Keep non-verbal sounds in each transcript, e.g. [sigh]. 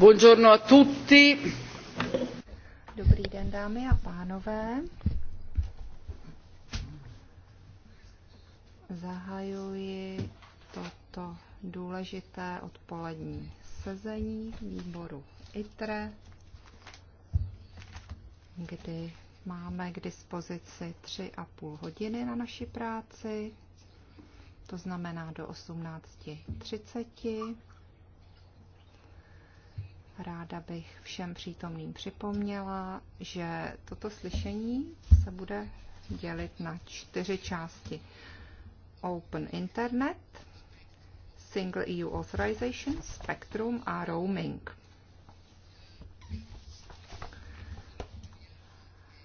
Buongiorno a tutti. Dobrý den, dámy a pánové. Zahajuji toto důležité odpolední sezení výboru ITRE, kdy máme k dispozici tři a půl hodiny na naši práci, to znamená do 18.30. Ráda bych všem přítomným připomněla, že toto slyšení se bude dělit na čtyři části. Open Internet, Single EU Authorization, Spectrum a Roaming.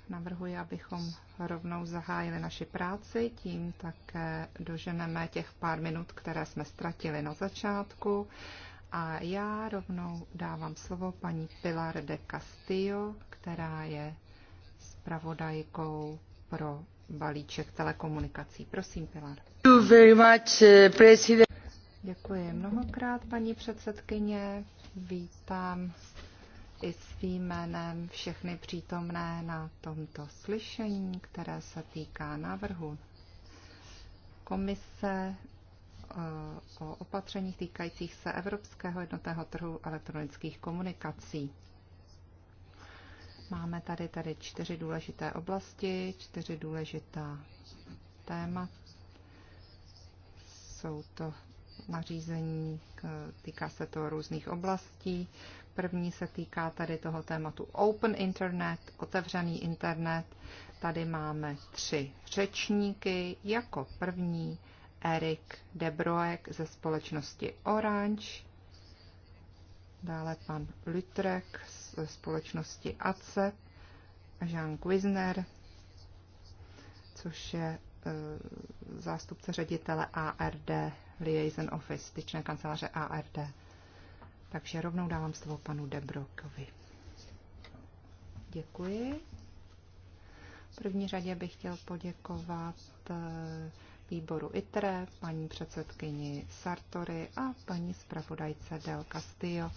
Navrhuji, abychom rovnou zahájili naši práci, tím také doženeme těch pár minut, které jsme ztratili na začátku a já rovnou dávám slovo paní Pilar de Castillo, která je zpravodajkou pro balíček telekomunikací. Prosím, Pilar. Eh, Děkuji mnohokrát, paní předsedkyně. Vítám i svým jménem všechny přítomné na tomto slyšení, které se týká návrhu. Komise o opatřeních týkajících se Evropského jednotného trhu elektronických komunikací. Máme tady tady čtyři důležité oblasti, čtyři důležitá téma. Jsou to nařízení, týká se to různých oblastí. První se týká tady toho tématu Open Internet, otevřený internet. Tady máme tři řečníky. Jako první Erik Debroek ze společnosti Orange, dále pan Lutrek ze společnosti ACE Jean Quizner, což je e, zástupce ředitele ARD, Liaison Office, styčné kanceláře ARD. Takže rovnou dávám slovo panu Debrokovi. Děkuji. V první řadě bych chtěl poděkovat e, výboru ITRE, paní předsedkyni Sartory a paní zpravodajce Del Castillo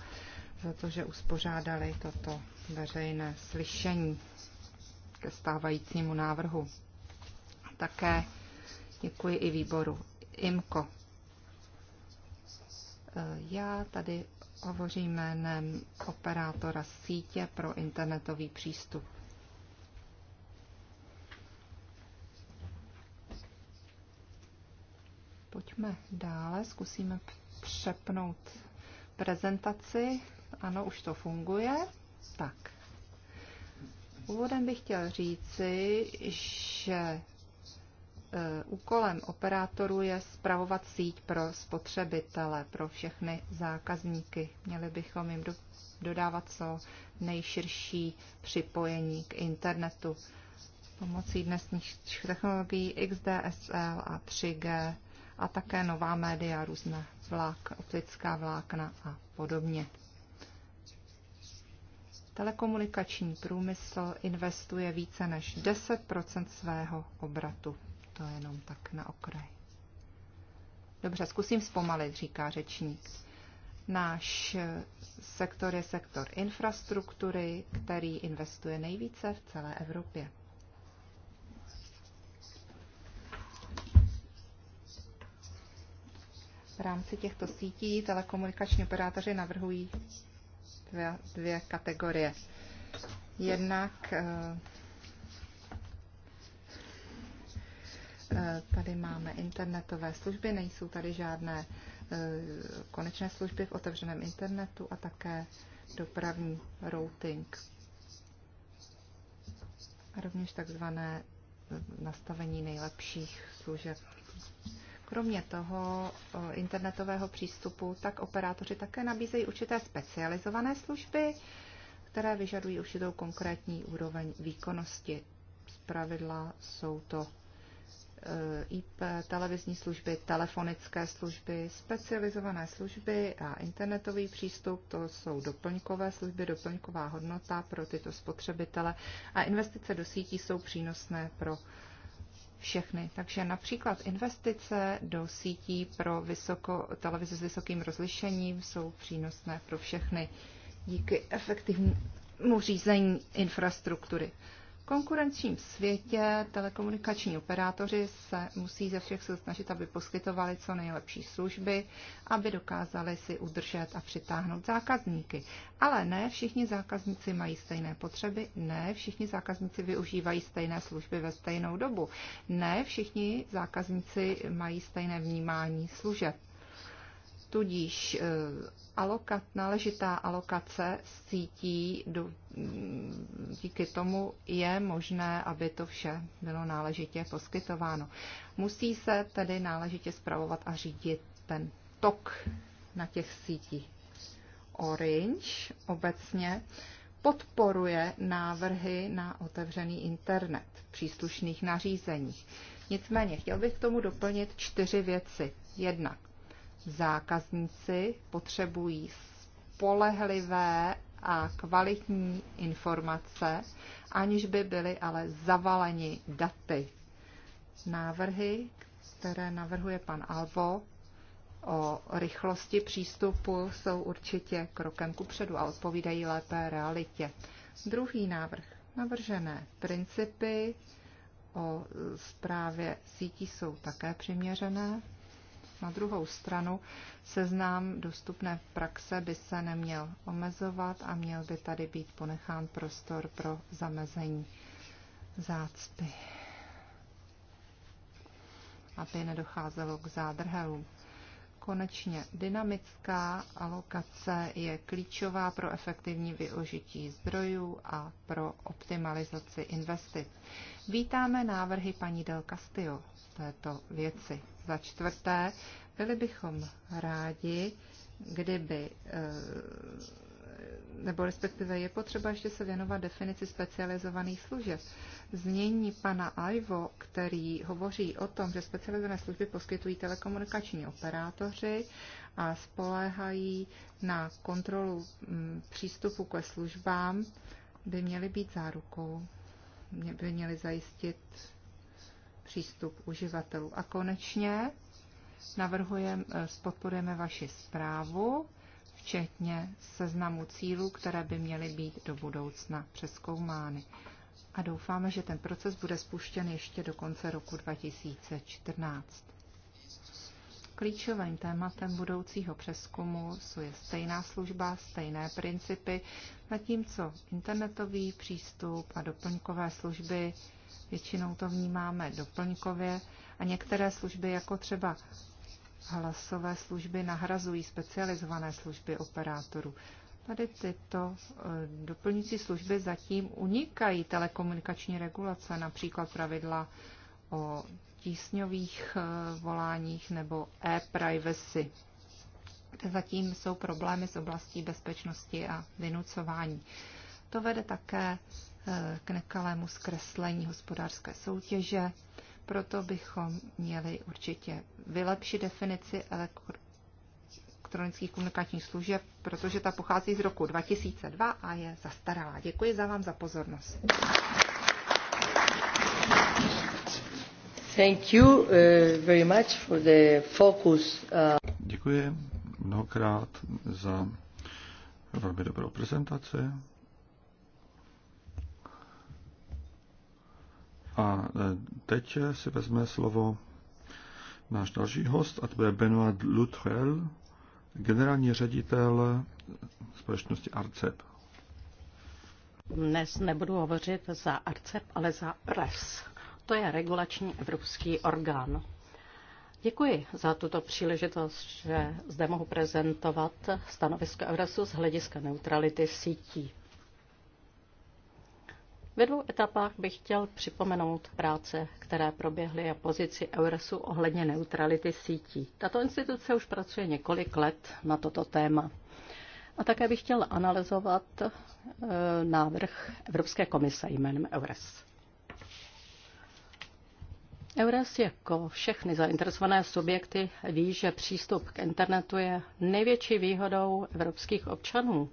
za to, že uspořádali toto veřejné slyšení ke stávajícímu návrhu. Také děkuji i výboru IMCO. Já tady hovořím jménem operátora sítě pro internetový přístup Pojďme dále, zkusíme přepnout prezentaci. Ano, už to funguje. Tak. Úvodem bych chtěl říci, že e, úkolem operátorů je spravovat síť pro spotřebitele, pro všechny zákazníky. Měli bychom jim dodávat co nejširší připojení k internetu pomocí dnesních technologií XDSL a 3G a také nová média, různá vlák, optická vlákna a podobně. Telekomunikační průmysl investuje více než 10 svého obratu. To je jenom tak na okraj. Dobře, zkusím zpomalit, říká řečník. Náš sektor je sektor infrastruktury, který investuje nejvíce v celé Evropě. V rámci těchto sítí telekomunikační operátoři navrhují dvě, dvě kategorie. Jednak eh, eh, tady máme internetové služby, nejsou tady žádné eh, konečné služby v otevřeném internetu a také dopravní routing. A rovněž takzvané nastavení nejlepších služeb Kromě toho internetového přístupu, tak operátoři také nabízejí určité specializované služby, které vyžadují určitou konkrétní úroveň výkonnosti. pravidla jsou to e, IP, televizní služby, telefonické služby, specializované služby a internetový přístup, to jsou doplňkové služby, doplňková hodnota pro tyto spotřebitele a investice do sítí jsou přínosné pro všechny. Takže například investice do sítí pro vysoko, televize s vysokým rozlišením jsou přínosné pro všechny díky efektivnímu řízení infrastruktury konkurenčním světě telekomunikační operátoři se musí ze všech sil snažit, aby poskytovali co nejlepší služby, aby dokázali si udržet a přitáhnout zákazníky. Ale ne všichni zákazníci mají stejné potřeby, ne všichni zákazníci využívají stejné služby ve stejnou dobu, ne všichni zákazníci mají stejné vnímání služeb. Tudíž eh, alokat, náležitá alokace sítí, mm, díky tomu je možné, aby to vše bylo náležitě poskytováno. Musí se tedy náležitě zpravovat a řídit ten tok na těch sítích. Orange obecně podporuje návrhy na otevřený internet příslušných nařízeních. Nicméně chtěl bych k tomu doplnit čtyři věci. Jednak Zákazníci potřebují spolehlivé a kvalitní informace, aniž by byly ale zavaleni daty. Návrhy, které navrhuje pan Alvo o rychlosti přístupu, jsou určitě krokem kupředu a odpovídají lépe realitě. Druhý návrh. Navržené principy o zprávě sítí jsou také přiměřené. Na druhou stranu seznám dostupné praxe by se neměl omezovat a měl by tady být ponechán prostor pro zamezení zácpy, aby nedocházelo k zádrhelům. Konečně dynamická alokace je klíčová pro efektivní využití zdrojů a pro optimalizaci investic. Vítáme návrhy paní Del Castillo této věci. Za čtvrté, byli bychom rádi, kdyby, eh, nebo respektive je potřeba ještě se věnovat definici specializovaných služeb. Znění pana Ivo, který hovoří o tom, že specializované služby poskytují telekomunikační operátoři a spoléhají na kontrolu mm, přístupu ke službám, by měly být zárukou, by měly zajistit přístup uživatelů. A konečně navrhujeme, eh, podporujeme vaši zprávu, včetně seznamu cílů, které by měly být do budoucna přeskoumány. A doufáme, že ten proces bude spuštěn ještě do konce roku 2014. Klíčovým tématem budoucího přeskumu jsou je stejná služba, stejné principy, zatímco internetový přístup a doplňkové služby většinou to vnímáme doplňkově a některé služby, jako třeba hlasové služby, nahrazují specializované služby operátorů. Tady tyto eh, doplňující služby zatím unikají telekomunikační regulace, například pravidla o tísňových eh, voláních nebo e-privacy. Zatím jsou problémy s oblastí bezpečnosti a vynucování. To vede také Eh, k nekalému zkreslení hospodářské soutěže. Proto bychom měli určitě vylepšit definici elektronických komunikačních služeb, protože ta pochází z roku 2002 a je zastaralá. Děkuji za vám za pozornost. Thank you eh, very much for the focus. Eh. Děkuji mnohokrát za velmi dobrou prezentaci. A e, teď si vezme slovo náš další host, a to je Benoit Lutrel, generální ředitel společnosti Arcep. Dnes nebudu hovořit za Arcep, ale za RES. To je regulační evropský orgán. Děkuji za tuto příležitost, že zde mohu prezentovat stanovisko Evrasu z hlediska neutrality sítí. Ve dvou etapách bych chtěl připomenout práce, které proběhly a pozici Euresu ohledně neutrality sítí. Tato instituce už pracuje několik let na toto téma. A také bych chtěl analyzovat e, návrh Evropské komise jménem Eures. Eures jako všechny zainteresované subjekty ví, že přístup k internetu je největší výhodou evropských občanů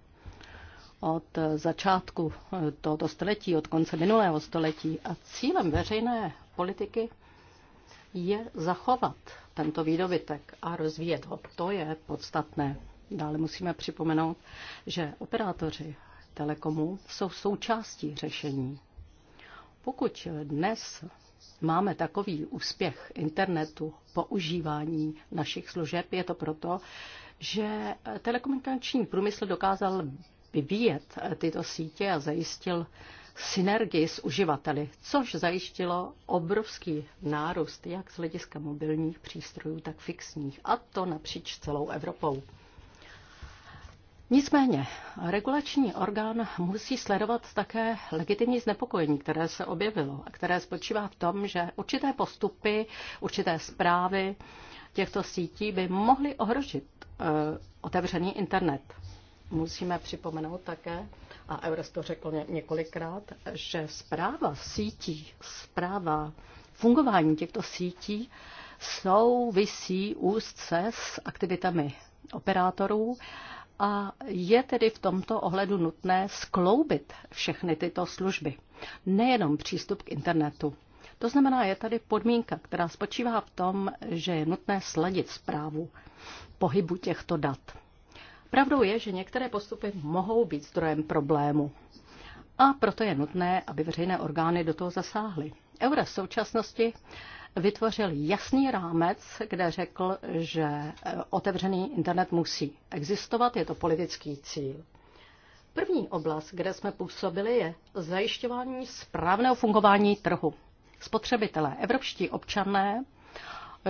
od začátku tohoto století, od konce minulého století. A cílem veřejné politiky je zachovat tento výdobytek a rozvíjet ho. To je podstatné. Dále musíme připomenout, že operátoři telekomu jsou součástí řešení. Pokud dnes máme takový úspěch internetu, používání našich služeb, je to proto, že telekomunikační průmysl dokázal vyvíjet eh, tyto sítě a zajistil synergii s uživateli, což zajištilo obrovský nárůst jak z hlediska mobilních přístrojů, tak fixních, a to napříč celou Evropou. Nicméně, regulační orgán musí sledovat také legitimní znepokojení, které se objevilo a které spočívá v tom, že určité postupy, určité zprávy těchto sítí by mohly ohrožit e, otevřený internet musíme připomenout také, a Eures to řekl několikrát, že zpráva sítí, zpráva fungování těchto sítí souvisí úzce s aktivitami operátorů a je tedy v tomto ohledu nutné skloubit všechny tyto služby, nejenom přístup k internetu. To znamená, je tady podmínka, která spočívá v tom, že je nutné sladit zprávu pohybu těchto dat. Pravdou je, že některé postupy mohou být zdrojem problému. A proto je nutné, aby veřejné orgány do toho zasáhly. Eura v současnosti vytvořil jasný rámec, kde řekl, že eh, otevřený internet musí existovat, je to politický cíl. První oblast, kde jsme působili, je zajišťování správného fungování trhu. Spotřebitelé, evropští občané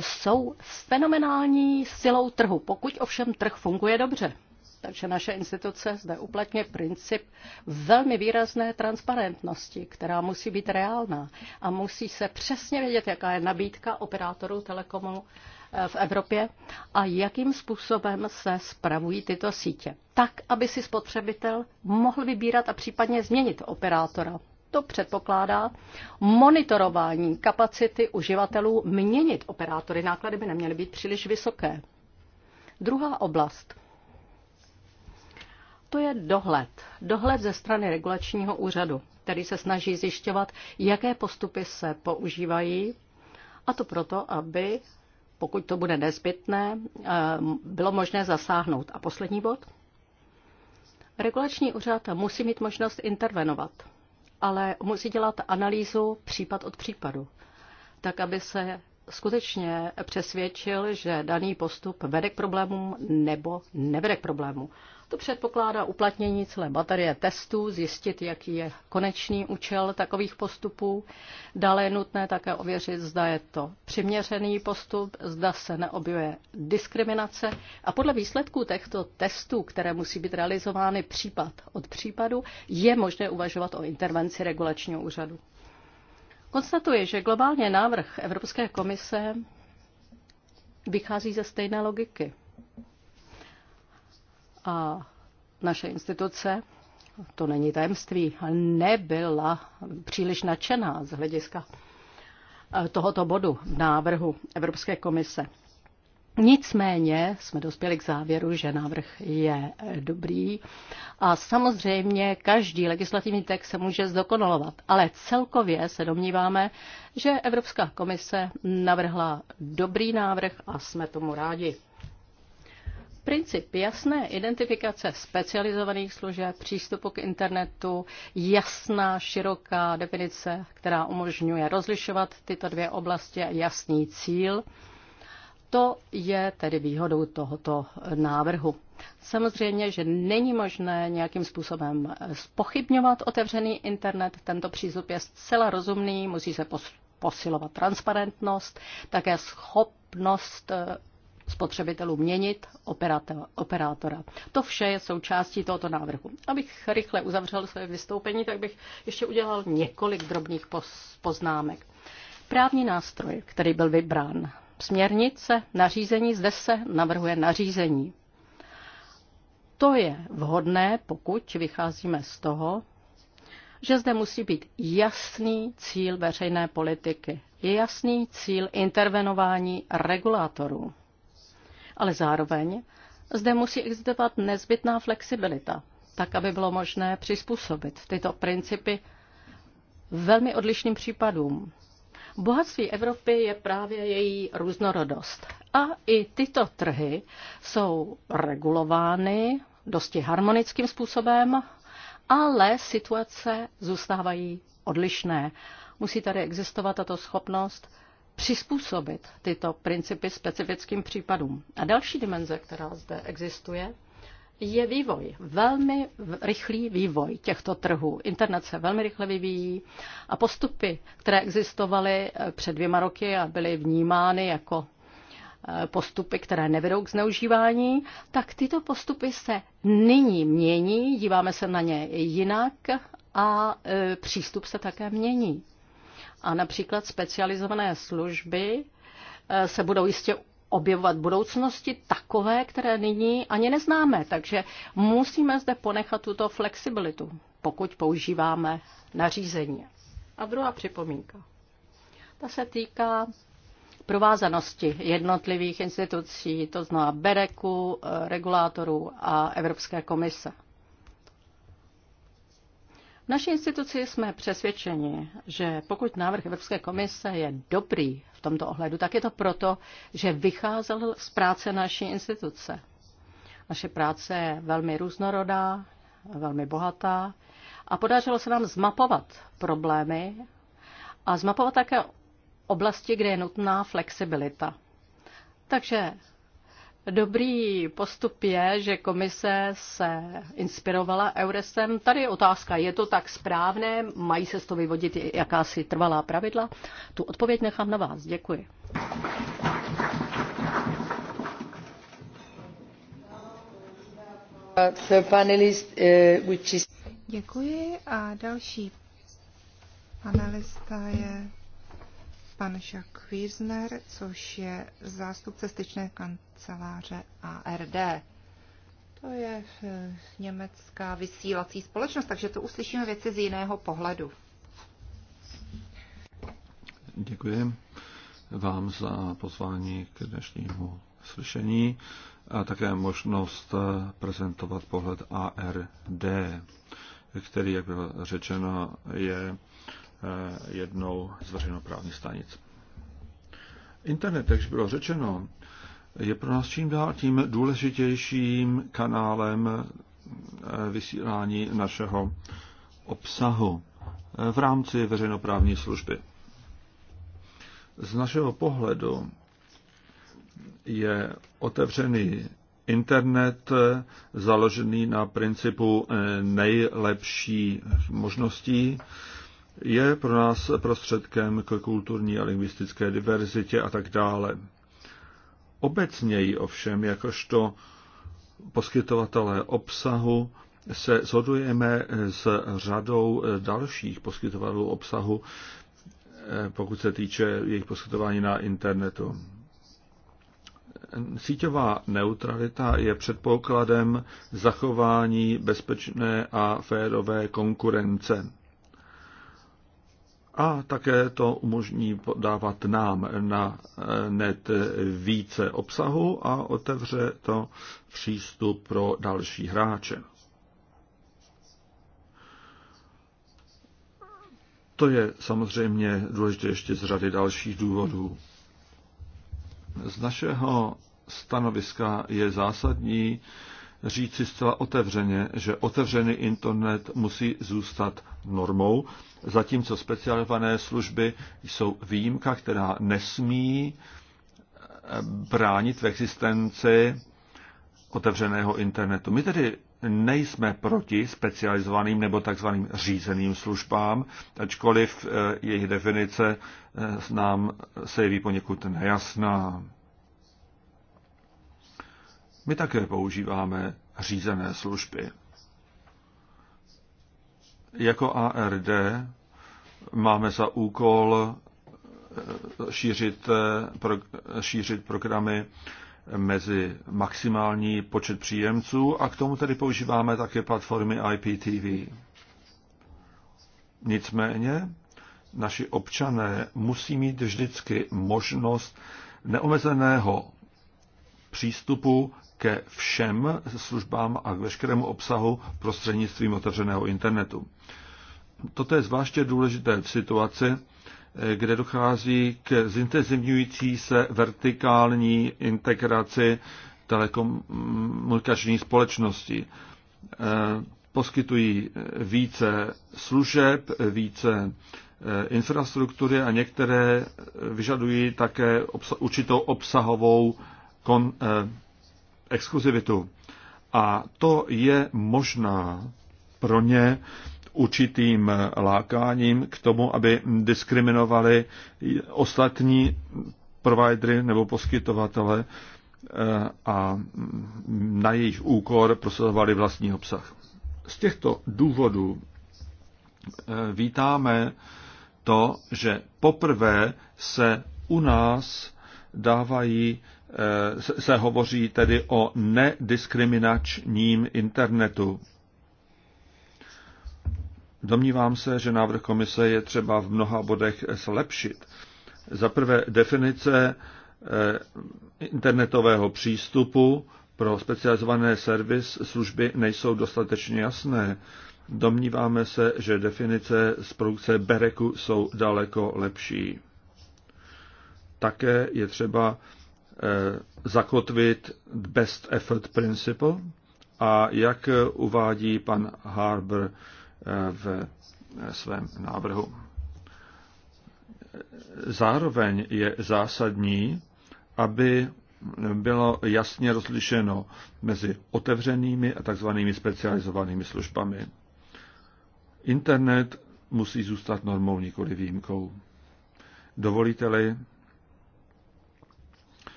jsou fenomenální silou trhu, pokud ovšem trh funguje dobře. Takže naše instituce zde uplatňuje princip velmi výrazné transparentnosti, která musí být reálná a musí se přesně vědět, jaká je nabídka operátorů telekomu eh, v Evropě a jakým způsobem se spravují tyto sítě. Tak, aby si spotřebitel mohl vybírat a případně změnit operátora to předpokládá monitorování kapacity uživatelů měnit operátory. Náklady by neměly být příliš vysoké. Druhá oblast. To je dohled. Dohled ze strany regulačního úřadu, který se snaží zjišťovat, jaké postupy se používají, a to proto, aby, pokud to bude nezbytné, eh, bylo možné zasáhnout. A poslední bod. Regulační úřad musí mít možnost intervenovat ale musí dělat analýzu případ od případu, tak aby se skutečně přesvědčil, že daný postup vede k problémům nebo nevede k problému. To předpokládá uplatnění celé baterie testů, zjistit, jaký je konečný účel takových postupů. Dále je nutné také ověřit, zda je to přiměřený postup, zda se neobjevuje diskriminace a podle výsledků těchto testů, které musí být realizovány případ od případu, je možné uvažovat o intervenci regulačního úřadu. Konstatuje, že globálně návrh Evropské komise vychází ze stejné logiky a naše instituce, to není tajemství, nebyla příliš nadšená z hlediska eh, tohoto bodu v návrhu Evropské komise. Nicméně jsme dospěli k závěru, že návrh je dobrý a samozřejmě každý legislativní text se může zdokonalovat, ale celkově se domníváme, že Evropská komise navrhla dobrý návrh a jsme tomu rádi. Princip jasné identifikace specializovaných služeb, přístupu k internetu, jasná, široká definice, která umožňuje rozlišovat tyto dvě oblasti a jasný cíl, to je tedy výhodou tohoto návrhu. Samozřejmě, že není možné nějakým způsobem spochybňovat otevřený internet. Tento přístup je zcela rozumný, musí se posilovat transparentnost, také schopnost spotřebitelů měnit operátora. To vše je součástí tohoto návrhu. Abych rychle uzavřel své vystoupení, tak bych ještě udělal několik drobných poznámek. Právní nástroj, který byl vybrán, směrnice, nařízení, zde se navrhuje nařízení. To je vhodné, pokud vycházíme z toho, že zde musí být jasný cíl veřejné politiky, je jasný cíl intervenování regulátorů ale zároveň zde musí existovat nezbytná flexibilita, tak aby bylo možné přizpůsobit tyto principy velmi odlišným případům. Bohatství Evropy je právě její různorodost. A i tyto trhy jsou regulovány dosti harmonickým způsobem, ale situace zůstávají odlišné. Musí tady existovat tato schopnost přizpůsobit tyto principy specifickým případům. A další dimenze, která zde existuje, je vývoj, velmi rychlý vývoj těchto trhů. Internet se velmi rychle vyvíjí a postupy, které existovaly eh, před dvěma roky a byly vnímány jako eh, postupy, které nevedou k zneužívání, tak tyto postupy se nyní mění, díváme se na ně jinak a eh, přístup se také mění a například specializované služby eh, se budou jistě objevovat budoucnosti takové, které nyní ani neznáme. Takže musíme zde ponechat tuto flexibilitu, pokud používáme nařízení. A druhá připomínka. Ta se týká provázanosti jednotlivých institucí, to znamená BEREKu, eh, regulátorů a Evropské komise. V naší instituci jsme přesvědčeni, že pokud návrh Evropské komise je dobrý v tomto ohledu, tak je to proto, že vycházel z práce naší instituce. Naše práce je velmi různorodá, velmi bohatá a podařilo se nám zmapovat problémy a zmapovat také oblasti, kde je nutná flexibilita. Takže Dobrý postup je, že komise se inspirovala Euresem. Tady je otázka, je to tak správné? Mají se z toho vyvodit jakási trvalá pravidla? Tu odpověď nechám na vás. Děkuji. Uh, Děkuji a další panelista je pan Jacques Wiesner, což je zástupce styčné kanceláře ARD. To je eh, německá vysílací společnost, takže to uslyšíme věci z jiného pohledu. Děkuji vám za pozvání k dnešnímu slyšení a také možnost eh, prezentovat pohled ARD, který, jak bylo řečeno, je Eh, jednou z veřejnoprávních stanic. Internet, jak bylo řečeno, je pro nás čím dál tím důležitějším kanálem eh, vysílání našeho obsahu eh, v rámci veřejnoprávní služby. Z našeho pohledu je otevřený internet založený na principu nejlepší možností je pro nás prostředkem k kulturní a lingvistické diverzitě a tak dále. Obecněji ovšem, jakožto poskytovatelé obsahu, se shodujeme s řadou dalších poskytovatelů obsahu, eh, pokud se týče jejich poskytování na internetu. Síťová neutralita je předpokladem zachování bezpečné a férové konkurence a také to umožní podávat nám na eh, net více obsahu a otevře to přístup pro další hráče. To je samozřejmě důležité ještě z řady dalších důvodů. Z našeho stanoviska je zásadní, říci zcela otevřeně, že otevřený internet musí zůstat normou, zatímco specializované služby jsou výjimka, která nesmí eh, bránit v existenci otevřeného internetu. My tedy nejsme proti specializovaným nebo takzvaným řízeným službám, ačkoliv eh, jejich definice eh, nám se jeví poněkud nejasná. My také používáme řízené služby. Jako ARD máme za úkol eh, šířit, eh, šířit programy mezi maximální počet příjemců a k tomu tedy používáme také platformy IPTV. Nicméně naši občané musí mít vždycky možnost neomezeného přístupu ke všem službám a k veškerému obsahu prostřednictvím otevřeného internetu. Toto je zvláště důležité v situaci, kde dochází k zintenzivňující se vertikální integraci telekomunikační společnosti, Poskytují více služeb, více eh, infrastruktury a některé vyžadují také obsa- určitou obsahovou kon- eh, exkluzivitu. A to je možná pro ně určitým lákáním k tomu, aby diskriminovali ostatní providery nebo poskytovatele eh, a na jejich úkor prosazovali vlastní obsah. Z těchto důvodů eh, vítáme to, že poprvé se u nás dávají Eh, se hovoří tedy o nediskriminačním internetu. Domnívám se, že návrh komise je třeba v mnoha bodech zlepšit. Za prvé definice eh, internetového přístupu pro specializované servis služby nejsou dostatečně jasné. Domníváme se, že definice z produkce Bereku jsou daleko lepší. Také je třeba Eh, zakotvit best effort principle a jak uvádí pan Harbour eh, v eh, svém návrhu. Zároveň je zásadní, aby bylo jasně rozlišeno mezi otevřenými a takzvanými specializovanými službami. Internet musí zůstat normou, nikoli výjimkou. Dovolíte-li,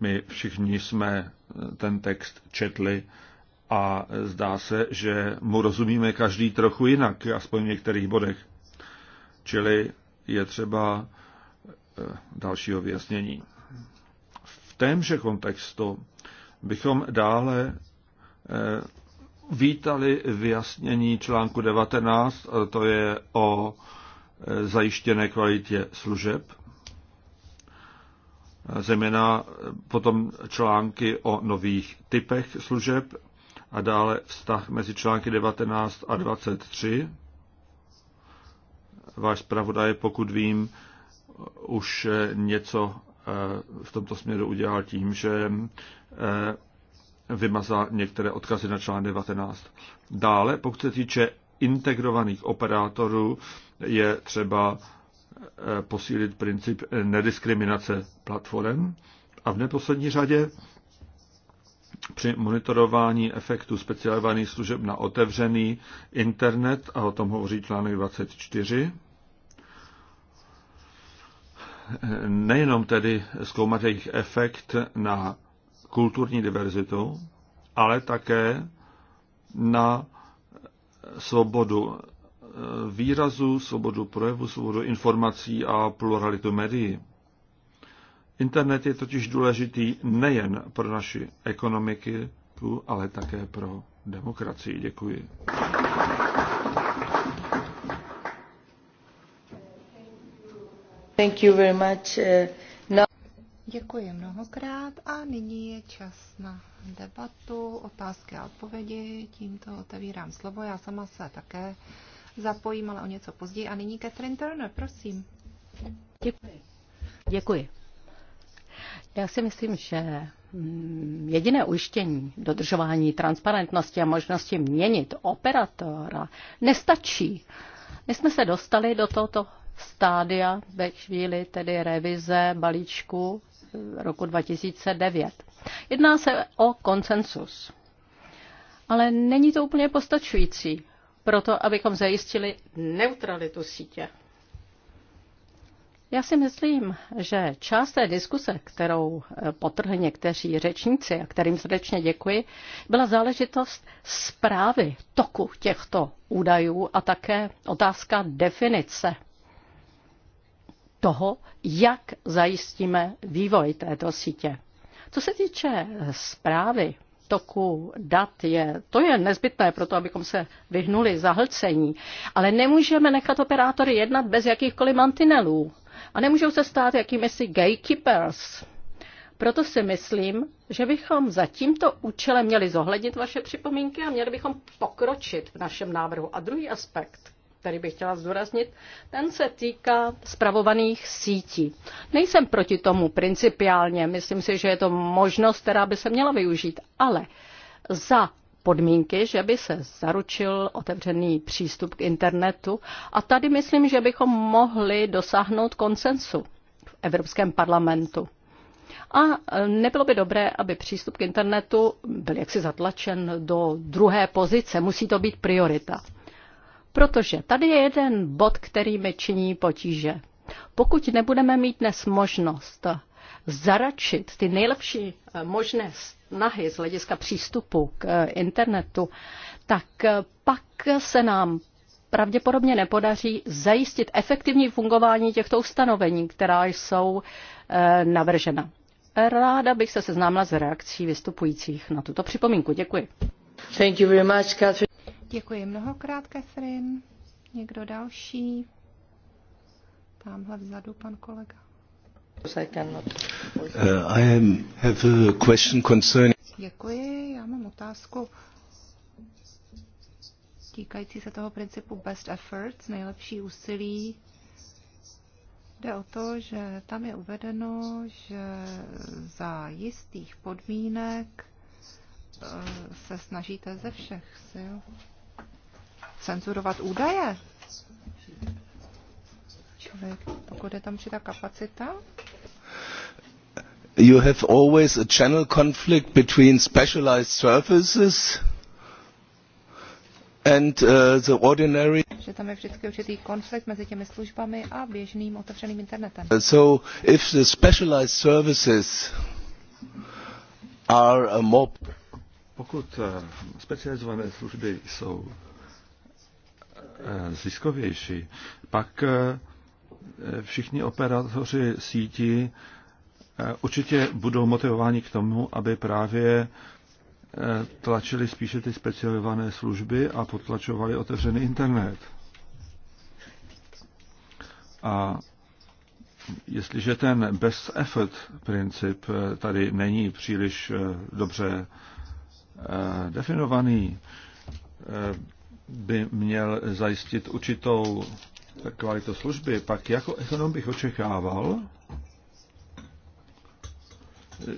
my všichni jsme eh, ten text četli a eh, zdá se, že mu rozumíme každý trochu jinak, aspoň v některých bodech. Čili je třeba eh, dalšího vyjasnění. V témže kontextu bychom dále vítali vyjasnění článku 19, to je o zajištěné kvalitě služeb zejména potom články o nových typech služeb a dále vztah mezi články 19 a 23. Váš zpravodaj, pokud vím, už eh, něco eh, v tomto směru udělal tím, že eh, vymazal některé odkazy na článek 19. Dále, pokud se týče integrovaných operátorů, je třeba Eh, posílit princip eh, nediskriminace platform a v neposlední řadě při monitorování efektu specializovaných služeb na otevřený internet, a o tom hovoří článek 24, eh, nejenom tedy zkoumat jejich efekt na kulturní diverzitu, ale také na svobodu Eh, výrazu, svobodu projevu, svobodu informací a pluralitu médií. Internet je totiž důležitý nejen pro naši ekonomiky, ale také pro demokracii. Děkuji. Thank you very much. No. Děkuji mnohokrát a nyní je čas na debatu, otázky a odpovědi. Tímto otevírám slovo. Já sama se také zapojím, ale o něco později. A nyní Catherine Turner, prosím. Děkuji. Děkuji. Já si myslím, že mm, jediné ujištění dodržování transparentnosti a možnosti měnit operatora nestačí. My jsme se dostali do tohoto stádia ve chvíli tedy revize balíčku eh, roku 2009. Jedná se o konsensus. Ale není to úplně postačující proto abychom zajistili neutralitu sítě. Já si myslím, že část té diskuse, kterou eh, potrhli někteří řečníci, a kterým srdečně děkuji, byla záležitost zprávy toku těchto údajů a také otázka definice toho, jak zajistíme vývoj této sítě. Co se týče zprávy toku dat je, to je nezbytné pro to, abychom se vyhnuli zahlcení, ale nemůžeme nechat operátory jednat bez jakýchkoliv mantinelů a nemůžou se stát jakými si gatekeepers. Proto si myslím, že bychom za tímto účelem měli zohlednit vaše připomínky a měli bychom pokročit v našem návrhu. A druhý aspekt, který bych chtěla zdůraznit, ten se týká spravovaných sítí. Nejsem proti tomu principiálně, myslím si, že je to možnost, která by se měla využít, ale za podmínky, že by se zaručil otevřený přístup k internetu a tady myslím, že bychom mohli dosáhnout konsensu v Evropském parlamentu. A nebylo by dobré, aby přístup k internetu byl jaksi zatlačen do druhé pozice. Musí to být priorita. Protože tady je jeden bod, který mi činí potíže. Pokud nebudeme mít dnes možnost zaračit ty nejlepší eh, možné snahy z hlediska přístupu k eh, internetu, tak eh, pak se nám pravděpodobně nepodaří zajistit efektivní fungování těchto ustanovení, která jsou navržena. Ráda bych se seznámila s reakcí vystupujících na tuto připomínku. Děkuji. Thank you very much, Catherine. Děkuji mnohokrát, Kefrin. Někdo další? Tamhle vzadu pan kolega. Uh, I have a question concerning... Děkuji, já mám otázku týkající se toho principu best efforts, nejlepší úsilí. Jde o to, že tam je uvedeno, že za jistých podmínek uh, se snažíte ze všech sil cenzurovat údaje. Člověk, pokud je tam určitá kapacita, you have always a channel conflict between specialized services and uh, the ordinary že tam je vždycky určitý konflikt mezi těmi službami a běžným otevřeným internetem. Uh, so if the specialized services are a uh, more pokud uh, specializované služby jsou Eh, ziskovější. Pak eh, všichni operátoři sítí eh, určitě budou motivováni k tomu, aby právě tlačili spíše ty specializované služby a potlačovali otevřený internet. A jestliže ten best effort princip tady není příliš dobře definovaný, by měl zajistit určitou kvalitu služby, pak jako ekonom bych očekával,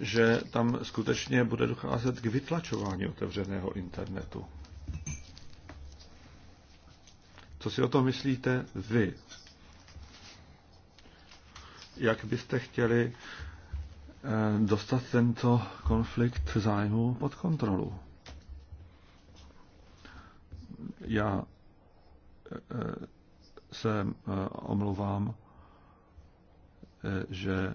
že tam skutečně bude docházet k vytlačování otevřeného internetu. Co si o tom myslíte vy? Jak byste chtěli eh, dostat tento konflikt zájmu pod kontrolu? Já eh, eh, se eh, omlouvám, že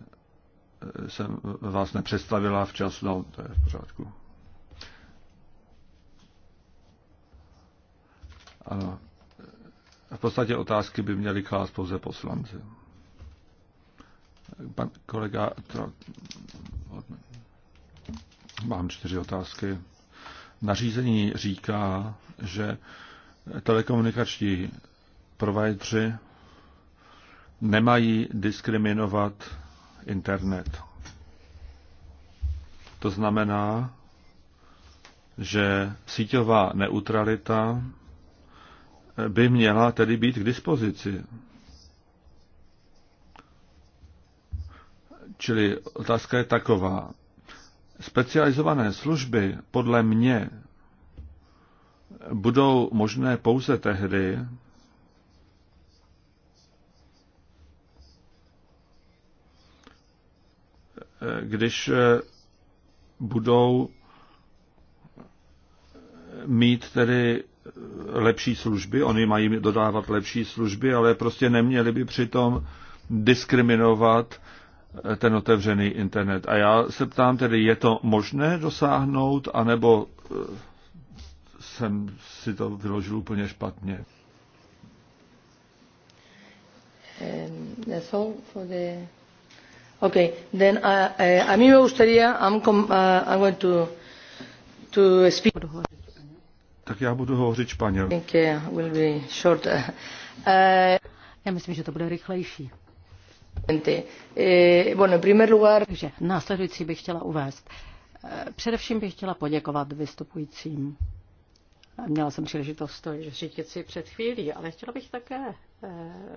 jsem vás nepředstavila včas, no to je v pořádku. Ano. V podstatě otázky by měly klást pouze poslanci. Pan kolega Trot. Mám čtyři otázky nařízení říká, že telekomunikační provajdři nemají diskriminovat internet. To znamená, že síťová neutralita by měla tedy být k dispozici. Čili otázka je taková. Specializované služby podle mě budou možné pouze tehdy, když eh, budou mít tedy lepší služby, oni mají dodávat lepší služby, ale prostě neměli by přitom diskriminovat ten otevřený internet. A já se ptám tedy, je to možné dosáhnout, anebo eh, jsem si to vyložil úplně špatně? Eh, that's all for the... Okay, then a mí me gustaría, I'm, com, uh, I'm going to, to speak. Tak já budu hovořit španěl. I think uh, will be short. [laughs] Uh, já myslím, že to bude rychlejší. Eh, Takže následující bych chtěla uvést. Eh, především bych chtěla poděkovat vystupujícím. Eh, měla jsem příležitost to říct si před chvílí, ale chtěla bych také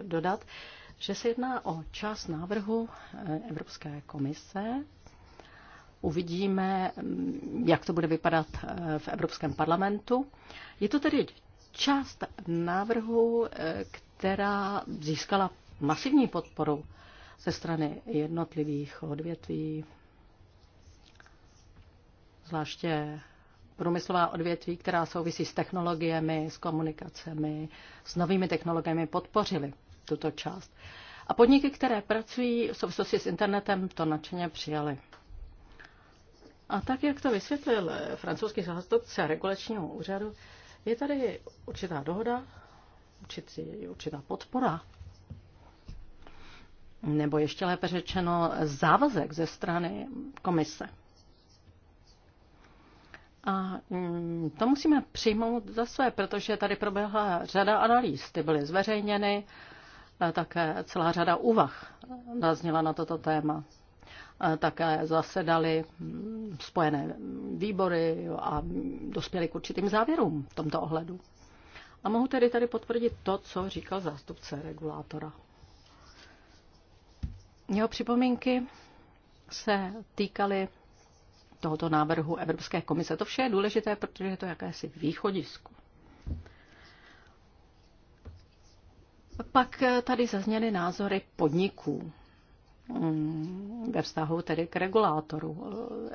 dodat, že se jedná o čas návrhu Evropské komise. Uvidíme, mm, jak to bude vypadat v Evropském parlamentu. Je to tedy část návrhu, která získala masivní podporu ze strany jednotlivých odvětví, zvláště průmyslová odvětví, která souvisí s technologiemi, s komunikacemi, s novými technologiemi, podpořili tuto část. A podniky, které pracují v souvislosti s internetem, to nadšeně přijali. A tak, jak to vysvětlil francouzský zástupce regulačního úřadu, je tady určitá dohoda, určitá podpora nebo ještě lépe řečeno závazek ze strany komise. A mm, to musíme přijmout za své, protože tady proběhla řada analýz, ty byly zveřejněny, také celá řada úvah zazněla na toto téma. Také zasedali mm, spojené výbory a dospěli k určitým závěrům v tomto ohledu. A mohu tedy tady potvrdit to, co říkal zástupce regulátora. Jeho připomínky se týkaly tohoto návrhu Evropské komise. To vše je důležité, protože je to jakési východisko. Pak tady zazněly názory podniků mm, ve vztahu tedy k regulátoru.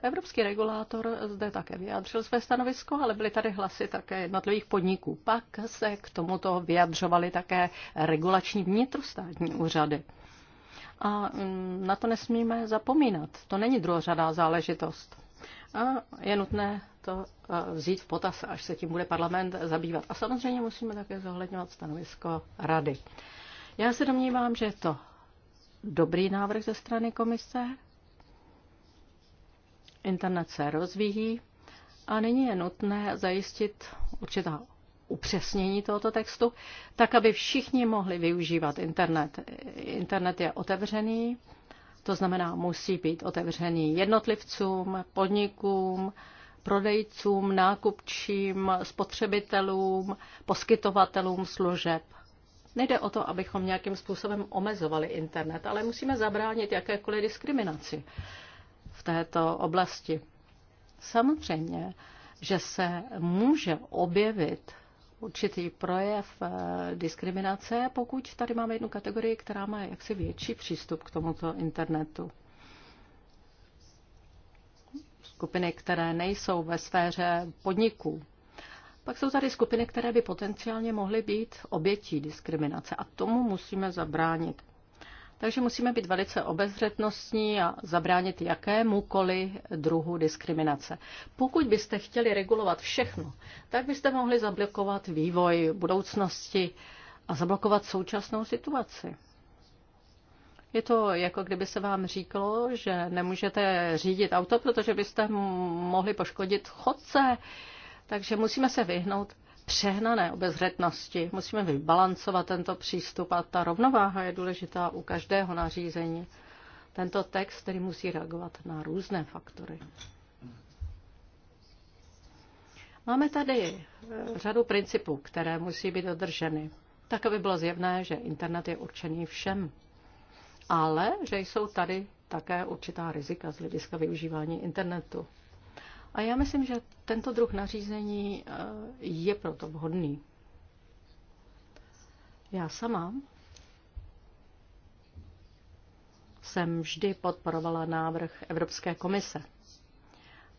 Evropský regulátor zde také vyjádřil své stanovisko, ale byly tady hlasy také jednotlivých podniků. Pak se k tomuto vyjadřovaly také regulační vnitrostátní úřady. A mm, na to nesmíme zapomínat. To není druhořadá záležitost. A je nutné to e, vzít v potaz, až se tím bude parlament zabývat. A samozřejmě musíme také zohledňovat stanovisko rady. Já se domnívám, že je to dobrý návrh ze strany komise. Internet se rozvíjí a nyní je nutné zajistit určitá upřesnění tohoto textu, tak aby všichni mohli využívat internet. Internet je otevřený, to znamená, musí být otevřený jednotlivcům, podnikům, prodejcům, nákupčím, spotřebitelům, poskytovatelům služeb. Nejde o to, abychom nějakým způsobem omezovali internet, ale musíme zabránit jakékoliv diskriminaci v této oblasti. Samozřejmě, že se může objevit určitý projev eh, diskriminace, pokud tady máme jednu kategorii, která má jaksi větší přístup k tomuto internetu. Skupiny, které nejsou ve sféře podniků. Pak jsou tady skupiny, které by potenciálně mohly být obětí diskriminace a tomu musíme zabránit. Takže musíme být velice obezřetnostní a zabránit jakémukoliv druhu diskriminace. Pokud byste chtěli regulovat všechno, tak byste mohli zablokovat vývoj budoucnosti a zablokovat současnou situaci. Je to jako kdyby se vám říkalo, že nemůžete řídit auto, protože byste mohli poškodit chodce. Takže musíme se vyhnout přehnané obezřetnosti. Musíme vybalancovat tento přístup a ta rovnováha je důležitá u každého nařízení. Tento text, který musí reagovat na různé faktory. Máme tady eh, řadu principů, které musí být dodrženy, tak aby bylo zjevné, že internet je určený všem, ale že jsou tady také určitá rizika z hlediska využívání internetu. A já myslím, že tento druh nařízení eh, je proto vhodný. Já sama jsem vždy podporovala návrh Evropské komise.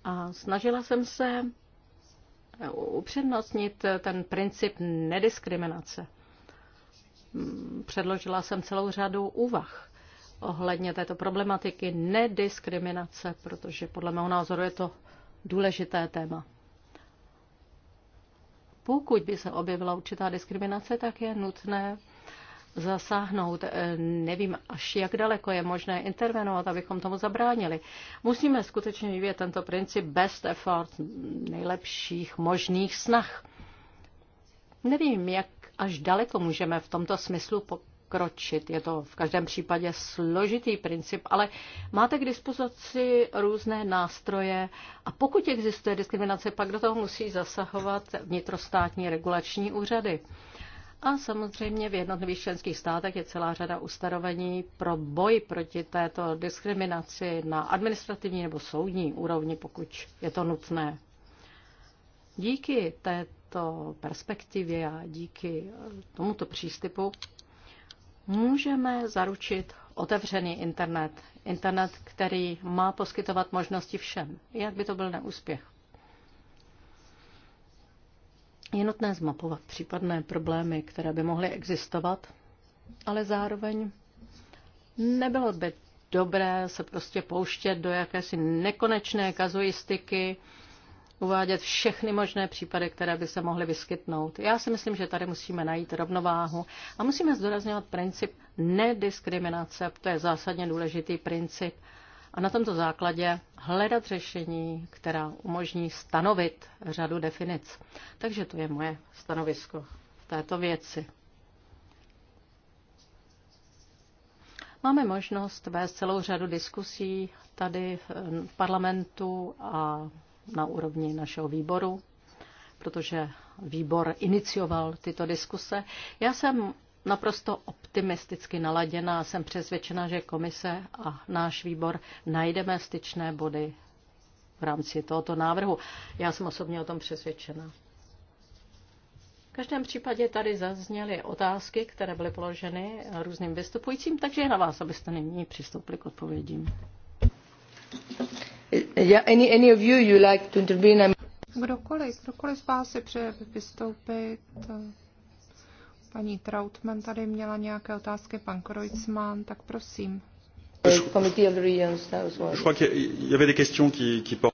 A snažila jsem se eh, upřednostnit eh, ten princip nediskriminace. Mm, předložila jsem celou řadu úvah ohledně této problematiky nediskriminace, protože podle mého názoru je to důležité téma. Pokud by se objevila určitá diskriminace, tak je nutné zasáhnout. Eh, nevím, až jak daleko je možné intervenovat, abychom tomu zabránili. Musíme skutečně vyvíjet tento princip best effort, nejlepších možných snah. Nevím, jak až daleko můžeme v tomto smyslu kročit Je to v každém případě složitý princip, ale máte k dispozici různé nástroje a pokud existuje diskriminace, pak do toho musí zasahovat vnitrostátní regulační úřady. A samozřejmě v jednotlivých členských státech je celá řada ustanovení pro boj proti této diskriminaci na administrativní nebo soudní úrovni, pokud je to nutné. Díky této perspektivě a díky tomuto přístupu můžeme zaručit otevřený internet. Internet, který má poskytovat možnosti všem. Jak by to byl neúspěch? Je nutné zmapovat případné problémy, které by mohly existovat, ale zároveň nebylo by dobré se prostě pouštět do jakési nekonečné kazuistiky, uvádět všechny možné případy, které by se mohly vyskytnout. Já si myslím, že tady musíme najít rovnováhu a musíme zdorazňovat princip nediskriminace, to je zásadně důležitý princip. A na tomto základě hledat řešení, která umožní stanovit řadu definic. Takže to je moje stanovisko v této věci. Máme možnost vést celou řadu diskusí tady v parlamentu a na úrovni našeho výboru, protože výbor inicioval tyto diskuse. Já jsem naprosto optimisticky naladěná a jsem přesvědčena, že komise a náš výbor najdeme styčné body v rámci tohoto návrhu. Já jsem osobně o tom přesvědčena. V každém případě tady zazněly otázky, které byly položeny různým vystupujícím, takže je na vás, abyste nyní přistoupili k odpovědím. Kdokoliv, kdokoliv z vás si přeje vystoupit. Eh, paní Trautmann tady měla nějaké otázky, pan Kreutzmann, tak prosím.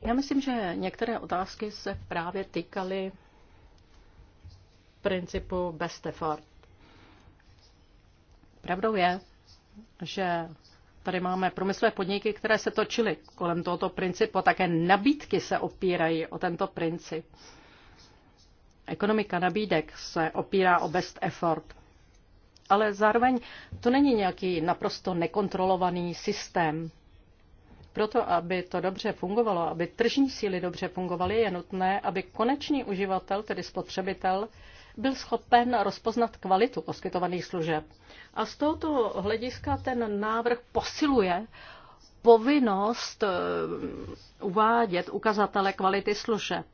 Já myslím, že některé otázky se právě týkaly principu best effort. Pravdou je, že Tady máme průmyslové podniky, které se točily kolem tohoto principu a také nabídky se opírají o tento princip. Ekonomika nabídek se opírá o best effort. Ale zároveň to není nějaký naprosto nekontrolovaný systém. Proto, aby to dobře fungovalo, aby tržní síly dobře fungovaly, je nutné, aby konečný uživatel, tedy spotřebitel, byl schopen rozpoznat kvalitu poskytovaných služeb. A z tohoto hlediska ten návrh posiluje povinnost eh, uvádět ukazatele kvality služeb.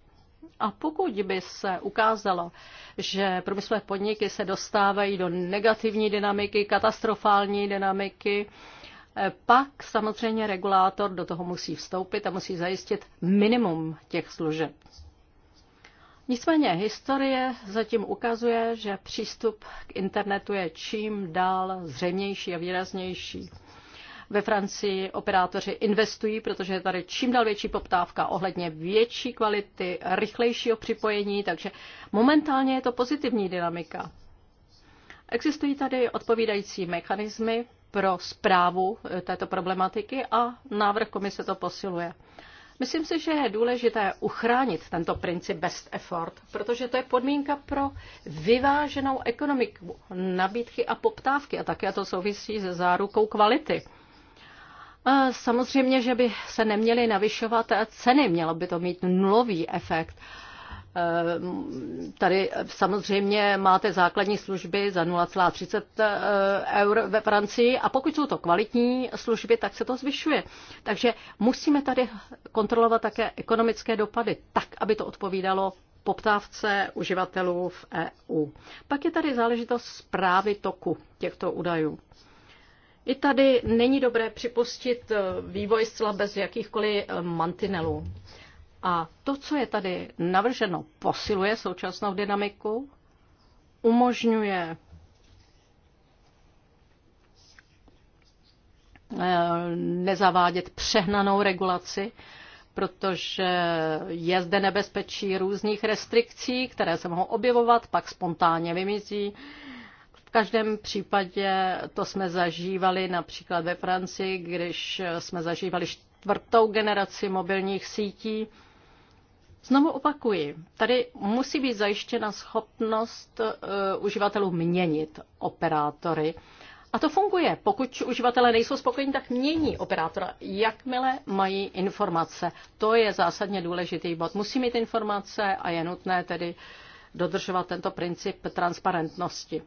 A pokud by se ukázalo, že průmyslové podniky se dostávají do negativní dynamiky, katastrofální dynamiky, eh, pak samozřejmě regulátor do toho musí vstoupit a musí zajistit minimum těch služeb. Nicméně historie zatím ukazuje, že přístup k internetu je čím dál zřejmější a výraznější. Ve Francii operátoři investují, protože je tady čím dál větší poptávka ohledně větší kvality, rychlejšího připojení, takže momentálně je to pozitivní dynamika. Existují tady odpovídající mechanismy pro zprávu e, této problematiky a návrh komise to posiluje. Myslím si, že je důležité uchránit tento princip best effort, protože to je podmínka pro vyváženou ekonomiku, nabídky a poptávky a také to souvisí se zárukou kvality. Samozřejmě, že by se neměly navyšovat ceny, mělo by to mít nulový efekt. Eh, tady samozřejmě máte základní služby za 0,30 eh, eur ve Francii a pokud jsou to kvalitní služby, tak se to zvyšuje. Takže musíme tady kontrolovat také ekonomické dopady tak, aby to odpovídalo poptávce uživatelů v EU. Pak je tady záležitost zprávy toku těchto údajů. I tady není dobré připustit eh, vývoj zcela bez jakýchkoliv mantinelů. A to, co je tady navrženo, posiluje současnou dynamiku, umožňuje eh, nezavádět přehnanou regulaci, protože je zde nebezpečí různých restrikcí, které se mohou objevovat, pak spontánně vymizí. V každém případě to jsme zažívali například ve Francii, když jsme zažívali čtvrtou generaci mobilních sítí. Znovu opakuji, tady musí být zajištěna schopnost uh, uživatelů měnit operátory. A to funguje. Pokud uživatelé nejsou spokojení, tak mění operátora, jakmile mají informace. To je zásadně důležitý bod. Musí mít informace a je nutné tedy dodržovat tento princip transparentnosti.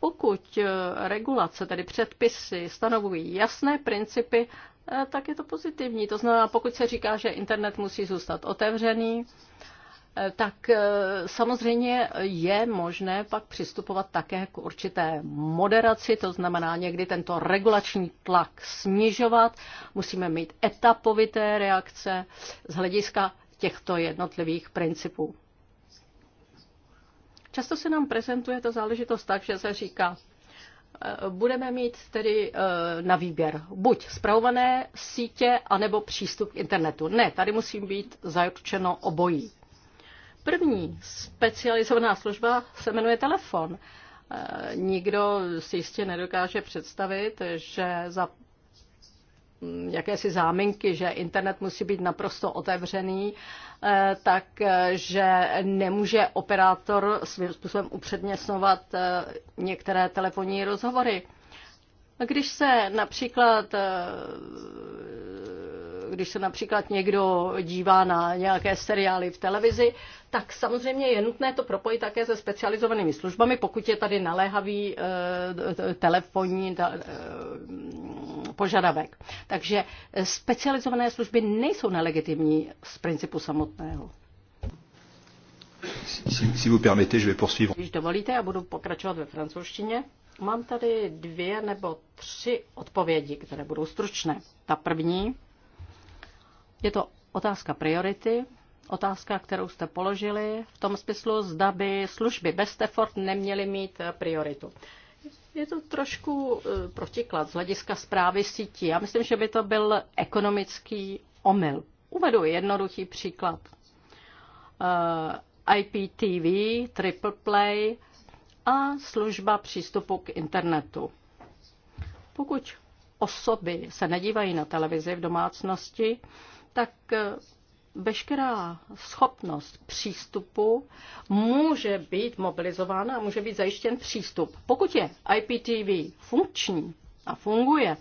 Pokud eh, regulace, tedy předpisy, stanovují jasné principy, Eh, tak je to pozitivní. To znamená, pokud se říká, že internet musí zůstat otevřený, eh, tak eh, samozřejmě je možné pak přistupovat také k určité moderaci, to znamená někdy tento regulační tlak snižovat, musíme mít etapovité reakce z hlediska těchto jednotlivých principů. Často se nám prezentuje ta záležitost tak, že se říká, Eh, budeme mít tedy eh, na výběr buď zpravované sítě, anebo přístup k internetu. Ne, tady musí být zaručeno obojí. První specializovaná služba se jmenuje telefon. Eh, nikdo si jistě nedokáže představit, že za jakési záminky, že internet musí být naprosto otevřený, eh, takže eh, nemůže operátor svým způsobem upřednostňovat eh, některé telefonní rozhovory. Když se například když se například někdo dívá na nějaké seriály v televizi, tak samozřejmě je nutné to propojit také se specializovanými službami, pokud je tady naléhavý eh, telefonní eh, požadavek. Takže specializované služby nejsou nelegitimní z principu samotného. Si, si vous permettez, je vais Když dovolíte, já budu pokračovat ve francouzštině. Mám tady dvě nebo tři odpovědi, které budou stručné. Ta první je to otázka priority, otázka, kterou jste položili v tom smyslu, zda by služby bez Tefort neměly mít eh, prioritu. Je to trošku eh, protiklad z hlediska zprávy sítí. Já myslím, že by to byl ekonomický omyl. Uvedu jednoduchý příklad. Eh, IPTV, Triple Play a služba přístupu k internetu. Pokud osoby se nedívají na televizi v domácnosti, tak eh, veškerá schopnost přístupu může být mobilizována a může být zajištěn přístup. Pokud je IPTV funkční a funguje,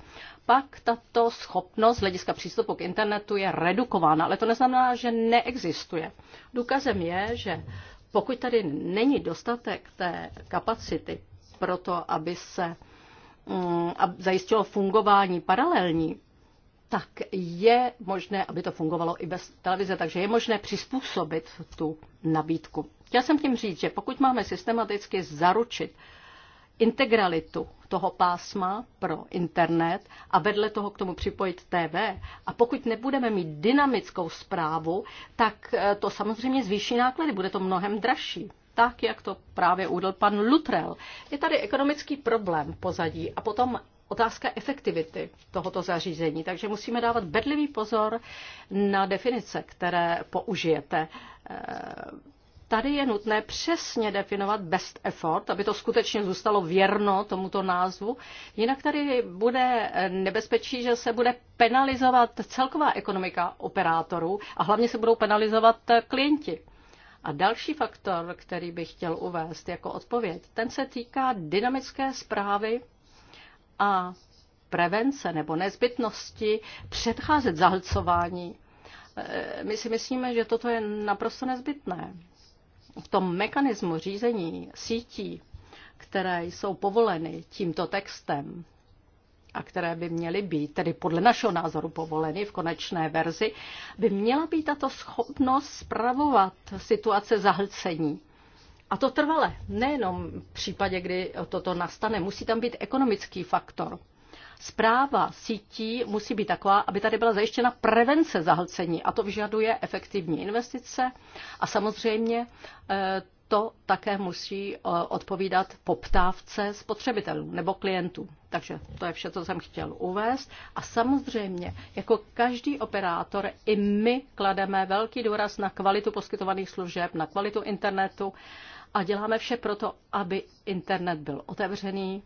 pak tato schopnost z hlediska přístupu k internetu je redukována, ale to neznamená, že neexistuje. Důkazem je, že pokud tady není dostatek té kapacity pro to, aby se um, zajistilo fungování paralelní tak je možné, aby to fungovalo i bez televize, takže je možné přizpůsobit tu nabídku. Já jsem tím říct, že pokud máme systematicky zaručit integralitu toho pásma pro internet a vedle toho k tomu připojit TV. A pokud nebudeme mít dynamickou zprávu, tak eh, to samozřejmě zvýší náklady, bude to mnohem dražší. Tak, jak to právě udělal pan Lutrel. Je tady ekonomický problém pozadí a potom otázka efektivity tohoto zařízení. Takže musíme dávat bedlivý pozor na definice, které použijete. Eh, tady je nutné přesně definovat best effort, aby to skutečně zůstalo věrno tomuto názvu. Jinak tady bude nebezpečí, že se bude penalizovat celková ekonomika operátorů a hlavně se budou penalizovat eh, klienti. A další faktor, který bych chtěl uvést jako odpověď, ten se týká dynamické zprávy a prevence nebo nezbytnosti předcházet zahlcování. Eh, my si myslíme, že toto je naprosto nezbytné. V tom mechanismu řízení sítí, které jsou povoleny tímto textem a které by měly být, tedy podle našeho názoru povoleny v konečné verzi, by měla být tato schopnost spravovat situace zahlcení. A to trvale, nejenom v případě, kdy toto nastane, musí tam být ekonomický faktor. Zpráva sítí musí být taková, aby tady byla zajištěna prevence zahlcení a to vyžaduje efektivní investice a samozřejmě eh, to také musí eh, odpovídat poptávce spotřebitelů nebo klientů. Takže to je vše, co jsem chtěl uvést. A samozřejmě, jako každý operátor, i my klademe velký důraz na kvalitu poskytovaných služeb, na kvalitu internetu, a děláme vše proto, aby internet byl otevřený,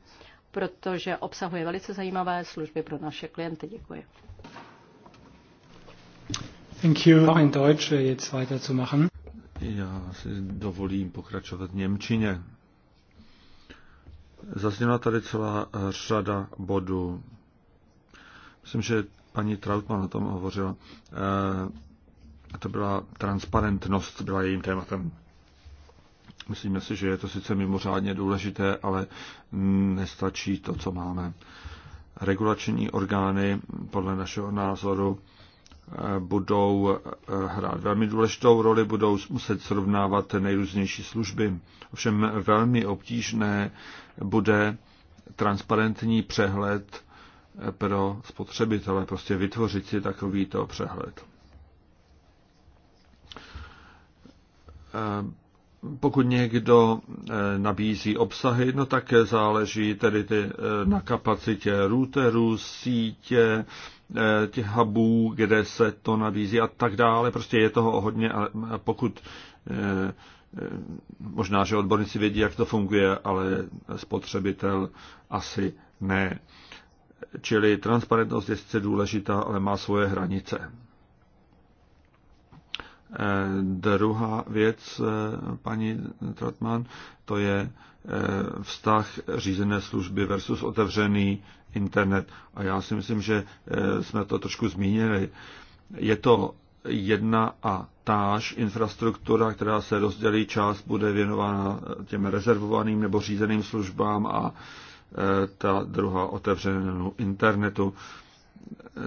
protože obsahuje velice zajímavé služby pro naše klienty. Děkuji. Thank you. In Deutsch jetzt weiterzumachen. Já si dovolím pokračovat v Němčině. Zazněla tady celá eh, řada bodů. Myslím, že paní Trautmann o tom hovořila. E, to byla transparentnost, byla jejím tématem. Myslíme si, že je to sice mimořádně důležité, ale nestačí to, co máme. Regulační orgány podle našeho názoru eh, budou eh, hrát velmi důležitou roli, budou muset srovnávat nejrůznější služby. Ovšem velmi obtížné bude transparentní přehled eh, pro spotřebitele, prostě vytvořit si takovýto přehled pokud někdo eh, nabízí obsahy, no tak záleží tedy ty, eh, na kapacitě routerů, sítě, eh, těch hubů, kde se to nabízí a tak dále. Prostě je toho hodně, ale pokud možná, že odborníci vědí, jak to funguje, ale spotřebitel asi ne. Čili transparentnost je sice důležitá, ale má svoje hranice. Eh, druhá věc, eh, paní Trotman, to je eh, vztah řízené služby versus otevřený internet. A já si myslím, že jsme to trošku zmínili. Je to jedna a táž infrastruktura, která se rozdělí, část bude věnována těm rezervovaným nebo řízeným službám a ta druhá otevřenému internetu.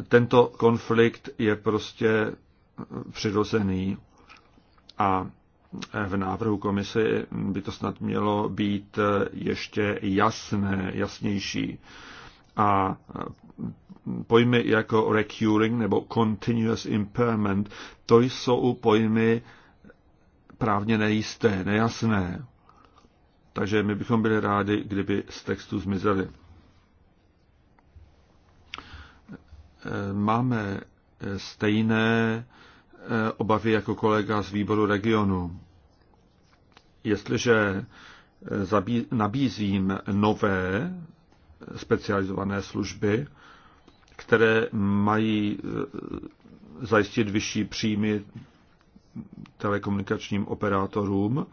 Tento konflikt je prostě přirozený a v návrhu komise by to snad mělo být ještě jasné, jasnější. A pojmy jako recurring nebo continuous impairment, to jsou pojmy právně nejisté, nejasné. Takže my bychom byli rádi, kdyby z textu zmizely. Máme stejné Eh, obavy jako kolega z výboru regionu. Jestliže eh, nabízím nové eh, specializované služby, které mají zajistit vyšší příjmy telekomunikačním operátorům.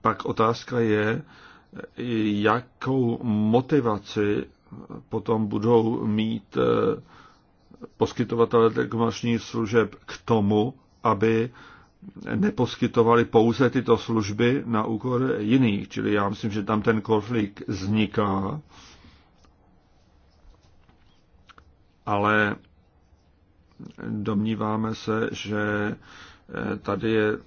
Pak otázka je, jakou motivaci potom budou mít poskytovatele telekomunikačních služeb k tomu, aby neposkytovali pouze tyto služby na úkor jiných. Čili já myslím, že tam ten konflikt vzniká. Ale domníváme se, že eh, tady je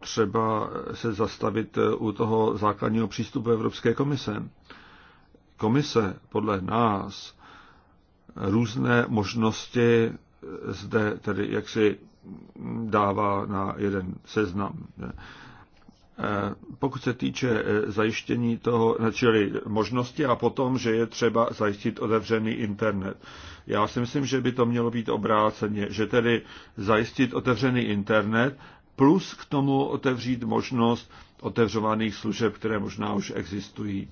třeba se zastavit eh, u toho základního přístupu Evropské komise. Komise podle nás různé možnosti zde tedy jaksi dává na jeden seznam. Eh, pokud se týče eh, zajištění toho, čili možnosti a potom, že je třeba zajistit otevřený internet. Já si myslím, že by to mělo být obráceně, že tedy zajistit otevřený internet plus k tomu otevřít možnost otevřovaných služeb, které možná už existují.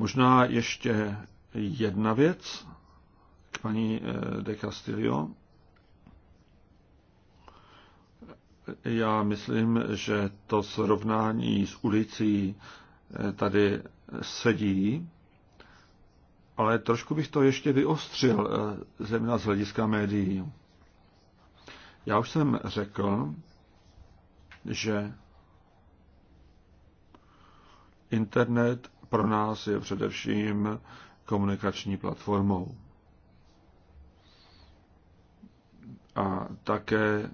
Možná ještě jedna věc k paní eh, de Castillo. Já myslím, že to srovnání s ulicí eh, tady sedí, ale trošku bych to ještě vyostřil, eh, zejména z hlediska médií. Já už jsem řekl, že internet pro nás je především komunikační platformou. A také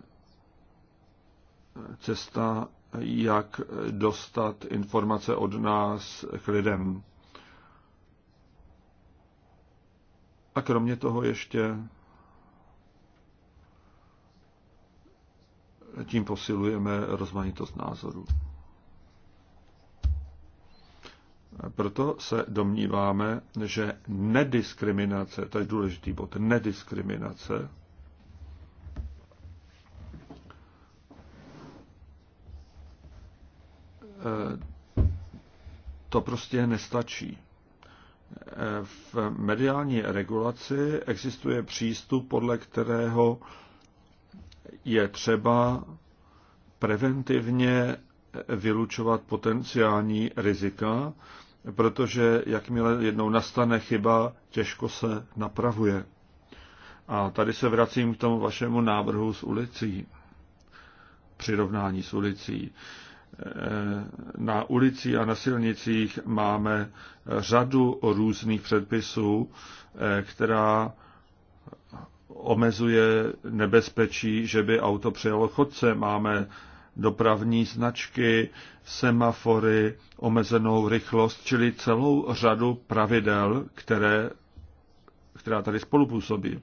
cesta, jak dostat informace od nás k lidem. A kromě toho ještě tím posilujeme rozmanitost názorů. Proto se domníváme, že nediskriminace, to je důležitý bod, nediskriminace, eh, to prostě nestačí. Eh, v mediální regulaci existuje přístup, podle kterého je třeba preventivně vylučovat potenciální rizika, protože jakmile jednou nastane chyba, těžko se napravuje. A tady se vracím k tomu vašemu návrhu s ulicí. Přirovnání s ulicí. Na ulici a na silnicích máme řadu různých předpisů, která omezuje nebezpečí, že by auto přejelo chodce. Máme dopravní značky, semafory, omezenou rychlost, čili celou řadu pravidel, které, která tady spolupůsobí.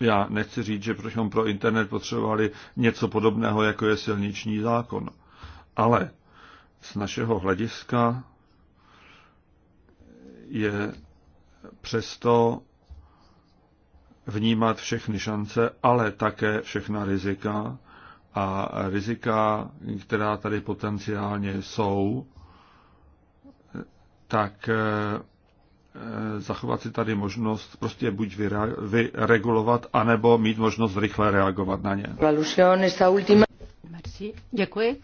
Já nechci říct, že proč pro internet potřebovali něco podobného, jako je silniční zákon. Ale z našeho hlediska je přesto vnímat všechny šance, ale také všechna rizika a rizika, která tady potenciálně jsou, tak eh, eh, zachovat si tady možnost prostě buď vyregulovat, anebo mít možnost rychle reagovat na ně. Merci. Děkuji.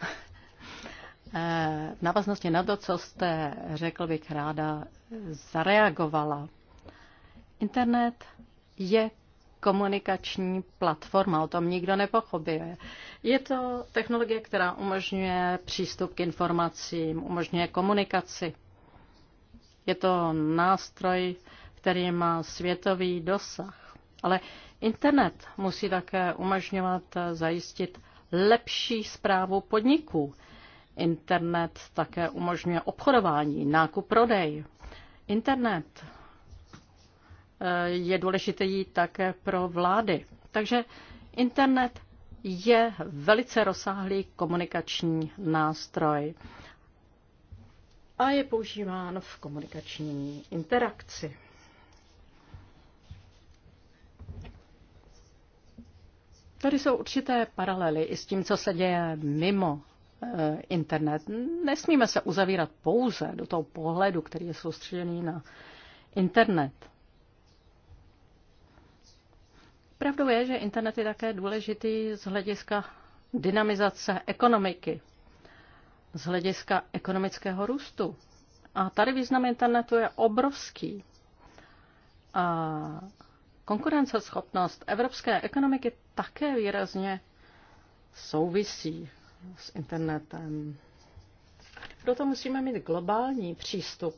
Eh, v návaznosti na to, co jste řekl, bych ráda zareagovala. Internet je komunikační platforma, o tom nikdo nepochopuje. Je to technologie, která umožňuje přístup k informacím, umožňuje komunikaci. Je to nástroj, který má světový dosah. Ale internet musí také umožňovat zajistit lepší zprávu podniků. Internet také umožňuje obchodování, nákup, prodej. Internet je důležitý také pro vlády. Takže internet je velice rozsáhlý komunikační nástroj a je používán v komunikační interakci. Tady jsou určité paralely i s tím, co se děje mimo eh, internet. Nesmíme se uzavírat pouze do toho pohledu, který je soustředěný na internet. Pravdou je, že internet je také důležitý z hlediska dynamizace ekonomiky, z hlediska ekonomického růstu. A tady význam internetu je obrovský. A konkurenceschopnost evropské ekonomiky také výrazně souvisí s internetem. Proto musíme mít globální přístup.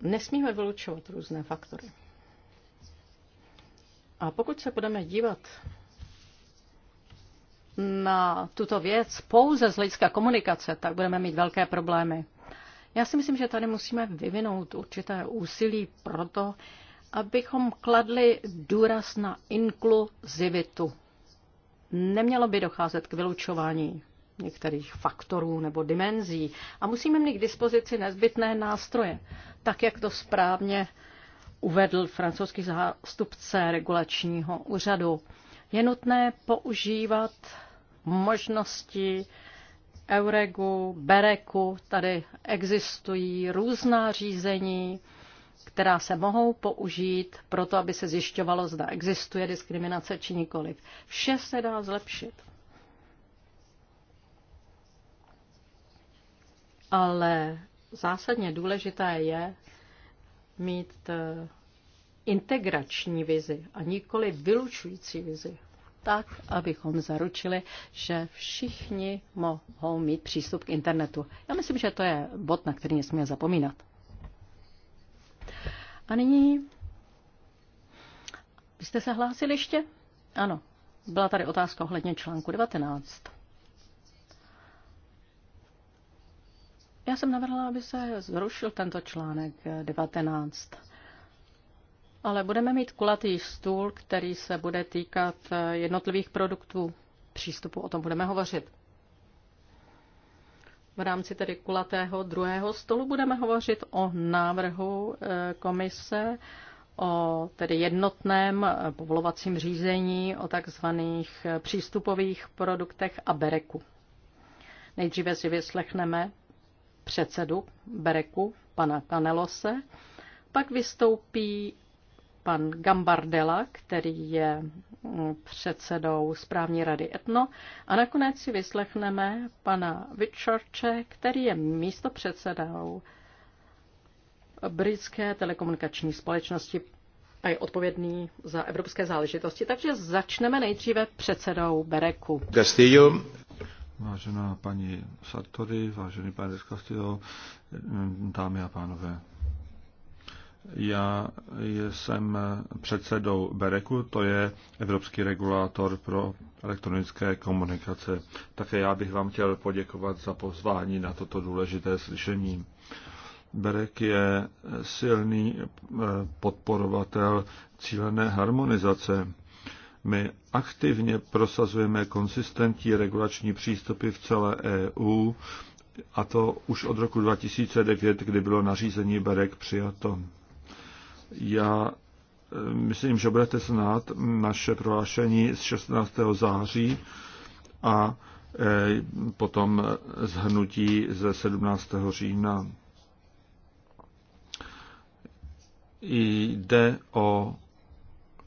Nesmíme vylučovat různé faktory. A pokud se budeme dívat na tuto věc pouze z lidské komunikace, tak budeme mít velké problémy. Já si myslím, že tady musíme vyvinout určité úsilí pro to, abychom kladli důraz na inkluzivitu. Nemělo by docházet k vylučování některých faktorů nebo dimenzí a musíme mít k dispozici nezbytné nástroje, tak jak to správně uvedl francouzský zástupce regulačního úřadu. Je nutné používat možnosti Euregu, Bereku, tady existují různá řízení, která se mohou použít pro to, aby se zjišťovalo, zda existuje diskriminace či nikoliv. Vše se dá zlepšit. Ale zásadně důležité je mít eh, integrační vizi a nikoli vylučující vizi, tak, abychom zaručili, že všichni mohou mít přístup k internetu. Já myslím, že to je bod, na který nesmíme zapomínat. A nyní, vy jste se hlásili ještě? Ano, byla tady otázka ohledně článku 19. Já jsem navrhla, aby se zrušil tento článek 19 ale budeme mít kulatý stůl, který se bude týkat eh, jednotlivých produktů přístupu. O tom budeme hovořit. V rámci tedy kulatého druhého stolu budeme hovořit o návrhu eh, komise, o tedy jednotném eh, povolovacím řízení, o takzvaných přístupových produktech a bereku. Nejdříve si vyslechneme předsedu bereku, pana Kanelose, pak vystoupí pan Gambardella, který je mm, předsedou správní rady Etno. A nakonec si vyslechneme pana Vichorče, který je místo předsedou britské telekomunikační společnosti a je odpovědný za evropské záležitosti. Takže začneme nejdříve předsedou Bereku. Castillo. Vážená paní Sartori, vážený pane Castillo, dámy a pánové. Já jsem předsedou BEREKu, to je Evropský regulátor pro elektronické komunikace. Také já bych vám chtěl poděkovat za pozvání na toto důležité slyšení. BEREK je silný eh, podporovatel cílené harmonizace. My aktivně prosazujeme konsistentní regulační přístupy v celé EU, a to už od roku 2009, kdy bylo nařízení BEREK přijato. Já eh, myslím, že budete znát naše prohlášení z 16. září a eh, potom zhrnutí ze 17. října. Jde o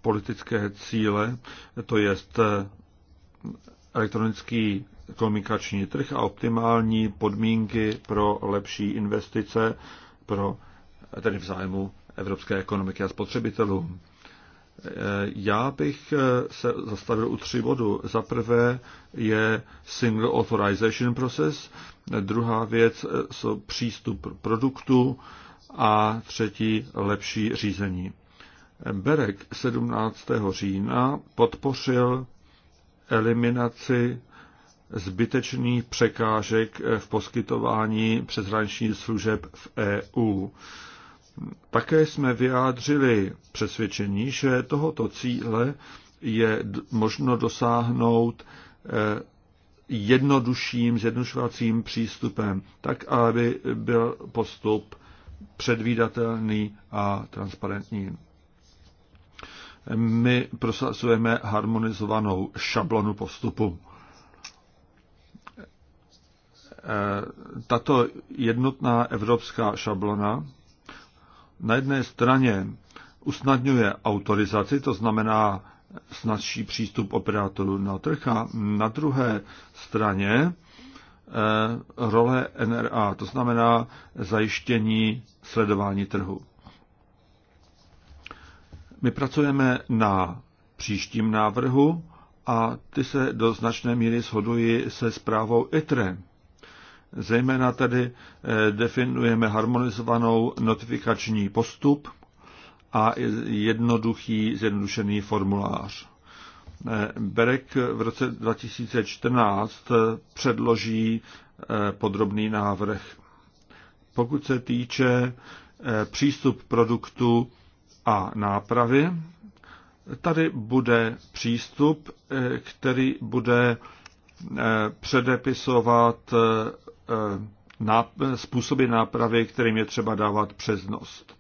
politické cíle, to je eh, elektronický komunikační trh a optimální podmínky pro lepší investice, pro tedy v zájmu evropské ekonomiky a spotřebitelů. Já bych se zastavil u tří bodů. Za prvé je single authorization process, druhá věc jsou přístup produktu a třetí lepší řízení. Berek 17. října podpořil eliminaci zbytečných překážek v poskytování přeshraničních služeb v EU. Také jsme vyjádřili přesvědčení, že tohoto cíle je možno dosáhnout eh, jednodušším, zjednodušovacím přístupem, tak aby byl postup předvídatelný a transparentní. My prosazujeme harmonizovanou šablonu postupu. Eh, tato jednotná evropská šablona na jedné straně usnadňuje autorizaci, to znamená snadší přístup operátorů na trh a na druhé straně eh, role NRA, to znamená zajištění sledování trhu. My pracujeme na příštím návrhu a ty se do značné míry shodují se zprávou ITRE. Zejména tedy eh, definujeme harmonizovanou notifikační postup a jednoduchý zjednodušený formulář. Eh, Berek v roce 2014 eh, předloží podrobný návrh. Pokud se týče přístup produktu a nápravy, tady bude přístup, který bude předepisovat Eh, způsoby nápravy, kterým je třeba dávat přeznost.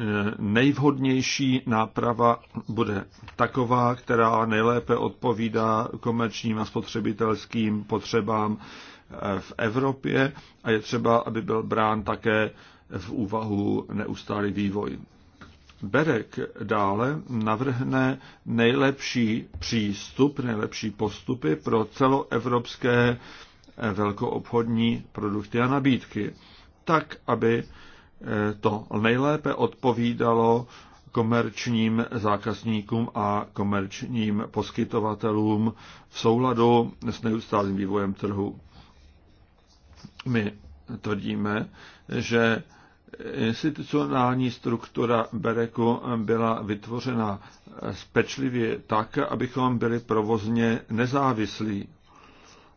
Eh, nejvhodnější náprava bude taková, která nejlépe odpovídá komerčním a spotřebitelským potřebám eh, v Evropě a je třeba, aby byl brán také v úvahu neustálý vývoj. Berek dále navrhne nejlepší přístup, nejlepší postupy pro celoevropské eh, velkoobchodní produkty a nabídky, tak, aby eh, to nejlépe odpovídalo komerčním zákazníkům a komerčním poskytovatelům v souladu s neustálým vývojem trhu. My tvrdíme, že institucionální struktura Bereku byla vytvořena spečlivě tak, abychom byli provozně nezávislí.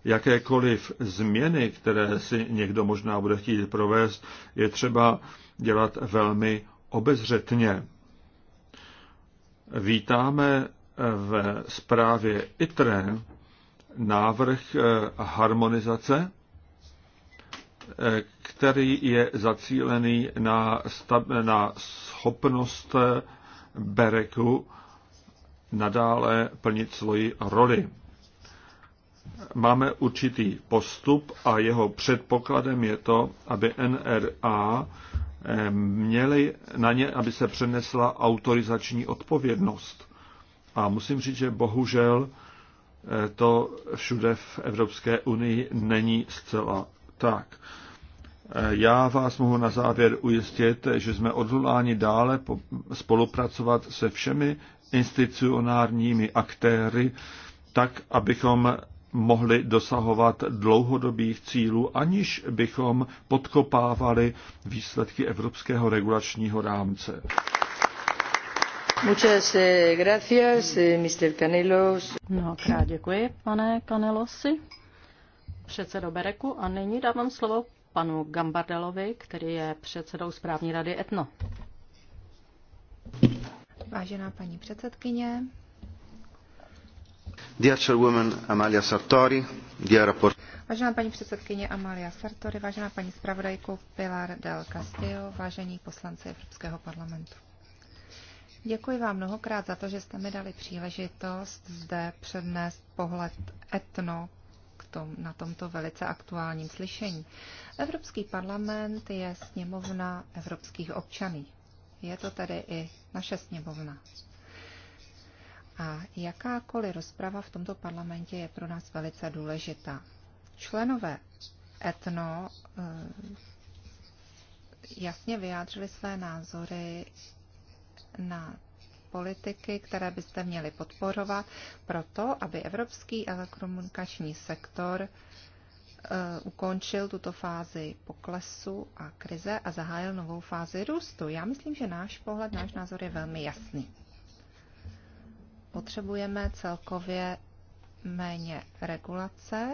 Jakékoliv změny, které si někdo možná bude chtít provést, je třeba dělat velmi obezřetně. Vítáme v zprávě ITRE návrh harmonizace který je zacílený na, stab, na schopnost Bereku nadále plnit svoji roli. Máme určitý postup a jeho předpokladem je to, aby NRA eh, měli na ně, aby se přenesla autorizační odpovědnost. A musím říct, že bohužel eh, to všude v Evropské unii není zcela tak, eh, já vás mohu na závěr ujistit, že jsme odvoláni dále spolupracovat se všemi institucionárními aktéry, tak, abychom mohli dosahovat dlouhodobých cílů, aniž bychom podkopávali výsledky evropského regulačního rámce. Muchas eh, gracias, eh, Mr. Canelos. Mnohokrát děkuji, pane Canelosi předsedo Bereku a nyní dávám slovo panu Gambardelovi, který je předsedou správní rady Etno. Vážená paní předsedkyně. Dear Chairwoman Amalia Sartori, dear rapport... Vážená paní předsedkyně Amalia Sartori, vážená paní zpravodajko Pilar del Castillo, vážení poslanci Evropského parlamentu. Děkuji vám mnohokrát za to, že jste mi dali příležitost zde přednést pohled etno tom, na tomto velice aktuálním slyšení. Evropský parlament je sněmovna evropských občanů. Je to tedy i naše sněmovna. A jakákoliv rozprava v tomto parlamentě je pro nás velice důležitá. Členové etno eh, jasně vyjádřili své názory na politiky, které byste měli podporovat, pro to, aby evropský elektromunikační sektor eh, ukončil tuto fázi poklesu a krize a zahájil novou fázi růstu. Já myslím, že náš pohled, náš názor je velmi jasný. Potřebujeme celkově méně regulace,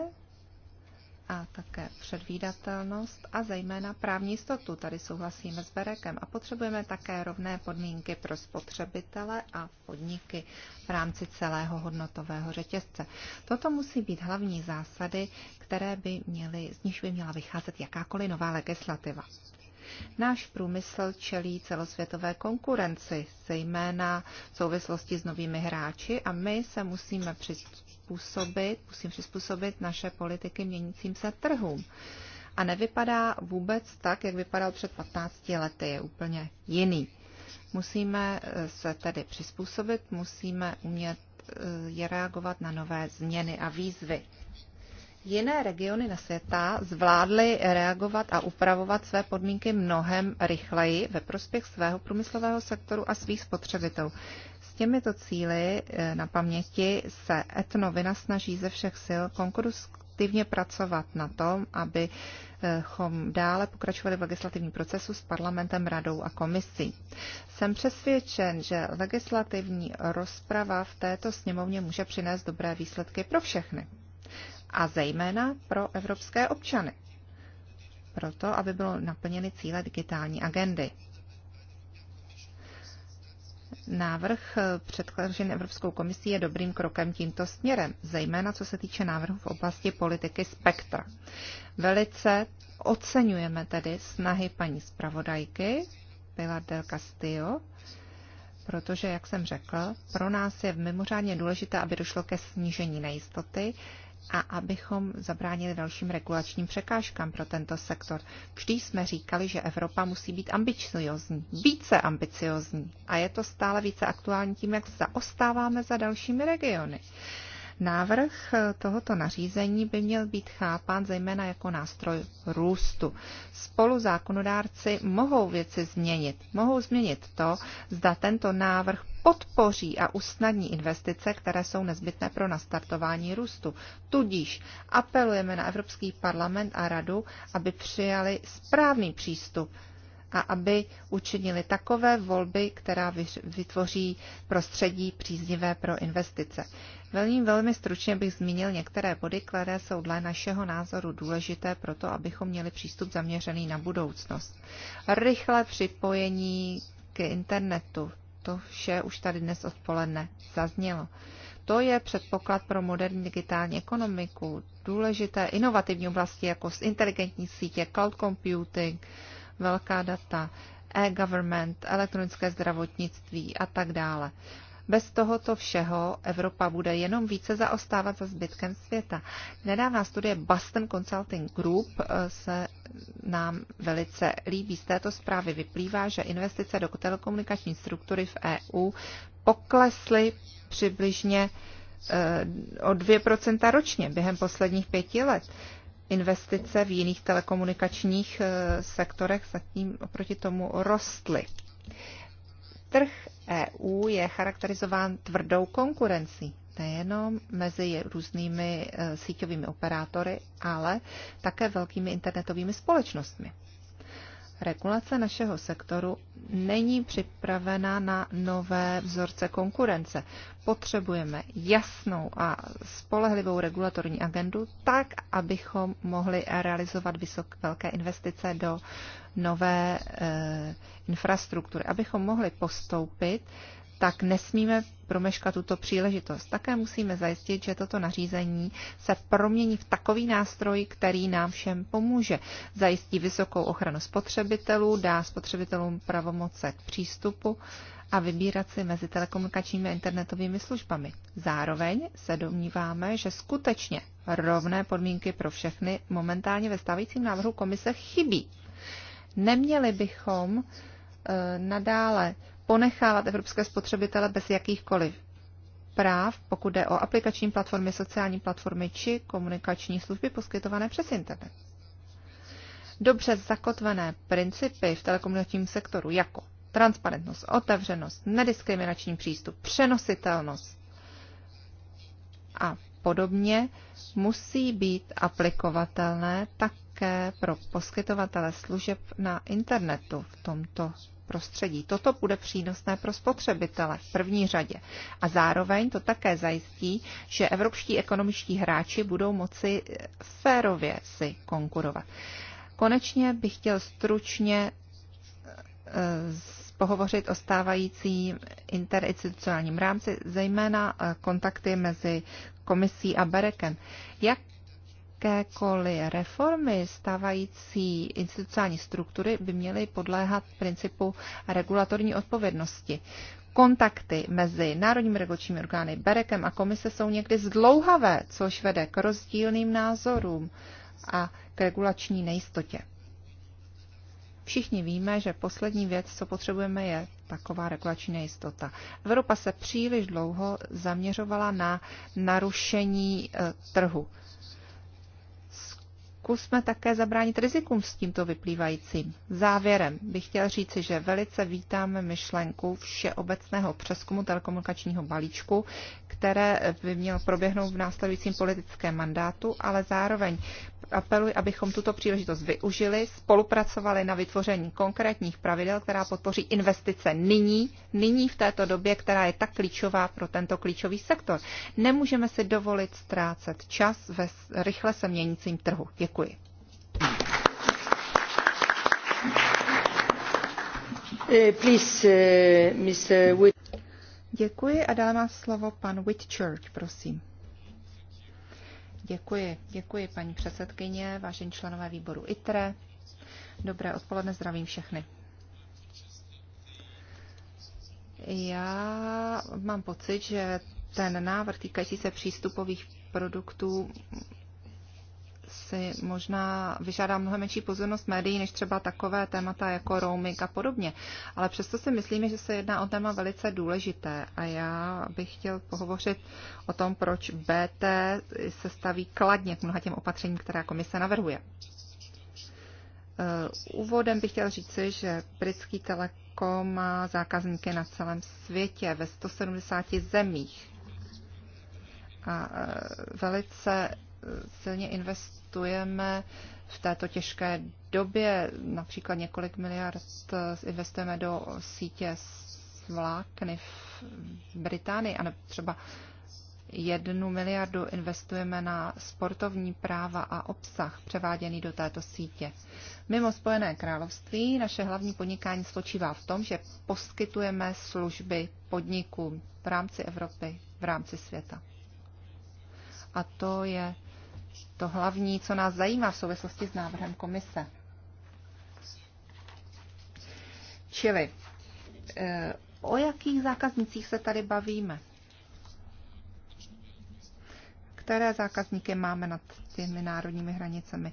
a také předvídatelnost a zejména právní jistotu. Tady souhlasíme s Berekem a potřebujeme také rovné podmínky pro spotřebitele a podniky v rámci celého hodnotového řetězce. Toto musí být hlavní zásady, které by měly, z nich by měla vycházet jakákoliv nová legislativa. Náš průmysl čelí celosvětové konkurenci, zejména v souvislosti s novými hráči a my se musíme přizpůsobit přizpůsobit, musím přizpůsobit naše politiky měnícím se trhům. A nevypadá vůbec tak, jak vypadal před 15 lety, je úplně jiný. Musíme eh, se tedy přizpůsobit, musíme umět eh, je reagovat na nové změny a výzvy. Jiné regiony na světa zvládly reagovat a upravovat své podmínky mnohem rychleji ve prospěch svého průmyslového sektoru a svých spotřebitelů těmito cíly e, na paměti se etnovina snaží ze všech sil konkurstivně pracovat na tom, abychom dále pokračovali v legislativním procesu s parlamentem, radou a komisí. Jsem přesvědčen, že legislativní rozprava v této sněmovně může přinést dobré výsledky pro všechny a zejména pro evropské občany proto, aby bylo naplněny cíle digitální agendy. Návrh eh, předložený Evropskou komisí je dobrým krokem tímto směrem, zejména co se týče návrhu v oblasti politiky spektra. Velice oceňujeme tedy snahy paní zpravodajky Pilar del Castillo, protože, jak jsem řekl, pro nás je mimořádně důležité, aby došlo ke snížení nejistoty, a abychom zabránili dalším regulačním překážkám pro tento sektor. Vždy jsme říkali, že Evropa musí být ambiciozní, více ambiciozní a je to stále více aktuální tím, jak zaostáváme za dalšími regiony. Návrh eh, tohoto nařízení by měl být chápán zejména jako nástroj růstu. Spolu zákonodárci mohou věci změnit. Mohou změnit to, zda tento návrh podpoří a usnadní investice, které jsou nezbytné pro nastartování růstu. Tudíž apelujeme na Evropský parlament a radu, aby přijali správný přístup a aby učinili takové volby, která vytvoří prostředí příznivé pro investice. Velmi, velmi stručně bych zmínil některé body, které jsou dle našeho názoru důležité pro to, abychom měli přístup zaměřený na budoucnost. Rychlé připojení k internetu, to vše už tady dnes odpoledne zaznělo. To je předpoklad pro moderní digitální ekonomiku. Důležité inovativní oblasti jako z inteligentní sítě, cloud computing, velká data, e-government, elektronické zdravotnictví a tak dále. Bez tohoto všeho Evropa bude jenom více zaostávat za zbytkem světa. Nedávná studie Boston Consulting Group eh, se nám velice líbí. Z této zprávy vyplývá, že investice do telekomunikační struktury v EU poklesly přibližně eh, o 2% ročně během posledních pěti let. Investice v jiných telekomunikačních eh, sektorech zatím oproti tomu rostly. Trh EU je charakterizován tvrdou konkurencí, nejenom mezi různými eh, síťovými operátory, ale také velkými internetovými společnostmi. Regulace našeho sektoru není připravena na nové vzorce konkurence. Potřebujeme jasnou a spolehlivou regulatorní agendu tak, abychom mohli realizovat vysok, velké investice do nové e, infrastruktury. Abychom mohli postoupit, tak nesmíme promeškat tuto příležitost. Také musíme zajistit, že toto nařízení se promění v takový nástroj, který nám všem pomůže. Zajistí vysokou ochranu spotřebitelů, dá spotřebitelům pravomoce k přístupu a vybírat si mezi telekomunikačními a internetovými službami. Zároveň se domníváme, že skutečně rovné podmínky pro všechny momentálně ve stávajícím návrhu komise chybí. Neměli bychom eh, nadále ponechávat evropské spotřebitele bez jakýchkoliv práv, pokud jde o aplikační platformy, sociální platformy či komunikační služby poskytované přes internet. Dobře zakotvené principy v telekomunikačním sektoru jako transparentnost, otevřenost, nediskriminační přístup, přenositelnost a podobně musí být aplikovatelné tak také pro poskytovatele služeb na internetu v tomto prostředí. Toto bude přínosné pro spotřebitele v první řadě a zároveň to také zajistí, že evropští ekonomičtí hráči budou moci férově si konkurovat. Konečně bych chtěl stručně eh, pohovořit o stávajícím interinstitucionálním rámci, zejména eh, kontakty mezi komisí a Berekem. Jak jakékoliv reformy stávající institucionální struktury by měly podléhat principu regulatorní odpovědnosti. Kontakty mezi národními regulačními orgány, Berekem a komise jsou někdy zdlouhavé, což vede k rozdílným názorům a k regulační nejistotě. Všichni víme, že poslední věc, co potřebujeme, je taková regulační nejistota. Evropa se příliš dlouho zaměřovala na narušení eh, trhu zkusme také zabránit rizikům s tímto vyplývajícím. Závěrem bych chtěl říci, že velice vítáme myšlenku všeobecného přeskumu telekomunikačního balíčku, které by mělo proběhnout v následujícím politickém mandátu, ale zároveň apeluji, abychom tuto příležitost využili, spolupracovali na vytvoření konkrétních pravidel, která podpoří investice nyní, nyní v této době, která je tak klíčová pro tento klíčový sektor. Nemůžeme si dovolit ztrácet čas ve rychle se měnícím trhu. Děkuji. Děkuji. Eh, eh, děkuji a dávám slovo pan Whitchurch, prosím. Děkuji, děkuji paní předsedkyně, vážení členové výboru ITRE. Dobré odpoledne, zdravím všechny. Já mám pocit, že ten návrh týkající se přístupových produktů si možná vyžádá mnohem menší pozornost médií než třeba takové témata jako roaming a podobně. Ale přesto si myslím, že se jedná o téma velice důležité a já bych chtěl pohovořit o tom, proč BT se staví kladně k mnoha těm opatřením, která komise navrhuje. Eh, úvodem bych chtěl říci, že britský telekom má zákazníky na celém světě ve 170 zemích. A eh, velice silně investujeme v této těžké době. Například několik miliard investujeme do sítě vlákny v Británii, anebo třeba jednu miliardu investujeme na sportovní práva a obsah převáděný do této sítě. Mimo Spojené království naše hlavní podnikání spočívá v tom, že poskytujeme služby podnikům v rámci Evropy, v rámci světa. A to je to hlavní, co nás zajímá v souvislosti s návrhem komise. Čili eh, o jakých zákaznicích se tady bavíme? Které zákazníky máme nad těmi národními hranicemi?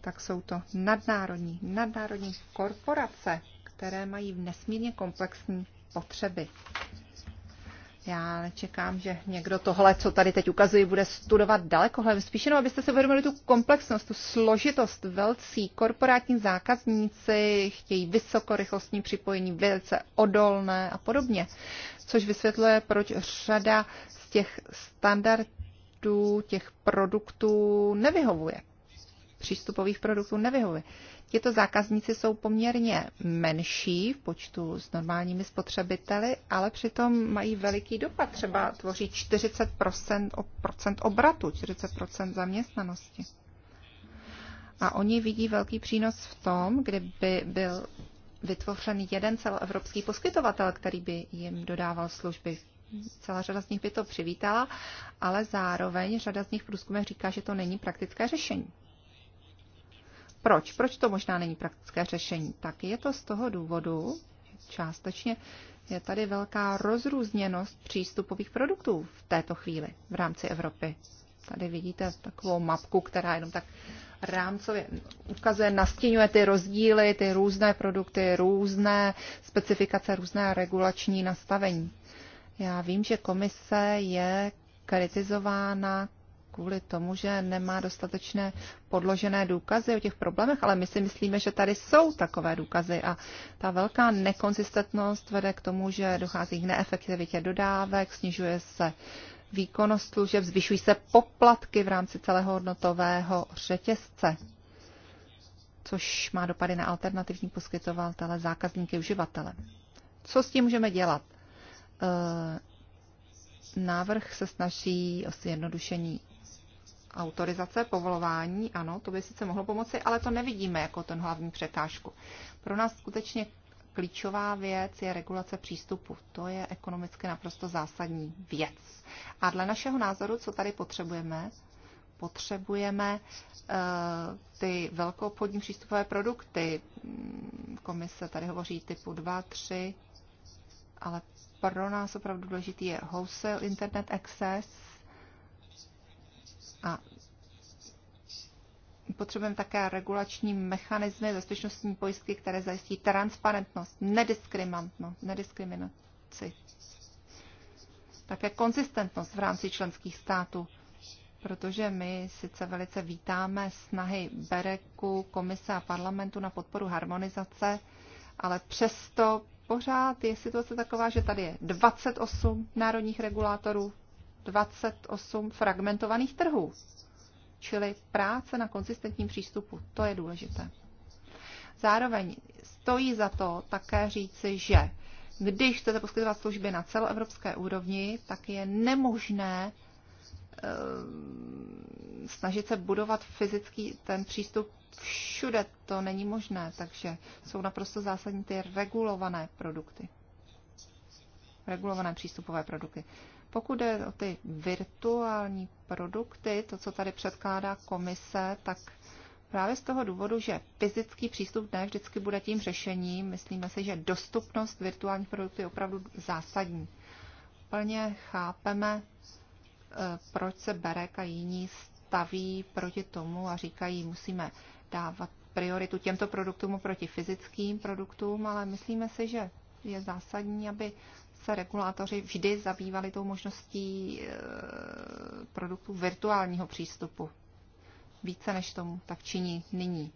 Tak jsou to nadnárodní, nadnárodní korporace, které mají nesmírně komplexní potřeby. Já čekám, že někdo tohle, co tady teď ukazuje, bude studovat dalekohle. Spíš jenom, abyste si uvědomili tu komplexnost, tu složitost. Velcí korporátní zákazníci chtějí vysokorychlostní připojení, velice odolné a podobně. Což vysvětluje, proč řada z těch standardů, těch produktů nevyhovuje. Přístupových produktů nevyhovuje. Tito zákazníci jsou poměrně menší v počtu s normálními spotřebiteli, ale přitom mají veliký dopad. Třeba tvoří 40 obratu, 40 zaměstnanosti. A oni vidí velký přínos v tom, kdyby byl vytvořen jeden celoevropský poskytovatel, který by jim dodával služby. Celá řada z nich by to přivítala, ale zároveň řada z nich v průzkumech říká, že to není praktické řešení. Proč? Proč to možná není praktické řešení? Tak je to z toho důvodu, že částečně je tady velká rozrůzněnost přístupových produktů v této chvíli v rámci Evropy. Tady vidíte takovou mapku, která jenom tak rámcově ukazuje, nastínuje ty rozdíly, ty různé produkty, různé specifikace, různé regulační nastavení. Já vím, že komise je kritizována kvůli tomu, že nemá dostatečné podložené důkazy o těch problémech, ale my si myslíme, že tady jsou takové důkazy a ta velká nekonsistentnost vede k tomu, že dochází k neefektivitě dodávek, snižuje se výkonnost služeb, zvyšují se poplatky v rámci celého hodnotového řetězce, což má dopady na alternativní poskytovatele, zákazníky, uživatele. Co s tím můžeme dělat? Eh, návrh se snaží o zjednodušení autorizace, povolování, ano, to by sice mohlo pomoci, ale to nevidíme jako ten hlavní překážku. Pro nás skutečně klíčová věc je regulace přístupu. To je ekonomicky naprosto zásadní věc. A dle našeho názoru, co tady potřebujeme, potřebujeme eh, ty velkoobchodní přístupové produkty. Komise tady hovoří typu 2, 3, ale pro nás opravdu důležitý je wholesale internet access, a potřebujeme také regulační mechanismy bezpečnostní pojistky, které zajistí transparentnost, nediskriminaci, také konzistentnost v rámci členských států, protože my sice velice vítáme snahy Bereku, komise a parlamentu na podporu harmonizace, ale přesto pořád je situace taková, že tady je 28 národních regulátorů, 28 fragmentovaných trhů. Čili práce na konzistentním přístupu, to je důležité. Zároveň stojí za to také říci, že když chcete poskytovat služby na celoevropské úrovni, tak je nemožné eh, snažit se budovat fyzický ten přístup všude, to není možné, takže jsou naprosto zásadní ty regulované produkty. Regulované přístupové produkty. Pokud jde o ty virtuální produkty, to, co tady předkládá komise, tak Právě z toho důvodu, že fyzický přístup ne vždycky bude tím řešením, myslíme si, že dostupnost virtuálních produktů je opravdu zásadní. Plně chápeme, e, proč se Berek a jiní staví proti tomu a říkají, musíme dávat prioritu těmto produktům proti fyzickým produktům, ale myslíme si, že je zásadní, aby se regulátoři vždy zabývali tou možností eh, produktu virtuálního přístupu. Více než tomu tak činí nyní.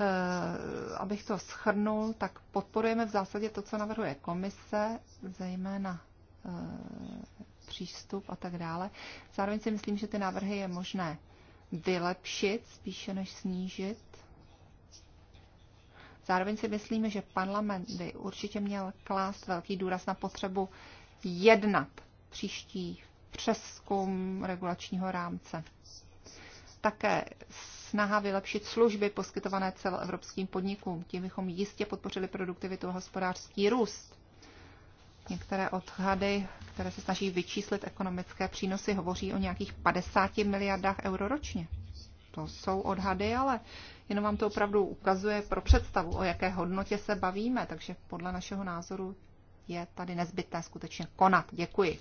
Eh, abych to schrnul, tak podporujeme v zásadě to, co navrhuje komise, zejména eh, přístup a tak dále. Zároveň si myslím, že ty návrhy je možné vylepšit spíše než snížit Zároveň si myslíme, že parlament by určitě měl klást velký důraz na potřebu jednat příští přeskum regulačního rámce. Také snaha vylepšit služby poskytované celoevropským podnikům. Tím bychom jistě podpořili produktivitu a hospodářský růst. Některé odhady, které se snaží vyčíslit ekonomické přínosy, hovoří o nějakých 50 miliardách euro ročně. To jsou odhady, ale jenom vám to opravdu ukazuje pro představu, o jaké hodnotě se bavíme, takže podle našeho názoru je tady nezbytné skutečně konat. Děkuji.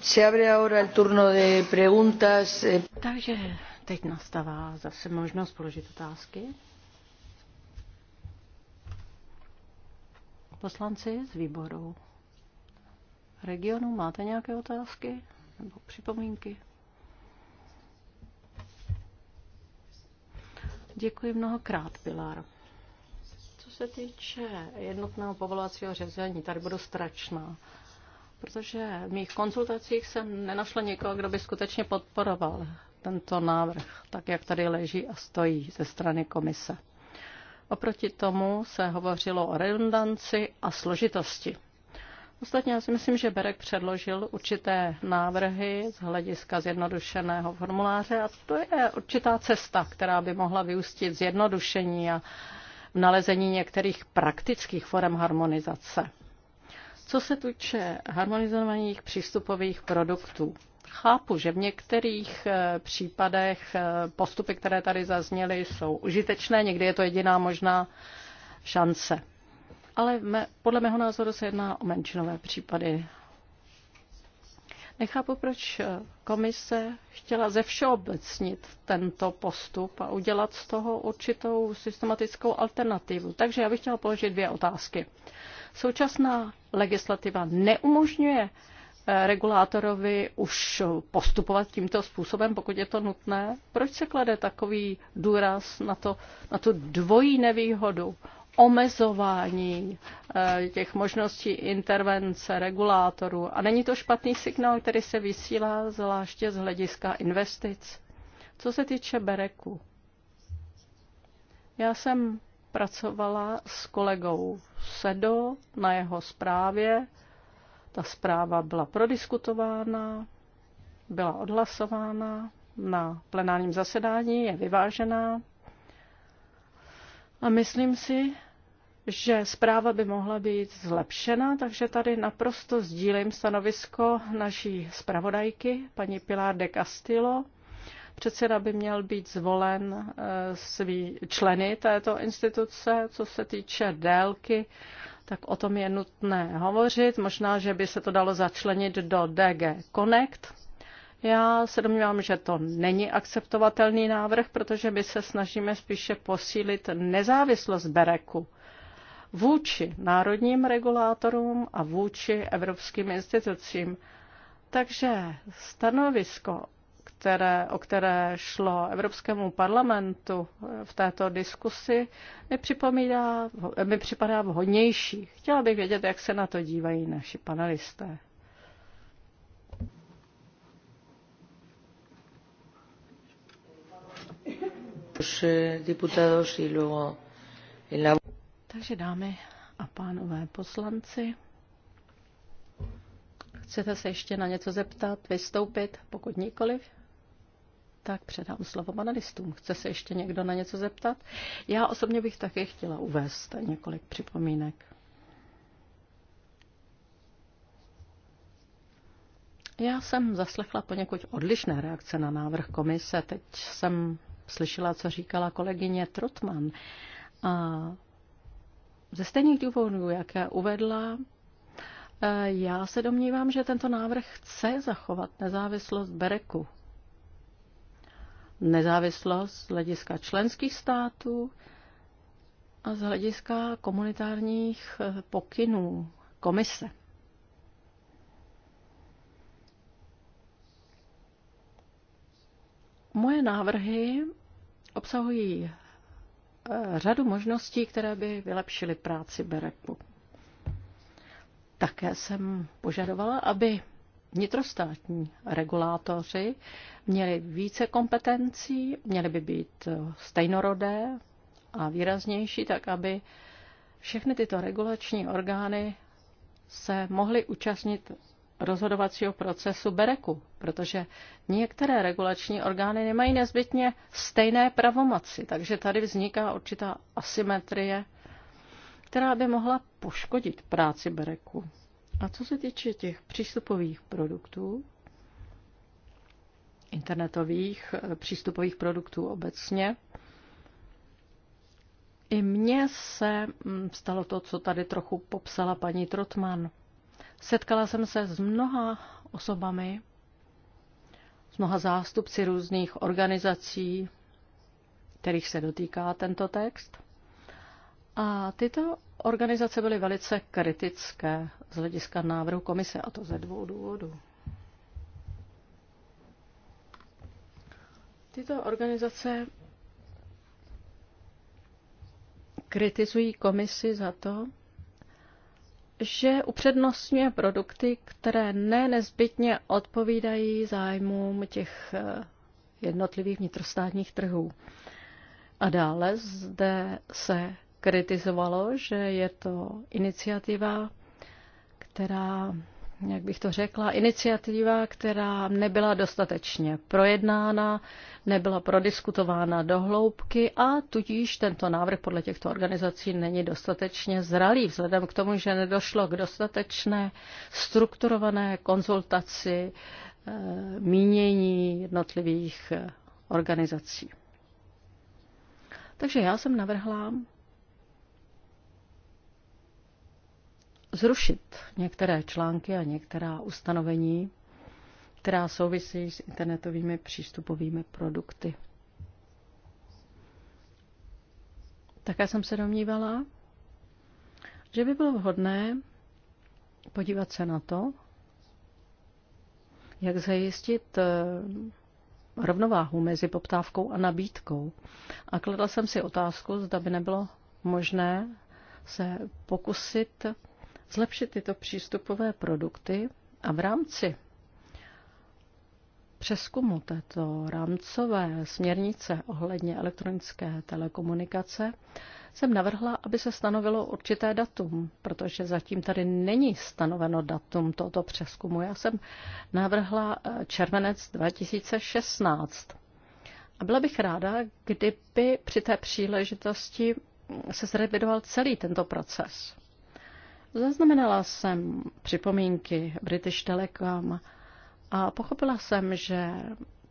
Se abre ahora el turno de preguntas. Eh. Takže teď nastává zase možnost položit otázky. Poslanci z výboru Regionu Máte nějaké otázky nebo připomínky? Děkuji mnohokrát, Pilar. Co se týče jednotného povolacího řízení, tady budu stračná, protože v mých konzultacích jsem nenašla někoho, kdo by skutečně podporoval tento návrh, tak jak tady leží a stojí ze strany komise. Oproti tomu se hovořilo o redundanci a složitosti. Ostatně já si myslím, že Berek předložil určité návrhy z hlediska zjednodušeného formuláře a to je určitá cesta, která by mohla vyústit zjednodušení a nalezení některých praktických forem harmonizace. Co se týče harmonizovaných přístupových produktů, chápu, že v některých eh, případech eh, postupy, které tady zazněly, jsou užitečné, někdy je to jediná možná šance ale me, podle mého názoru se jedná o menšinové případy. Nechápu, proč eh, komise chtěla ze všeobecnit tento postup a udělat z toho určitou systematickou alternativu. Takže já bych chtěla položit dvě otázky. Současná legislativa neumožňuje eh, regulátorovi už postupovat tímto způsobem, pokud je to nutné. Proč se klade takový důraz na, to, na tu dvojí nevýhodu omezování eh, těch možností intervence regulátorů. A není to špatný signál, který se vysílá zvláště z hlediska investic. Co se týče Bereku, já jsem pracovala s kolegou Sedo na jeho zprávě. Ta zpráva byla prodiskutována, byla odhlasována na plenárním zasedání, je vyvážená. A myslím si, že zpráva by mohla být zlepšena, takže tady naprosto sdílím stanovisko naší zpravodajky, paní Pilar de Castillo. Předseda by měl být zvolen eh, svý členy této instituce, co se týče délky, tak o tom je nutné hovořit. Možná, že by se to dalo začlenit do DG Connect, já se domnívám, že to není akceptovatelný návrh, protože my se snažíme spíše posílit nezávislost Bereku vůči národním regulátorům a vůči evropským institucím. Takže stanovisko, které, o které šlo Evropskému parlamentu v této diskusi, mi, připomíná, mi připadá vhodnější. Chtěla bych vědět, jak se na to dívají naši panelisté. Takže dámy a pánové poslanci, chcete se ještě na něco zeptat, vystoupit? Pokud nikoliv, tak předám slovo panelistům. Chce se ještě někdo na něco zeptat? Já osobně bych také chtěla uvést několik připomínek. Já jsem zaslechla poněkud odlišné reakce na návrh komise. Teď jsem slyšela, co říkala kolegyně Trotman. A ze stejných důvodů, jaké uvedla, eh, já se domnívám, že tento návrh chce zachovat nezávislost Bereku. Nezávislost z hlediska členských států a z hlediska komunitárních eh, pokynů komise. Moje návrhy obsahují eh, řadu možností, které by vylepšily práci Bereku. Také jsem požadovala, aby vnitrostátní regulátoři měli více kompetencí, měli by být eh, stejnorodé a výraznější, tak aby všechny tyto regulační orgány se mohly účastnit rozhodovacího procesu Bereku, protože některé regulační orgány nemají nezbytně stejné pravomoci, takže tady vzniká určitá asymetrie, která by mohla poškodit práci Bereku. A co se týče těch přístupových produktů, internetových eh, přístupových produktů obecně, i mně se mm, stalo to, co tady trochu popsala paní Trotman – Setkala jsem se s mnoha osobami, s mnoha zástupci různých organizací, kterých se dotýká tento text. A tyto organizace byly velice kritické z hlediska návrhu komise, a to ze dvou důvodů. Tyto organizace kritizují komisi za to, že upřednostňuje produkty, které ne nezbytně odpovídají zájmům těch eh, jednotlivých vnitrostátních trhů. A dále zde se kritizovalo, že je to iniciativa, která jak bych to řekla, iniciativa, která nebyla dostatečně projednána, nebyla prodiskutována do hloubky a tudíž tento návrh podle těchto organizací není dostatečně zralý, vzhledem k tomu, že nedošlo k dostatečné strukturované konzultaci eh, mínění jednotlivých eh, organizací. Takže já jsem navrhla, zrušit některé články a některá ustanovení, která souvisí s internetovými přístupovými produkty. Také jsem se domnívala, že by bylo vhodné podívat se na to, jak zajistit eh, rovnováhu mezi poptávkou a nabídkou. A kladla jsem si otázku, zda by nebylo možné se pokusit zlepšit tyto přístupové produkty a v rámci přeskumu této rámcové směrnice ohledně elektronické telekomunikace jsem navrhla, aby se stanovilo určité datum, protože zatím tady není stanoveno datum tohoto přeskumu. Já jsem navrhla eh, červenec 2016. A byla bych ráda, kdyby při té příležitosti se zrevidoval celý tento proces. Zaznamenala jsem připomínky British Telecom a pochopila jsem, že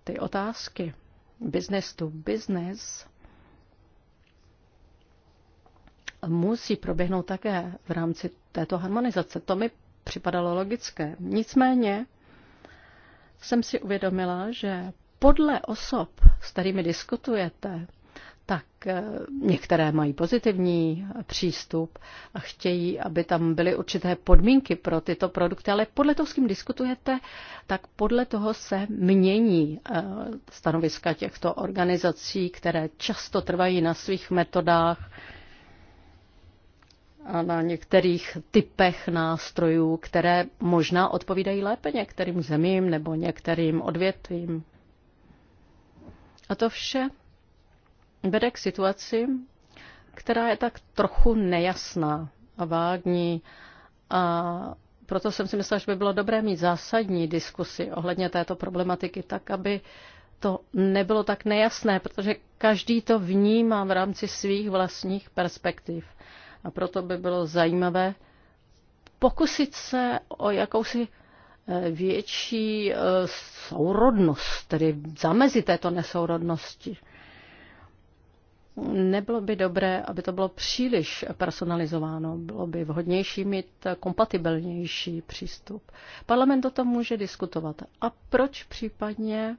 ty otázky business to business musí proběhnout také v rámci této harmonizace. To mi připadalo logické. Nicméně jsem si uvědomila, že podle osob, s kterými diskutujete, tak eh, některé mají pozitivní přístup a chtějí, aby tam byly určité podmínky pro tyto produkty, ale podle toho, s kým diskutujete, tak podle toho se mění eh, stanoviska těchto organizací, které často trvají na svých metodách a na některých typech nástrojů, které možná odpovídají lépe některým zemím nebo některým odvětvím. A to vše vede k situaci, která je tak trochu nejasná a vágní. A proto jsem si myslela, že by bylo dobré mít zásadní diskusy ohledně této problematiky, tak aby to nebylo tak nejasné, protože každý to vnímá v rámci svých vlastních perspektiv. A proto by bylo zajímavé pokusit se o jakousi e, větší e, sourodnost, tedy zamezit této nesourodnosti. Nebylo by dobré, aby to bylo příliš personalizováno, bylo by vhodnější mít kompatibilnější přístup. Parlament o tom může diskutovat. A proč případně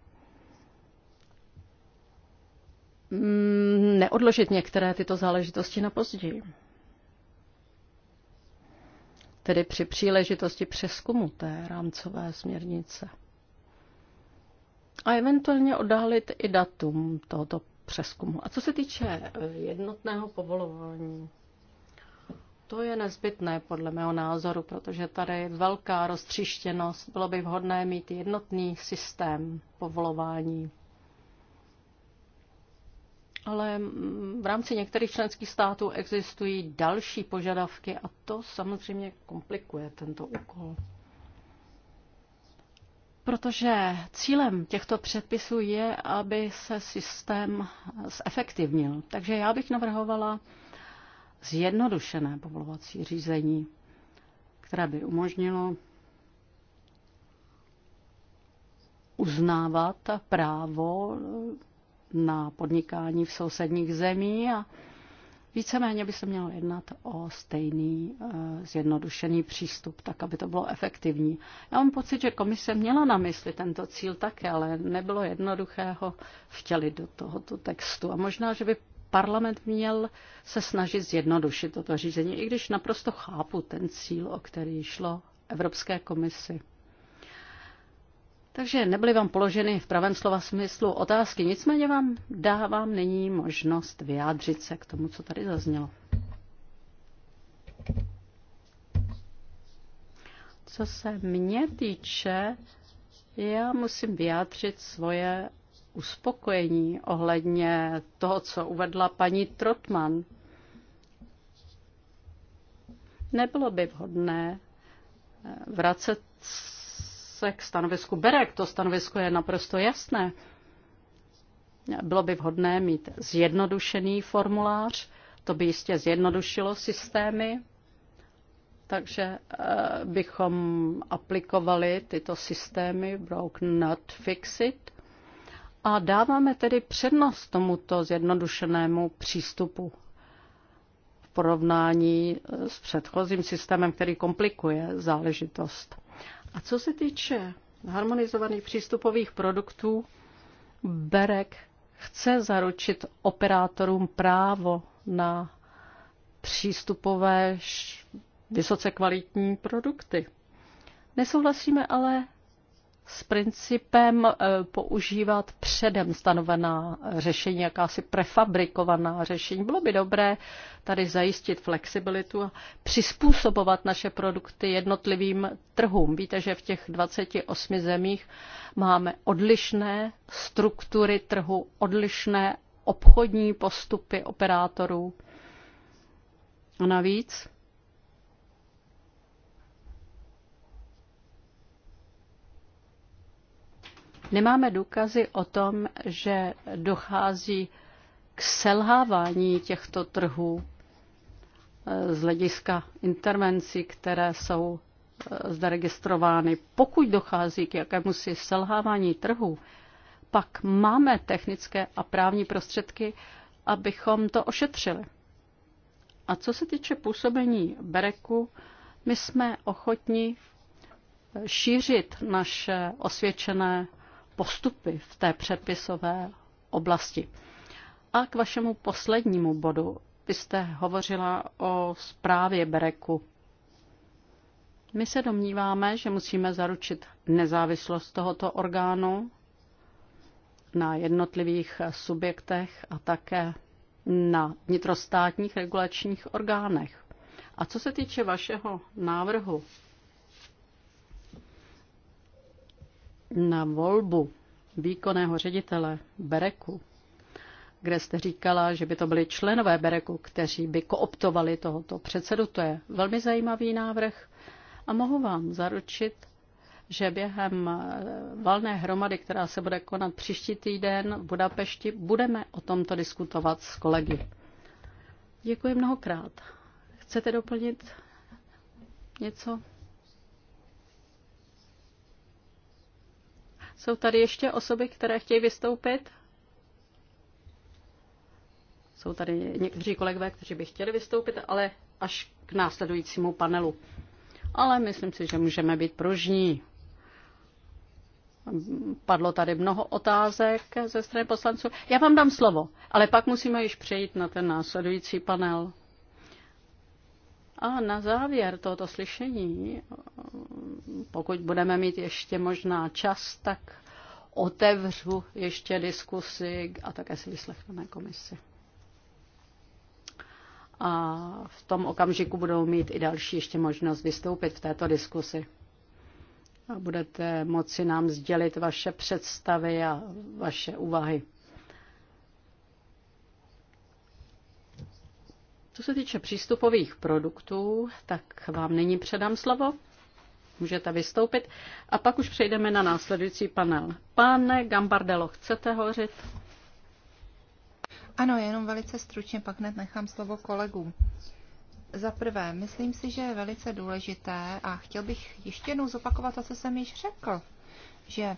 mm, neodložit některé tyto záležitosti na později? Tedy při příležitosti přeskumu té rámcové směrnice. A eventuálně odhalit i datum tohoto přeskumu. A co se týče eh, jednotného povolování, to je nezbytné podle mého názoru, protože tady je velká roztříštěnost. Bylo by vhodné mít jednotný systém povolování. Ale mm, v rámci některých členských států existují další požadavky a to samozřejmě komplikuje tento úkol protože cílem těchto předpisů je, aby se systém zefektivnil. Takže já bych navrhovala zjednodušené povolovací řízení, které by umožnilo uznávat právo na podnikání v sousedních zemí a Víceméně by se mělo jednat o stejný eh, zjednodušený přístup, tak aby to bylo efektivní. Já mám pocit, že komise měla na mysli tento cíl také, ale nebylo jednoduché ho vtělit do tohoto textu. A možná, že by parlament měl se snažit zjednodušit toto řízení, i když naprosto chápu ten cíl, o který šlo Evropské komisi. Takže nebyly vám položeny v pravém slova smyslu otázky, nicméně vám dávám nyní možnost vyjádřit se k tomu, co tady zaznělo. Co se mě týče, já musím vyjádřit svoje uspokojení ohledně toho, co uvedla paní Trotman. Nebylo by vhodné vracet se k stanovisku Berek. To stanovisko je naprosto jasné. Bylo by vhodné mít zjednodušený formulář, to by jistě zjednodušilo systémy, takže eh, bychom aplikovali tyto systémy broken not fixit a dáváme tedy přednost tomuto zjednodušenému přístupu v porovnání eh, s předchozím systémem, který komplikuje záležitost. A co se týče harmonizovaných přístupových produktů, Berek chce zaručit operátorům právo na přístupové vysoce kvalitní produkty. Nesouhlasíme ale s principem eh, používat předem stanovená řešení, jakási prefabrikovaná řešení. Bylo by dobré tady zajistit flexibilitu a přizpůsobovat naše produkty jednotlivým trhům. Víte, že v těch 28 zemích máme odlišné struktury trhu, odlišné obchodní postupy operátorů. A navíc Nemáme důkazy o tom, že dochází k selhávání těchto trhů eh, z hlediska intervencí, které jsou eh, zde registrovány. Pokud dochází k jakémusi selhávání trhů, pak máme technické a právní prostředky, abychom to ošetřili. A co se týče působení Bereku, my jsme ochotni šířit naše osvědčené postupy v té předpisové oblasti. A k vašemu poslednímu bodu. Vy jste hovořila o zprávě Bereku. My se domníváme, že musíme zaručit nezávislost tohoto orgánu na jednotlivých subjektech a také na vnitrostátních regulačních orgánech. A co se týče vašeho návrhu na volbu výkonného ředitele Bereku, kde jste říkala, že by to byli členové Bereku, kteří by kooptovali tohoto předsedu. To je velmi zajímavý návrh a mohu vám zaručit, že během eh, valné hromady, která se bude konat příští týden v Budapešti, budeme o tomto diskutovat s kolegy. Děkuji mnohokrát. Chcete doplnit něco? Jsou tady ještě osoby, které chtějí vystoupit? Jsou tady někteří kolegové, kteří by chtěli vystoupit, ale až k následujícímu panelu. Ale myslím si, že můžeme být pružní. Padlo tady mnoho otázek ze strany poslanců. Já vám dám slovo, ale pak musíme již přejít na ten následující panel. A na závěr tohoto slyšení, pokud budeme mít ještě možná čas, tak otevřu ještě diskusi a také si vyslechneme komisi. A v tom okamžiku budou mít i další ještě možnost vystoupit v této diskusi. A budete moci nám sdělit vaše představy a vaše úvahy. Co se týče přístupových produktů, tak vám nyní předám slovo. Můžete vystoupit. A pak už přejdeme na následující panel. Pane Gambardelo, chcete hořit? Ano, jenom velice stručně, pak hned nechám slovo kolegům. Za prvé, myslím si, že je velice důležité a chtěl bych ještě jednou zopakovat to, co jsem již řekl, že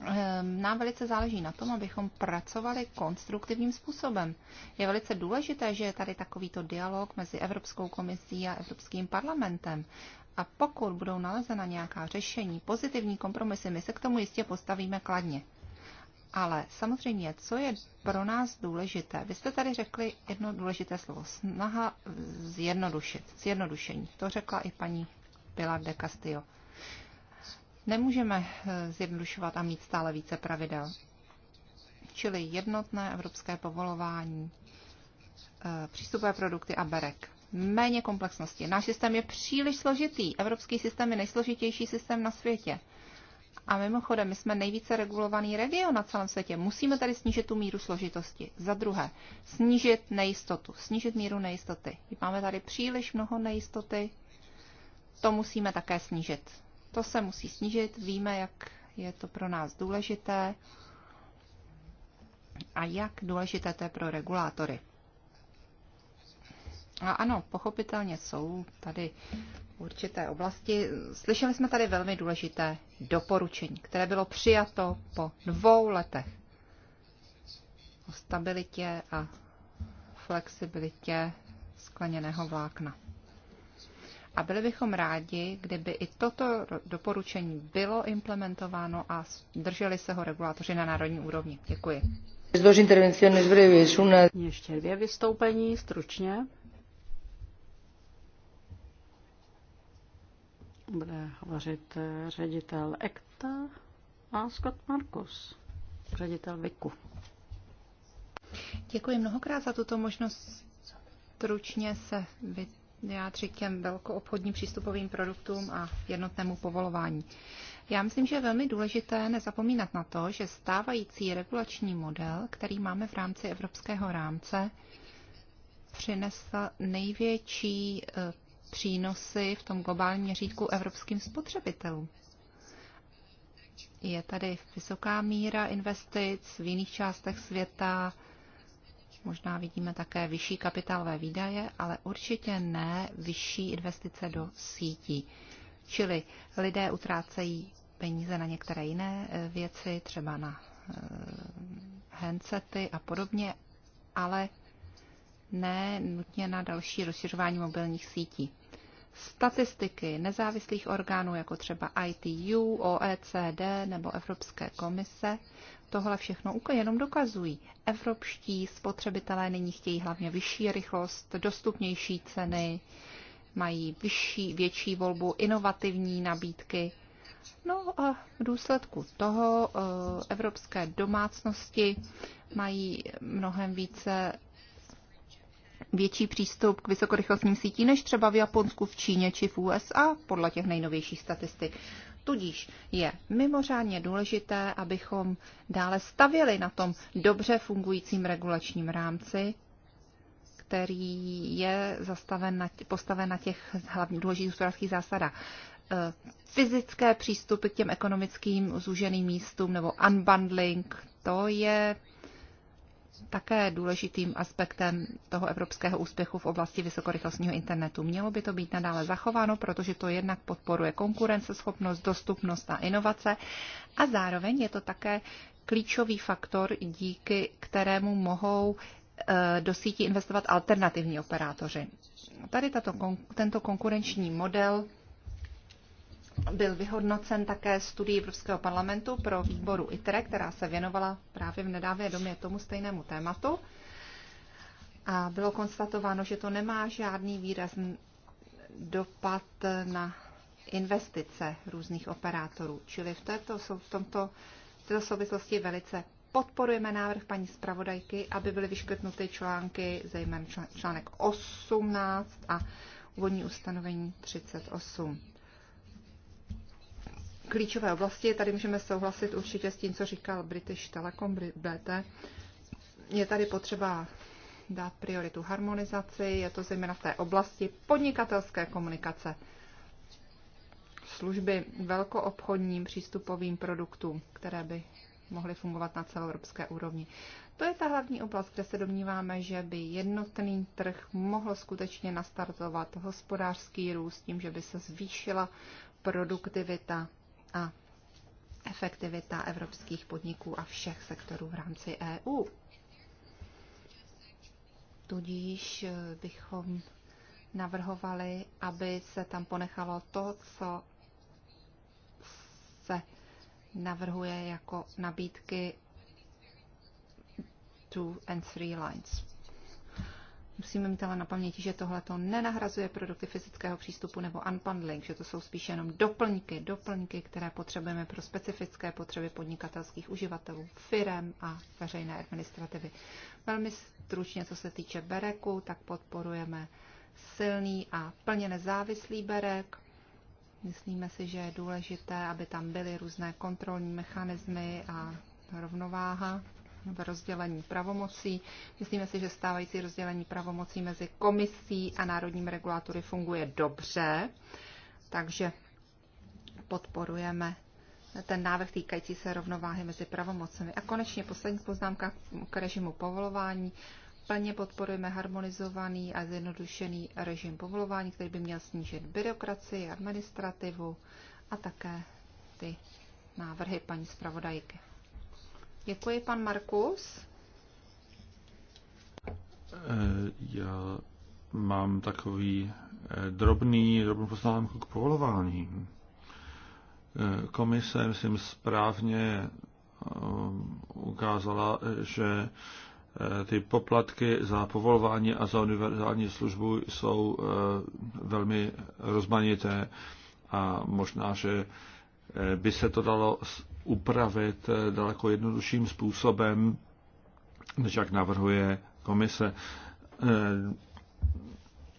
Ehm, nám velice záleží na tom, abychom pracovali konstruktivním způsobem. Je velice důležité, že je tady takovýto dialog mezi Evropskou komisí a Evropským parlamentem. A pokud budou nalezena nějaká řešení, pozitivní kompromisy, my se k tomu jistě postavíme kladně. Ale samozřejmě, co je pro nás důležité? Vy jste tady řekli jedno důležité slovo. Snaha zjednodušit, zjednodušení. To řekla i paní Pilar de Castillo. Nemůžeme eh, zjednodušovat a mít stále více pravidel. Čili jednotné evropské povolování, eh, přístupové produkty a berek. Méně komplexnosti. Náš systém je příliš složitý. Evropský systém je nejsložitější systém na světě. A mimochodem, my jsme nejvíce regulovaný region na celém světě. Musíme tady snížit tu míru složitosti. Za druhé, snížit nejistotu, snížit míru nejistoty. Máme tady příliš mnoho nejistoty, to musíme také snížit. To se musí snížit, víme, jak je to pro nás důležité a jak důležité to je pro regulátory. A ano, pochopitelně jsou tady určité oblasti. Slyšeli jsme tady velmi důležité doporučení, které bylo přijato po dvou letech o stabilitě a flexibilitě skleněného vlákna. A byli bychom rádi, kdyby i toto doporučení bylo implementováno a drželi se ho regulátoři na národní úrovni. Děkuji. Ještě dvě vystoupení, stručně. Bude hovořit eh, ředitel ECTA a Scott Markus, ředitel VIKu. Děkuji mnohokrát za tuto možnost stručně se vytvořit vyjádřit těm velkoobchodním přístupovým produktům a jednotnému povolování. Já myslím, že je velmi důležité nezapomínat na to, že stávající regulační model, který máme v rámci evropského rámce, přinesl největší e, přínosy v tom globálním měřítku evropským spotřebitelům. Je tady vysoká míra investic v jiných částech světa, Možná vidíme také vyšší kapitálové výdaje, ale určitě ne vyšší investice do sítí. Čili lidé utrácejí peníze na některé jiné eh, věci, třeba na eh, handsety a podobně, ale ne nutně na další rozšiřování mobilních sítí. Statistiky nezávislých orgánů, jako třeba ITU, OECD nebo Evropské komise, tohle všechno jenom dokazují. Evropští spotřebitelé nyní chtějí hlavně vyšší rychlost, dostupnější ceny, mají vyšší, větší volbu, inovativní nabídky. No a v důsledku toho eh, evropské domácnosti mají mnohem více větší přístup k vysokorychlostním sítím než třeba v Japonsku, v Číně či v USA, podle těch nejnovějších statistik. Tudíž je mimořádně důležité, abychom dále stavili na tom dobře fungujícím regulačním rámci, který je zastaven na, postaven na těch hlavně důležitých hospodářských zásadách. E, fyzické přístupy k těm ekonomickým zúženým místům nebo unbundling, to je také důležitým aspektem toho evropského úspěchu v oblasti vysokorychlostního internetu. Mělo by to být nadále zachováno, protože to jednak podporuje konkurenceschopnost, dostupnost a inovace a zároveň je to také klíčový faktor, díky kterému mohou eh, do sítí investovat alternativní operátoři. Tady tato, tento konkurenční model byl vyhodnocen také studií Evropského parlamentu pro výboru ITRE, která se věnovala právě v nedávné domě tomu stejnému tématu. A bylo konstatováno, že to nemá žádný výrazný dopad na investice různých operátorů. Čili v, této, v, tomto, v této souvislosti velice podporujeme návrh paní zpravodajky, aby byly vyškrtnuty články, zejména článek 18 a úvodní ustanovení 38 klíčové oblasti. Tady můžeme souhlasit určitě s tím, co říkal British Telecom, BT. Je tady potřeba dát prioritu harmonizaci, je to zejména v té oblasti podnikatelské komunikace, služby velkoobchodním přístupovým produktům, které by mohly fungovat na celoevropské úrovni. To je ta hlavní oblast, kde se domníváme, že by jednotný trh mohl skutečně nastartovat hospodářský růst tím, že by se zvýšila produktivita a efektivita evropských podniků a všech sektorů v rámci EU. Tudíž eh, bychom navrhovali, aby se tam ponechalo to, co se navrhuje jako nabídky two and three lines. Musíme mít ale na paměti, že tohle to nenahrazuje produkty fyzického přístupu nebo unbundling, že to jsou spíše jenom doplňky, doplňky, které potřebujeme pro specifické potřeby podnikatelských uživatelů, firem a veřejné administrativy. Velmi stručně, co se týče bereku, tak podporujeme silný a plně nezávislý berek. Myslíme si, že je důležité, aby tam byly různé kontrolní mechanismy a rovnováha v rozdělení pravomocí. Myslíme si, že stávající rozdělení pravomocí mezi komisí a národním regulátory funguje dobře, takže podporujeme ten návrh týkající se rovnováhy mezi pravomocemi. A konečně poslední poznámka k režimu povolování. Plně podporujeme harmonizovaný a zjednodušený režim povolování, který by měl snížit byrokracii, administrativu a také ty návrhy paní zpravodajky. Děkuji, pan Markus. Eh, já mám takový eh, drobný, drobný poznámku k povolování. Eh, komise, myslím, správně ukázala, že ty poplatky za povolování a za univerzální službu jsou velmi rozmanité a možná, že by se to dalo upravit eh, daleko jednodušším způsobem, než jak navrhuje komise. Eh,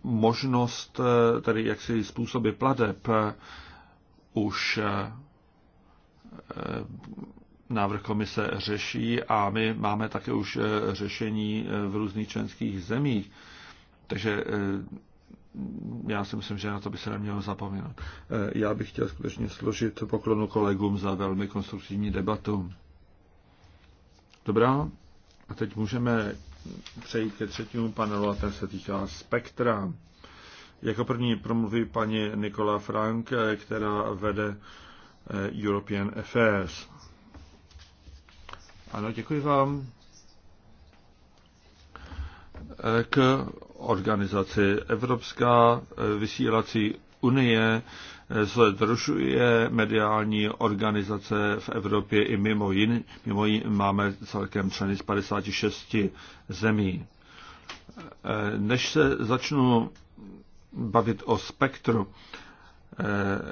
možnost, eh, tedy jaksi způsoby pladeb, už návrh komise řeší a my máme také už řešení v různých členských zemích. Takže já si myslím, že na to by se nemělo zapomínat. Eh, já bych chtěl skutečně složit poklonu kolegům za velmi konstruktivní debatu. Dobrá, a teď můžeme přejít ke třetímu panelu a ten se týká spektra. Jako první promluví paní Nikola Frank, eh, která vede eh, European Affairs. Ano, děkuji vám. K organizaci. Evropská eh, vysílací unie združuje eh, mediální organizace v Evropě i mimo jin. Mimo jin máme celkem členy z 56 zemí. Eh, než se začnu bavit o spektru,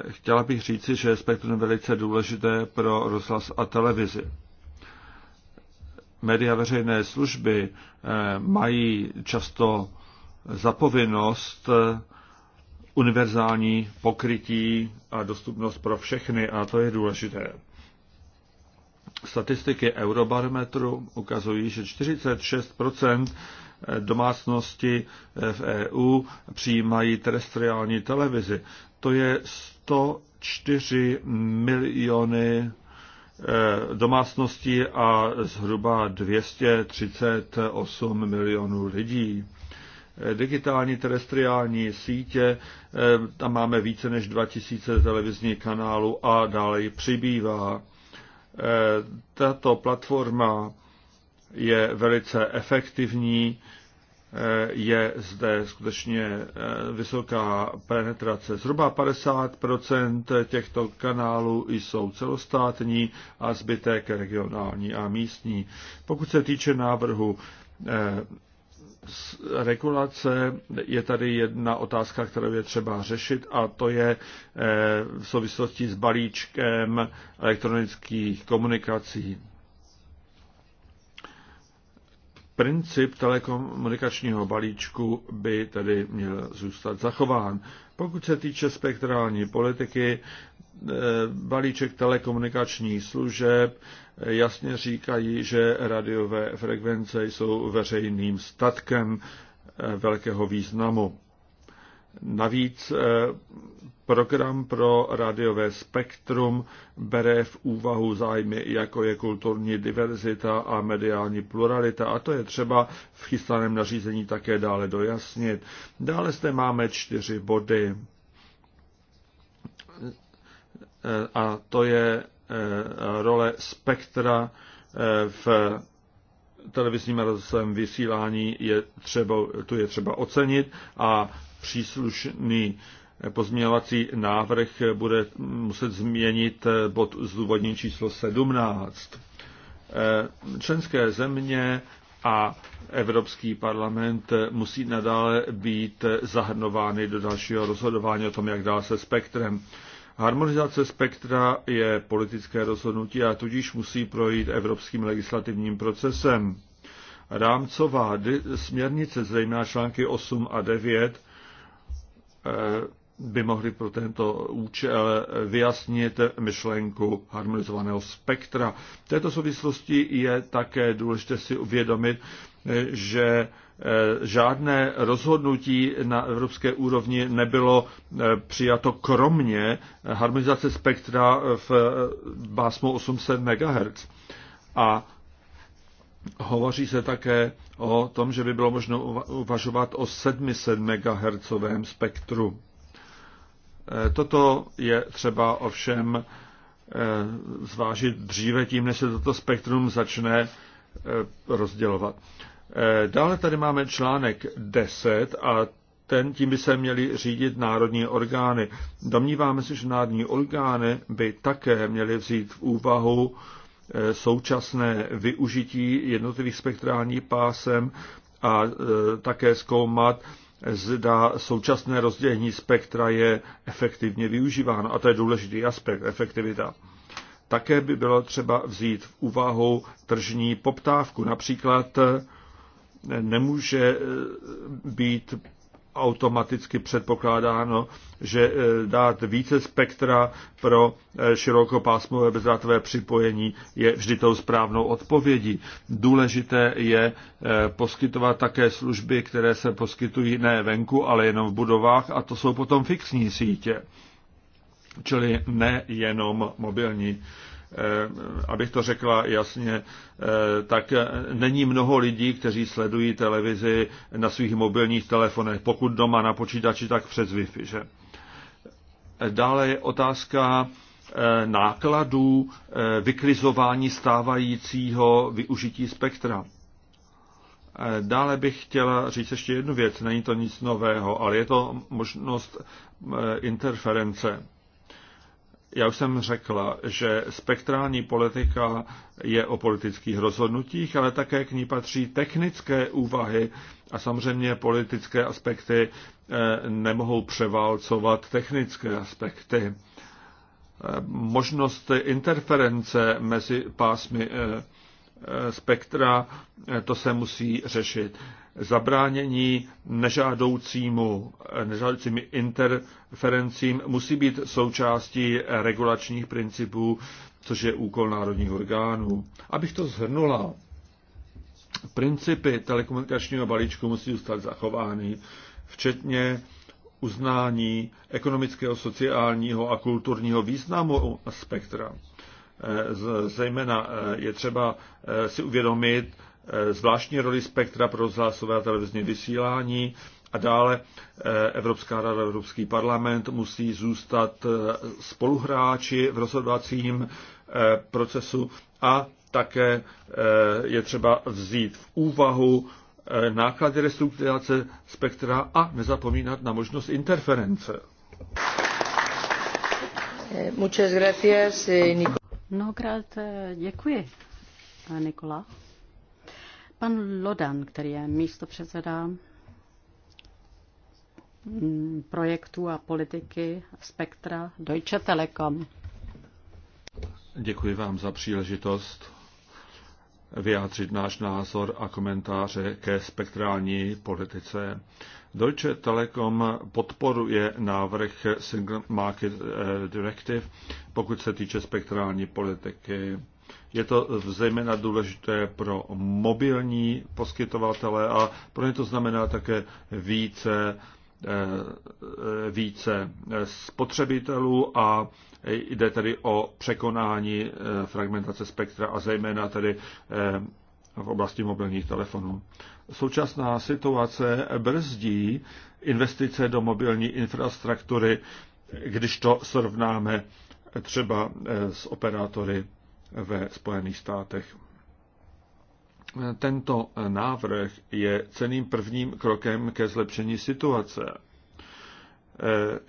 chtěla bych říci, že spektrum je velice důležité pro rozhlas a televizi. Média veřejné služby mají často za povinnost eh, univerzální pokrytí a dostupnost pro všechny a to je důležité. Statistiky Eurobarometru ukazují, že 46 eh, domácnosti eh, v EU přijímají terestriální televizi. To je 104 miliony domácností a zhruba 238 milionů lidí. Eh, digitální terestriální sítě, eh, tam máme více než 2000 televizních kanálů a dále ji přibývá. Eh, tato platforma je velice efektivní, je zde skutečně vysoká penetrace. Zhruba 50 těchto kanálů jsou celostátní a zbytek regionální a místní. Pokud se týče návrhu regulace je tady jedna otázka, kterou je třeba řešit a to je eh, v souvislosti s balíčkem elektronických komunikací. Princip telekomunikačního balíčku by tedy měl zůstat zachován. Pokud se týče spektrální politiky, eh, balíček telekomunikačních služeb jasně říkají, že radiové frekvence jsou veřejným statkem eh, velkého významu. Navíc eh, program pro radiové spektrum bere v úvahu zájmy, jako je kulturní diverzita a mediální pluralita, a to je třeba v chystaném nařízení také dále dojasnit. Dále zde máme čtyři body. Eh, a to je Eh, role spektra eh, v televizním rozhlasovém vysílání je třeba, tu je třeba ocenit a příslušný pozměňovací návrh bude muset změnit bod zdůvodnění číslo 17. Eh, členské země a Evropský parlament musí nadále být zahrnovány do dalšího rozhodování o tom, jak dál se spektrem. Harmonizace spektra je politické rozhodnutí a tudíž musí projít evropským legislativním procesem. Rámcová směrnice, zejména články 8 a 9, eh, by mohly pro tento účel vyjasnit myšlenku harmonizovaného spektra. V této souvislosti je také důležité si uvědomit, eh, že Eh, žádné rozhodnutí na evropské úrovni nebylo eh, přijato kromě harmonizace spektra v eh, básmu 800 MHz. A hovoří se také o tom, že by bylo možno uvažovat o 700 MHz spektru. Toto je třeba ovšem zvážit dříve tím, než se toto spektrum začne rozdělovat. Eh, dále tady máme článek 10 a ten, tím by se měly řídit národní orgány. Domníváme se, že národní orgány by také měly vzít v úvahu eh, současné využití jednotlivých spektrálních pásem a eh, také zkoumat, zda současné rozdělení spektra je efektivně využíváno. A to je důležitý aspekt, efektivita. Také by bylo třeba vzít v úvahu tržní poptávku, například nemůže eh, být automaticky předpokládáno, že eh, dát více spektra pro eh, širokopásmové bezdrátové připojení je vždy tou správnou odpovědí. Důležité je poskytovat také služby, které se poskytují ne venku, ale jenom v budovách a to jsou potom fixní sítě, čili nejenom mobilní Eh, abych to řekla jasně, eh, tak není mnoho lidí, kteří sledují televizi na svých mobilních telefonech, pokud doma na počítači, tak přes Wi-Fi. Že? Dále je otázka eh, nákladů vyklizování stávajícího využití spektra. Dále bych chtěla říct ještě jednu věc, není to nic nového, ale je to možnost interference. Já už jsem řekla, že spektrální politika je o politických rozhodnutích, ale také k ní patří technické úvahy a samozřejmě politické aspekty eh, nemohou převálcovat technické aspekty. Eh, možnost interference mezi pásmy eh, spektra, to se musí řešit zabránění nežádoucímu, nežádoucím interferencím musí být součástí regulačních principů, což je úkol národních orgánů. Abych to zhrnula, principy telekomunikačního balíčku musí zůstat zachovány, včetně uznání ekonomického, sociálního a kulturního významu spektra. Eh, zejména eh, je třeba eh, si uvědomit, Eh, zvláštní roli spektra pro rozhlasové a televizní vysílání a dále eh, Evropská rada, Evropský parlament musí zůstat eh, spoluhráči v rozhodovacím procesu a také je třeba vzít v úvahu náklady restrukturace spektra a nezapomínat na možnost interference. Mnohokrát děkuji, Nikola. Pan Lodan, který je místo předseda mm, projektu a politiky Spektra Deutsche Telekom. Děkuji vám za příležitost vyjádřit náš názor a komentáře ke spektrální politice. Deutsche Telekom podporuje návrh Single Market eh, Directive, pokud se týče spektrální politiky. Je to zejména důležité pro mobilní poskytovatele a pro ně to znamená také více eh, více spotřebitelů a jde tedy o překonání eh, fragmentace spektra a zejména tedy eh, v oblasti mobilních telefonů. Současná situace brzdí investice do mobilní infrastruktury, když to srovnáme třeba s operátory ve Spojených státech. Tento návrh je ceným prvním krokem ke zlepšení situace.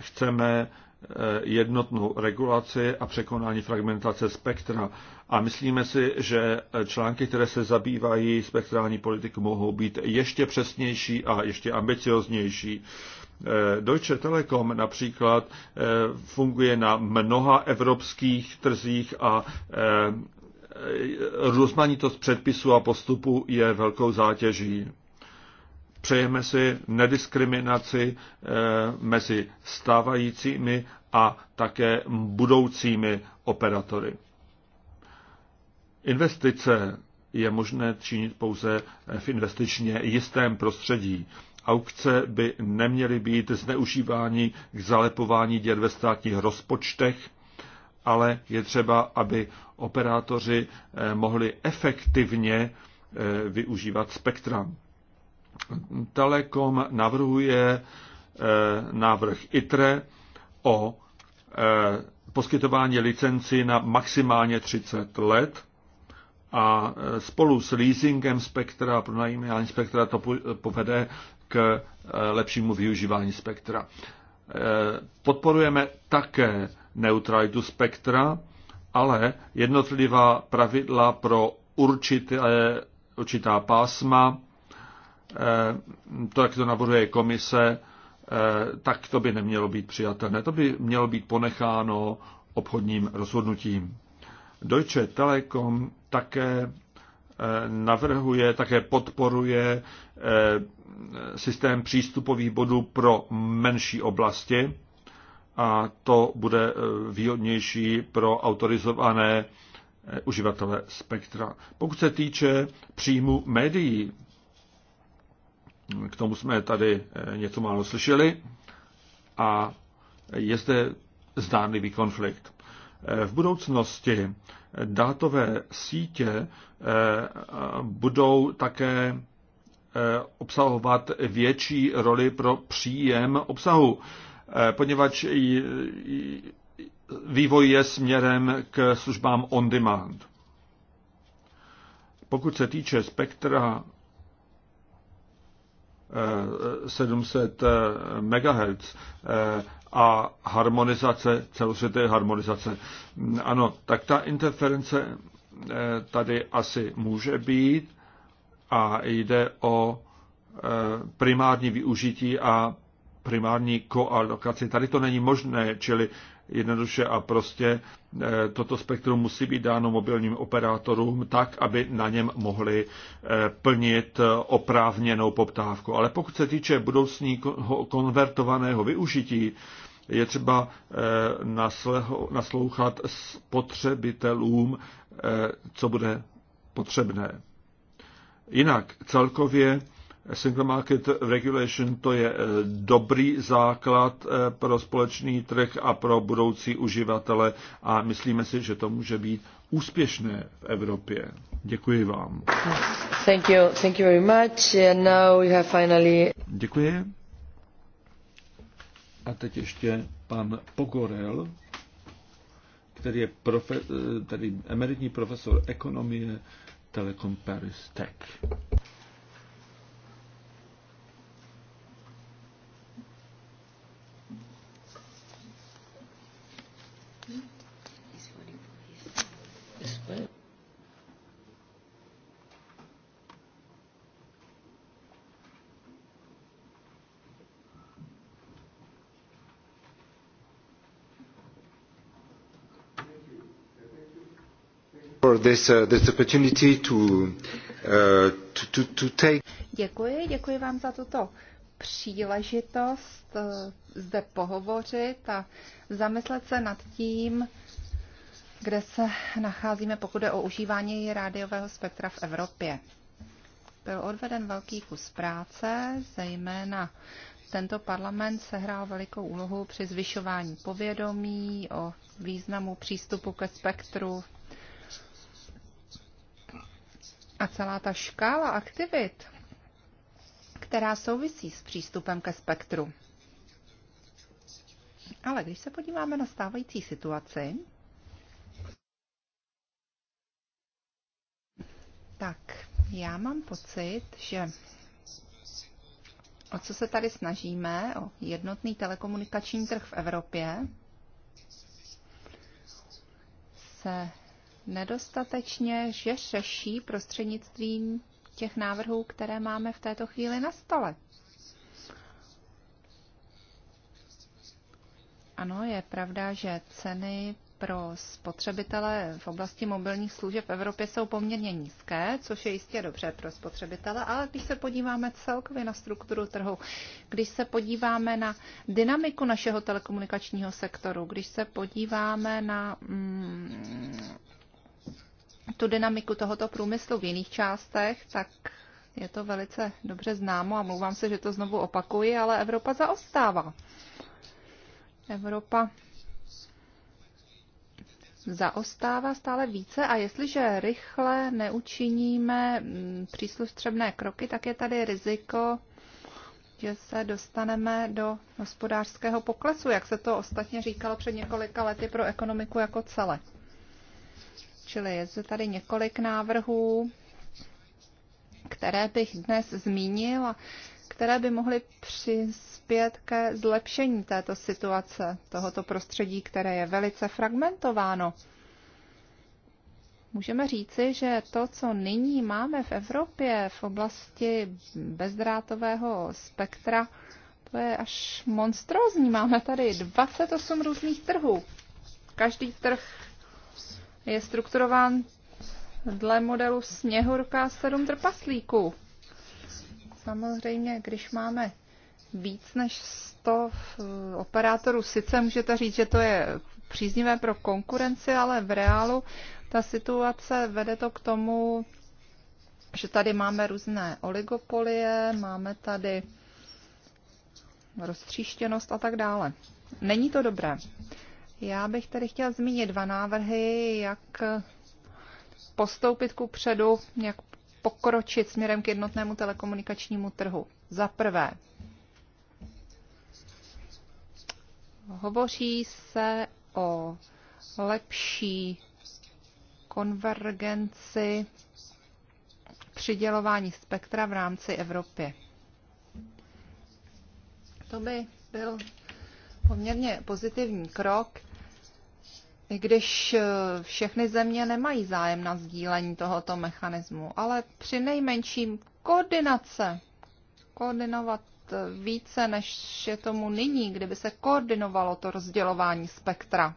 Chceme eh, jednotnou regulaci a překonání fragmentace spektra. A myslíme si, že články, které se zabývají spektrální politikou, mohou být ještě přesnější a ještě ambicioznější. Eh, Deutsche Telekom například eh, funguje na mnoha evropských trzích a eh, rozmanitost předpisů a postupů je velkou zátěží. Přejeme si nediskriminaci mezi stávajícími a také budoucími operatory. Investice je možné činit pouze v investičně jistém prostředí. Aukce by neměly být zneužívány k zalepování děr ve státních rozpočtech, ale je třeba, aby operátoři eh, mohli efektivně eh, využívat spektra. Telekom navrhuje eh, návrh ITRE o poskytování licenci na maximálně 30 let a spolu s leasingem spektra, pronajímání spektra to povede k eh, lepšímu využívání spektra. Eh, podporujeme také neutralitu spektra, ale jednotlivá pravidla pro určité, určitá pásma, eh, to, jak to navrhuje komise, tak to by nemělo být přijatelné. To by mělo být ponecháno obchodním rozhodnutím. Deutsche Telekom také navrhuje, také podporuje eh, systém přístupových bodů pro menší oblasti a to bude eh, výhodnější pro autorizované eh, uživatele spektra. Pokud se týče příjmu médií, k tomu jsme tady něco málo slyšeli a je zde zdánlivý konflikt. V budoucnosti dátové sítě eh, budou také eh, obsahovat větší roli pro příjem obsahu, eh, poněvadž vývoj je směrem k službám on demand. Pokud se týče spektra 700 MHz, a harmonizace, celosvětové harmonizace. Ano, tak ta interference eh, tady asi může být a jde o eh, primární využití a primární koalokaci. Tady to není možné, čili Jednoduše a prostě eh, toto spektrum musí být dáno mobilním operátorům tak, aby na něm mohli eh, plnit oprávněnou poptávku. Ale pokud se týče budoucního konvertovaného využití, je třeba eh, naslouchat spotřebitelům, co bude potřebné. Jinak celkově Single Market Regulation to je eh, dobrý základ eh, pro společný trh a pro budoucí uživatele a myslíme si, že to může být úspěšné v Evropě. Děkuji vám. Thank you, thank you very much. And now we have finally... Děkuji. A teď ještě pan Pogorel, který je profe, eh, tedy emeritní profesor ekonomie Telekom Paris Tech. Děkuji, děkuji vám za tuto příležitost uh, zde pohovořit a zamyslet se nad tím, kde se nacházíme, pokud je o užívání rádiového spektra v Evropě. Byl odveden velký kus práce, zejména tento parlament sehrál velikou úlohu při zvyšování povědomí o významu přístupu ke spektru a celá ta škála aktivit, která souvisí s přístupem ke spektru. Ale když se podíváme na stávající situaci, tak já mám pocit, že o co se tady snažíme, o jednotný telekomunikační trh v Evropě, se nedostatečně, že řeší prostřednictvím těch návrhů, které máme v této chvíli na stole. Ano, je pravda, že ceny pro spotřebitele v oblasti mobilních služeb v Evropě jsou poměrně nízké, což je jistě dobře pro spotřebitele, ale když se podíváme celkově na strukturu trhu, když se podíváme na dynamiku našeho telekomunikačního sektoru, když se podíváme na mm, tu dynamiku tohoto průmyslu v jiných částech, tak je to velice dobře známo a mluvám se, že to znovu opakuji, ale Evropa zaostává. Evropa zaostává stále více a jestliže rychle neučiníme mm, příslušné kroky, tak je tady riziko, že se dostaneme do hospodářského poklesu, jak se to ostatně říkalo před několika lety pro ekonomiku jako celek. Čili je zde tady několik návrhů, které bych dnes zmínil a které by mohly přispět ke zlepšení této situace, tohoto prostředí, které je velice fragmentováno. Můžeme říci, že to, co nyní máme v Evropě v oblasti bezdrátového spektra, to je až monstrózní. Máme tady 28 různých trhů. Každý trh je strukturován dle modelu sněhurka 7 trpaslíků. Samozřejmě, když máme víc než 100 eh, operátorů, sice můžete říct, že to je příznivé pro konkurenci, ale v reálu ta situace vede to k tomu, že tady máme různé oligopolie, máme tady roztříštěnost a tak dále. Není to dobré. Já bych tady chtěl zmínit dva návrhy, jak postoupit ku předu, jak pokročit směrem k jednotnému telekomunikačnímu trhu. Za prvé, hovoří se o lepší konvergenci přidělování spektra v rámci Evropy. To by byl poměrně pozitivní krok, i když eh, všechny země nemají zájem na sdílení tohoto mechanismu, ale při nejmenším koordinace, koordinovat eh, více, než je tomu nyní, kdyby se koordinovalo to rozdělování spektra.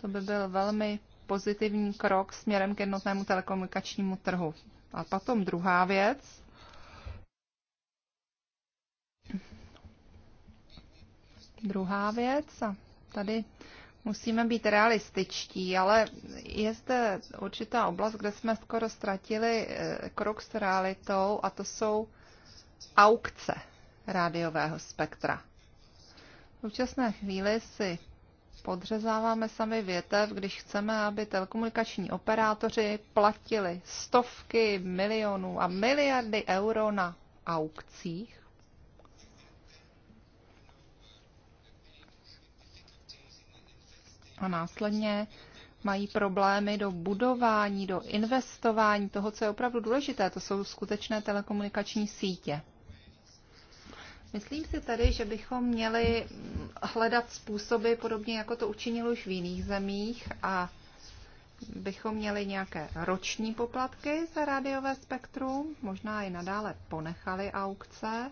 To by byl velmi pozitivní krok směrem k jednotnému telekomunikačnímu trhu. A potom druhá věc. Druhá věc, a tady musíme být realističtí, ale je zde určitá oblast, kde jsme skoro ztratili eh, krok s realitou a to jsou aukce rádiového spektra. V současné chvíli si podřezáváme sami větev, když chceme, aby telekomunikační operátoři platili stovky milionů a miliardy euro na aukcích, a následně mají problémy do budování, do investování toho, co je opravdu důležité. To jsou skutečné telekomunikační sítě. Myslím si tedy, že bychom měli hledat způsoby, podobně jako to učinilo už v jiných zemích, a bychom měli nějaké roční poplatky za rádiové spektrum, možná i nadále ponechali aukce,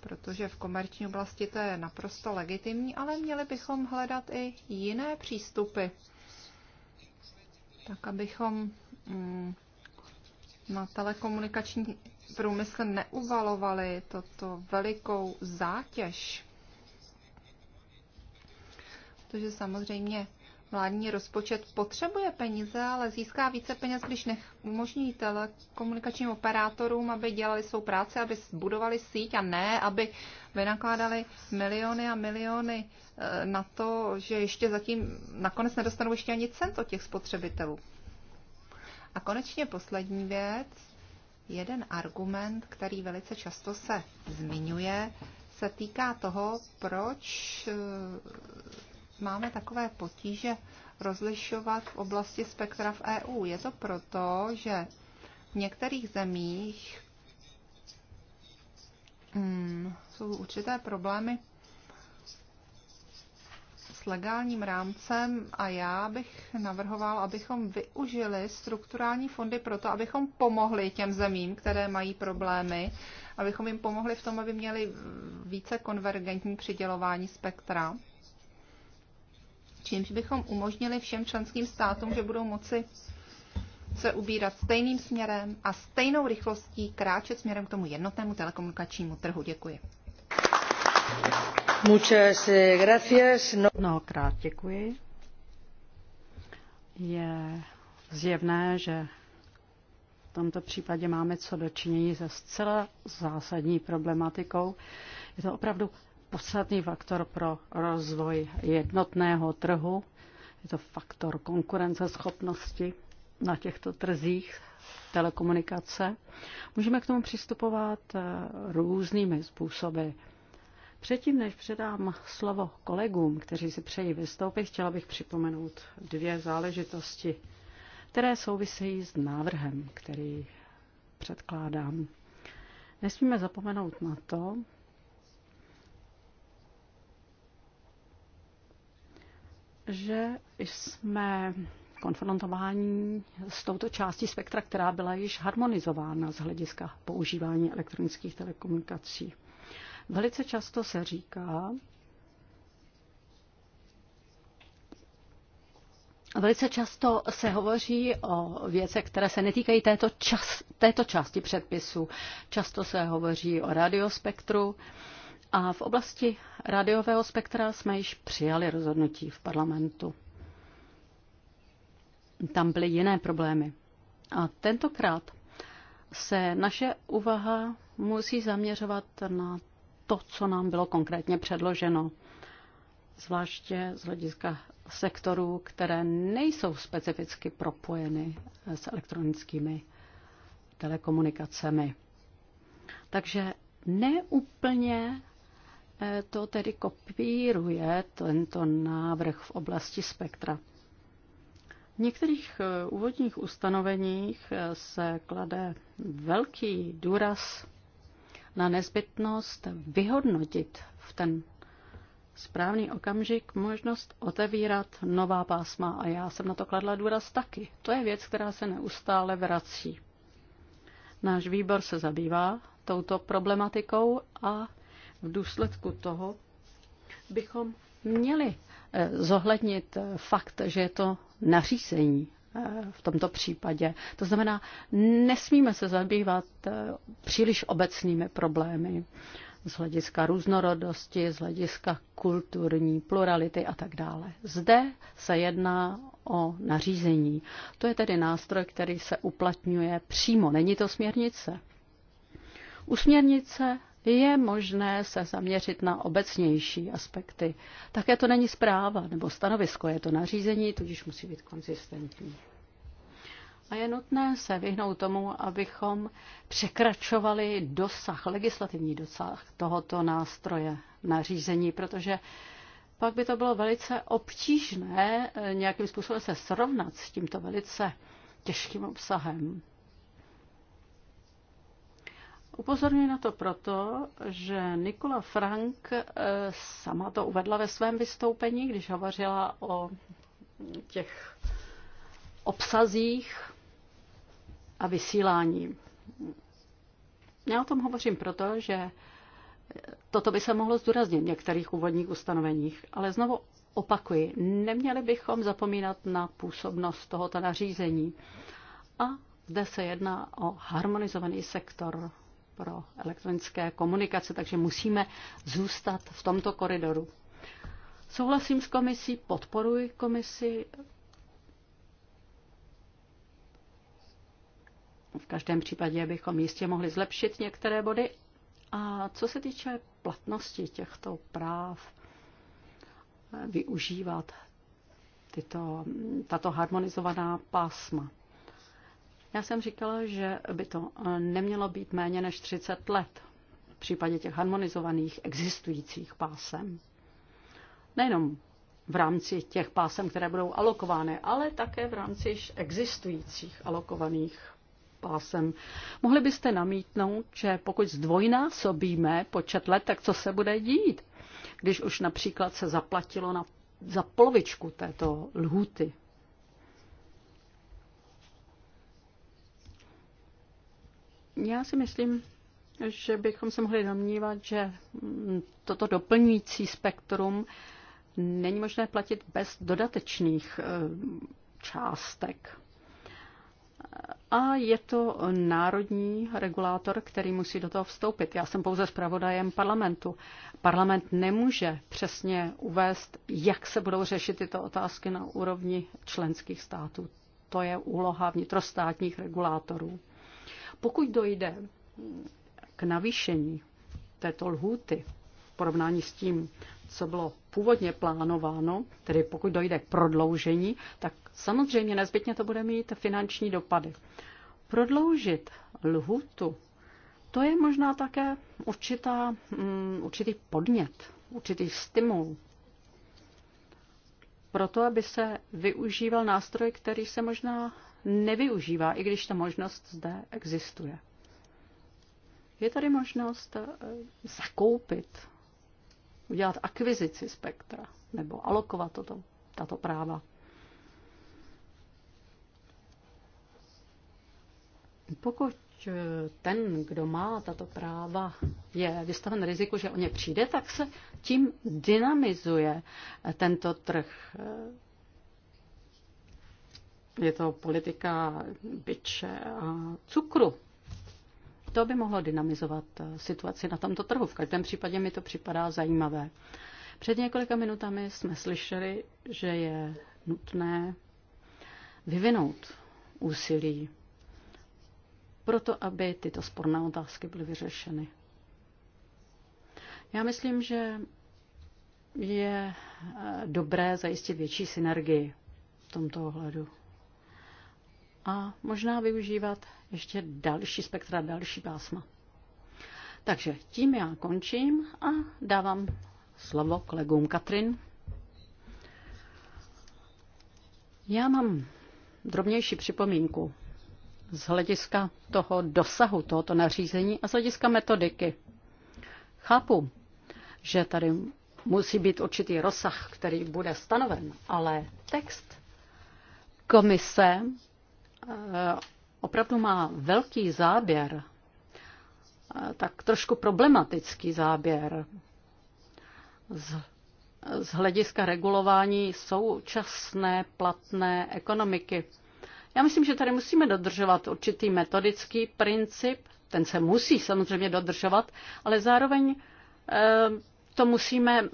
protože v komerční oblasti to je naprosto legitimní, ale měli bychom hledat i jiné přístupy, tak abychom mm, na telekomunikační průmysl neuvalovali toto velikou zátěž. Protože samozřejmě vládní rozpočet potřebuje peníze, ale získá více peněz, když nech umožní telekomunikačním operátorům, aby dělali svou práci, aby zbudovali síť a ne, aby vynakládali miliony a miliony eh, na to, že ještě zatím nakonec nedostanou ještě ani cent od těch spotřebitelů. A konečně poslední věc. Jeden argument, který velice často se zmiňuje, se týká toho, proč eh, máme takové potíže rozlišovat v oblasti spektra v EU. Je to proto, že v některých zemích hmm, jsou určité problémy s legálním rámcem a já bych navrhoval, abychom využili strukturální fondy pro to, abychom pomohli těm zemím, které mají problémy, abychom jim pomohli v tom, aby měli více konvergentní přidělování spektra čímž bychom umožnili všem členským státům, že budou moci se ubírat stejným směrem a stejnou rychlostí kráčet směrem k tomu jednotnému telekomunikačnímu trhu. Děkuji. Muchas eh, gracias. No... Mnohokrát děkuji. Je zjevné, že v tomto případě máme co dočinění se zcela zásadní problematikou. Je to opravdu podstatný faktor pro rozvoj jednotného trhu. Je to faktor konkurenceschopnosti na těchto trzích telekomunikace. Můžeme k tomu přistupovat eh, různými způsoby. Předtím, než předám slovo kolegům, kteří si přejí vystoupit, chtěla bych připomenout dvě záležitosti, které souvisejí s návrhem, který předkládám. Nesmíme zapomenout na to, že jsme konfrontování s touto částí spektra, která byla již harmonizována z hlediska používání elektronických telekomunikací. Velice často se říká, Velice často se hovoří o věcech, které se netýkají této, čas, této části předpisu. Často se hovoří o radiospektru. Uh, a v oblasti rádiového spektra jsme již přijali rozhodnutí v parlamentu. Tam byly jiné problémy. A tentokrát se naše úvaha musí zaměřovat na to, co nám bylo konkrétně předloženo, zvláště z hlediska sektorů, které nejsou specificky propojeny s elektronickými telekomunikacemi. Takže neúplně to tedy kopíruje tento návrh v oblasti spektra. V některých eh, úvodních ustanoveních eh, se klade velký důraz na nezbytnost vyhodnotit v ten správný okamžik možnost otevírat nová pásma a já jsem na to kladla důraz taky. To je věc, která se neustále vrací. Náš výbor se zabývá touto problematikou a v důsledku toho bychom měli eh, zohlednit eh, fakt, že je to nařízení eh, v tomto případě. To znamená, nesmíme se zabývat příliš obecnými problémy z hlediska různorodosti, z hlediska kulturní plurality a tak dále. Zde se jedná o nařízení. To je tedy nástroj, který se uplatňuje přímo. Není to směrnice. U směrnice je možné se zaměřit na obecnější aspekty. Také to není zpráva nebo stanovisko, je to nařízení, tudíž musí být konzistentní. A je nutné se vyhnout tomu, abychom překračovali dosah, legislativní dosah tohoto nástroje nařízení, protože pak by to bylo velice obtížné eh, nějakým způsobem se srovnat s tímto velice těžkým obsahem. Upozorňuji na to proto, že Nikola Frank eh, sama to uvedla ve svém vystoupení, když hovořila o těch obsazích a vysílání. Já o tom hovořím proto, že toto by se mohlo zdůraznit v některých úvodních ustanoveních, ale znovu opakuji, neměli bychom zapomínat na působnost tohoto nařízení. A zde se jedná o harmonizovaný sektor pro elektronické komunikace, takže musíme zůstat v tomto koridoru. Souhlasím s komisí, podporuji komisi. V každém případě bychom jistě mohli zlepšit některé body. A co se týče platnosti těchto práv, využívat tyto, tato harmonizovaná pásma. Já jsem říkala, že by to eh, nemělo být méně než 30 let v případě těch harmonizovaných existujících pásem. Nejenom v rámci těch pásem, které budou alokovány, ale také v rámci již existujících alokovaných pásem. Mohli byste namítnout, že pokud zdvojnásobíme počet let, tak co se bude dít, když už například se zaplatilo na, za polovičku této lhuty Já si myslím, že bychom se mohli domnívat, že toto doplňující spektrum není možné platit bez dodatečných eh, částek. A je to národní regulátor, který musí do toho vstoupit. Já jsem pouze zpravodajem parlamentu. Parlament nemůže přesně uvést, jak se budou řešit tyto otázky na úrovni členských států. To je úloha vnitrostátních regulátorů. Pokud dojde k navýšení této lhůty v porovnání s tím, co bylo původně plánováno, tedy pokud dojde k prodloužení, tak samozřejmě nezbytně to bude mít finanční dopady. Prodloužit lhůtu, to je možná také určitá, um, určitý podnět, určitý stimul proto, aby se využíval nástroj, který se možná nevyužívá, i když ta možnost zde existuje. Je tady možnost eh, zakoupit, udělat akvizici spektra nebo alokovat toto, tato práva. Pokud eh, ten, kdo má tato práva, je vystaven riziku, že o ně přijde, tak se tím dynamizuje eh, tento trh. Je to politika byče a cukru. To by mohlo dynamizovat eh, situaci na tomto trhu. V každém případě mi to připadá zajímavé. Před několika minutami jsme slyšeli, že je nutné vyvinout úsilí proto, aby tyto sporné otázky byly vyřešeny. Já myslím, že je eh, dobré zajistit větší synergii v tomto ohledu a možná využívat ještě další spektra, další pásma. Takže tím já končím a dávám slovo kolegům Katrin. Já mám drobnější připomínku z hlediska toho dosahu tohoto nařízení a z hlediska metodiky. Chápu, že tady musí být určitý rozsah, který bude stanoven, ale text komise Eh, opravdu má velký záběr, eh, tak trošku problematický záběr z, z hlediska regulování současné platné ekonomiky. Já myslím, že tady musíme dodržovat určitý metodický princip, ten se musí samozřejmě dodržovat, ale zároveň eh, to musíme mm,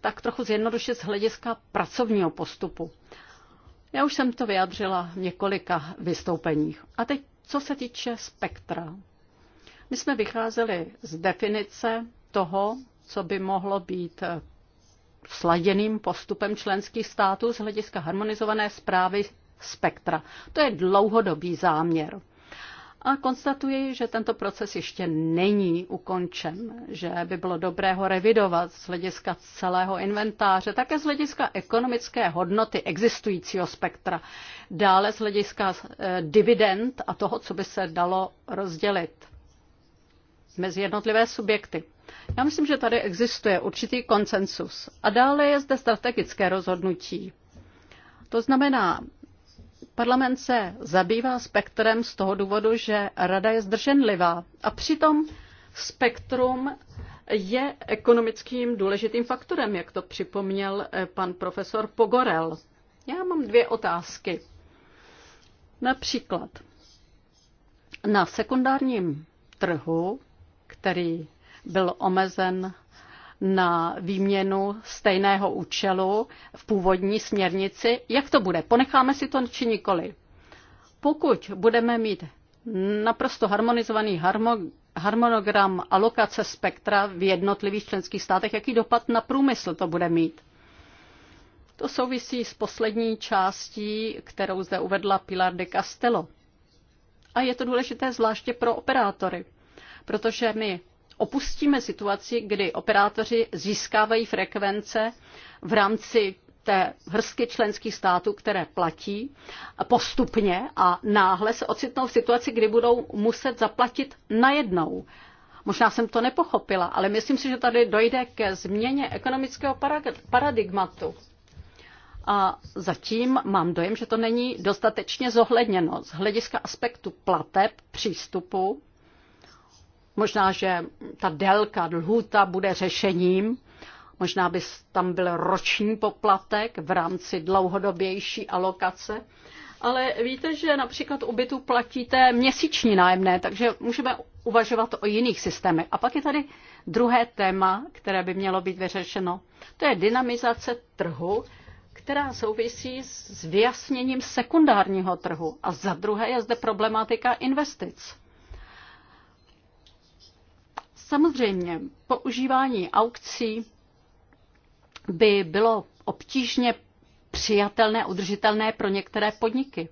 tak trochu zjednodušit z hlediska pracovního postupu. Já už jsem to vyjadřila v několika vystoupeních. A teď, co se týče spektra. My jsme vycházeli z definice toho, co by mohlo být eh, sladěným postupem členských států z hlediska harmonizované zprávy spektra. To je dlouhodobý záměr a konstatuji, že tento proces ještě není ukončen, že by bylo dobré ho revidovat z hlediska celého inventáře, také z hlediska ekonomické hodnoty existujícího spektra, dále z hlediska eh, dividend a toho, co by se dalo rozdělit mezi jednotlivé subjekty. Já myslím, že tady existuje určitý konsensus. A dále je zde strategické rozhodnutí. To znamená, Parlament se zabývá spektrem z toho důvodu, že rada je zdrženlivá a přitom spektrum je ekonomickým důležitým faktorem, jak to připomněl eh, pan profesor Pogorel. Já mám dvě otázky. Například na sekundárním trhu, který byl omezen na výměnu stejného účelu v původní směrnici. Jak to bude? Ponecháme si to či nikoli? Pokud budeme mít naprosto harmonizovaný harmonogram alokace spektra v jednotlivých členských státech, jaký dopad na průmysl to bude mít? To souvisí s poslední částí, kterou zde uvedla Pilar de Castello. A je to důležité zvláště pro operátory, protože my opustíme situaci, kdy operátoři získávají frekvence v rámci té hrstky členských států, které platí postupně a náhle se ocitnou v situaci, kdy budou muset zaplatit najednou. Možná jsem to nepochopila, ale myslím si, že tady dojde ke změně ekonomického paradigmatu. A zatím mám dojem, že to není dostatečně zohledněno z hlediska aspektu plateb, přístupu Možná, že ta délka, lhůta bude řešením. Možná by tam byl roční poplatek v rámci dlouhodobější alokace. Ale víte, že například u bytu platíte měsíční nájemné, takže můžeme uvažovat o jiných systémech. A pak je tady druhé téma, které by mělo být vyřešeno. To je dynamizace trhu, která souvisí s vyjasněním sekundárního trhu. A za druhé je zde problematika investic. Samozřejmě používání aukcí by bylo obtížně přijatelné, udržitelné pro některé podniky.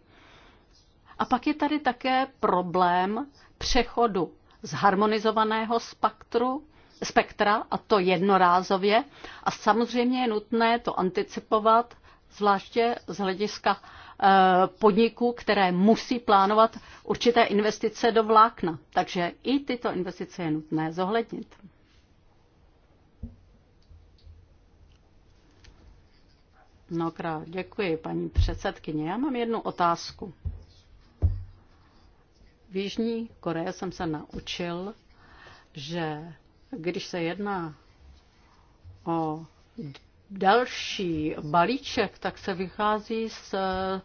A pak je tady také problém přechodu z harmonizovaného spektru, spektra, a to jednorázově. A samozřejmě je nutné to anticipovat, zvláště z hlediska Eh, podniků, které musí plánovat určité investice do vlákna. Takže i tyto investice je nutné zohlednit. Mnohokrát děkuji, paní předsedkyně. Já mám jednu otázku. V Jižní Koreji jsem se naučil, že když se jedná o další balíček, tak se vychází z eh,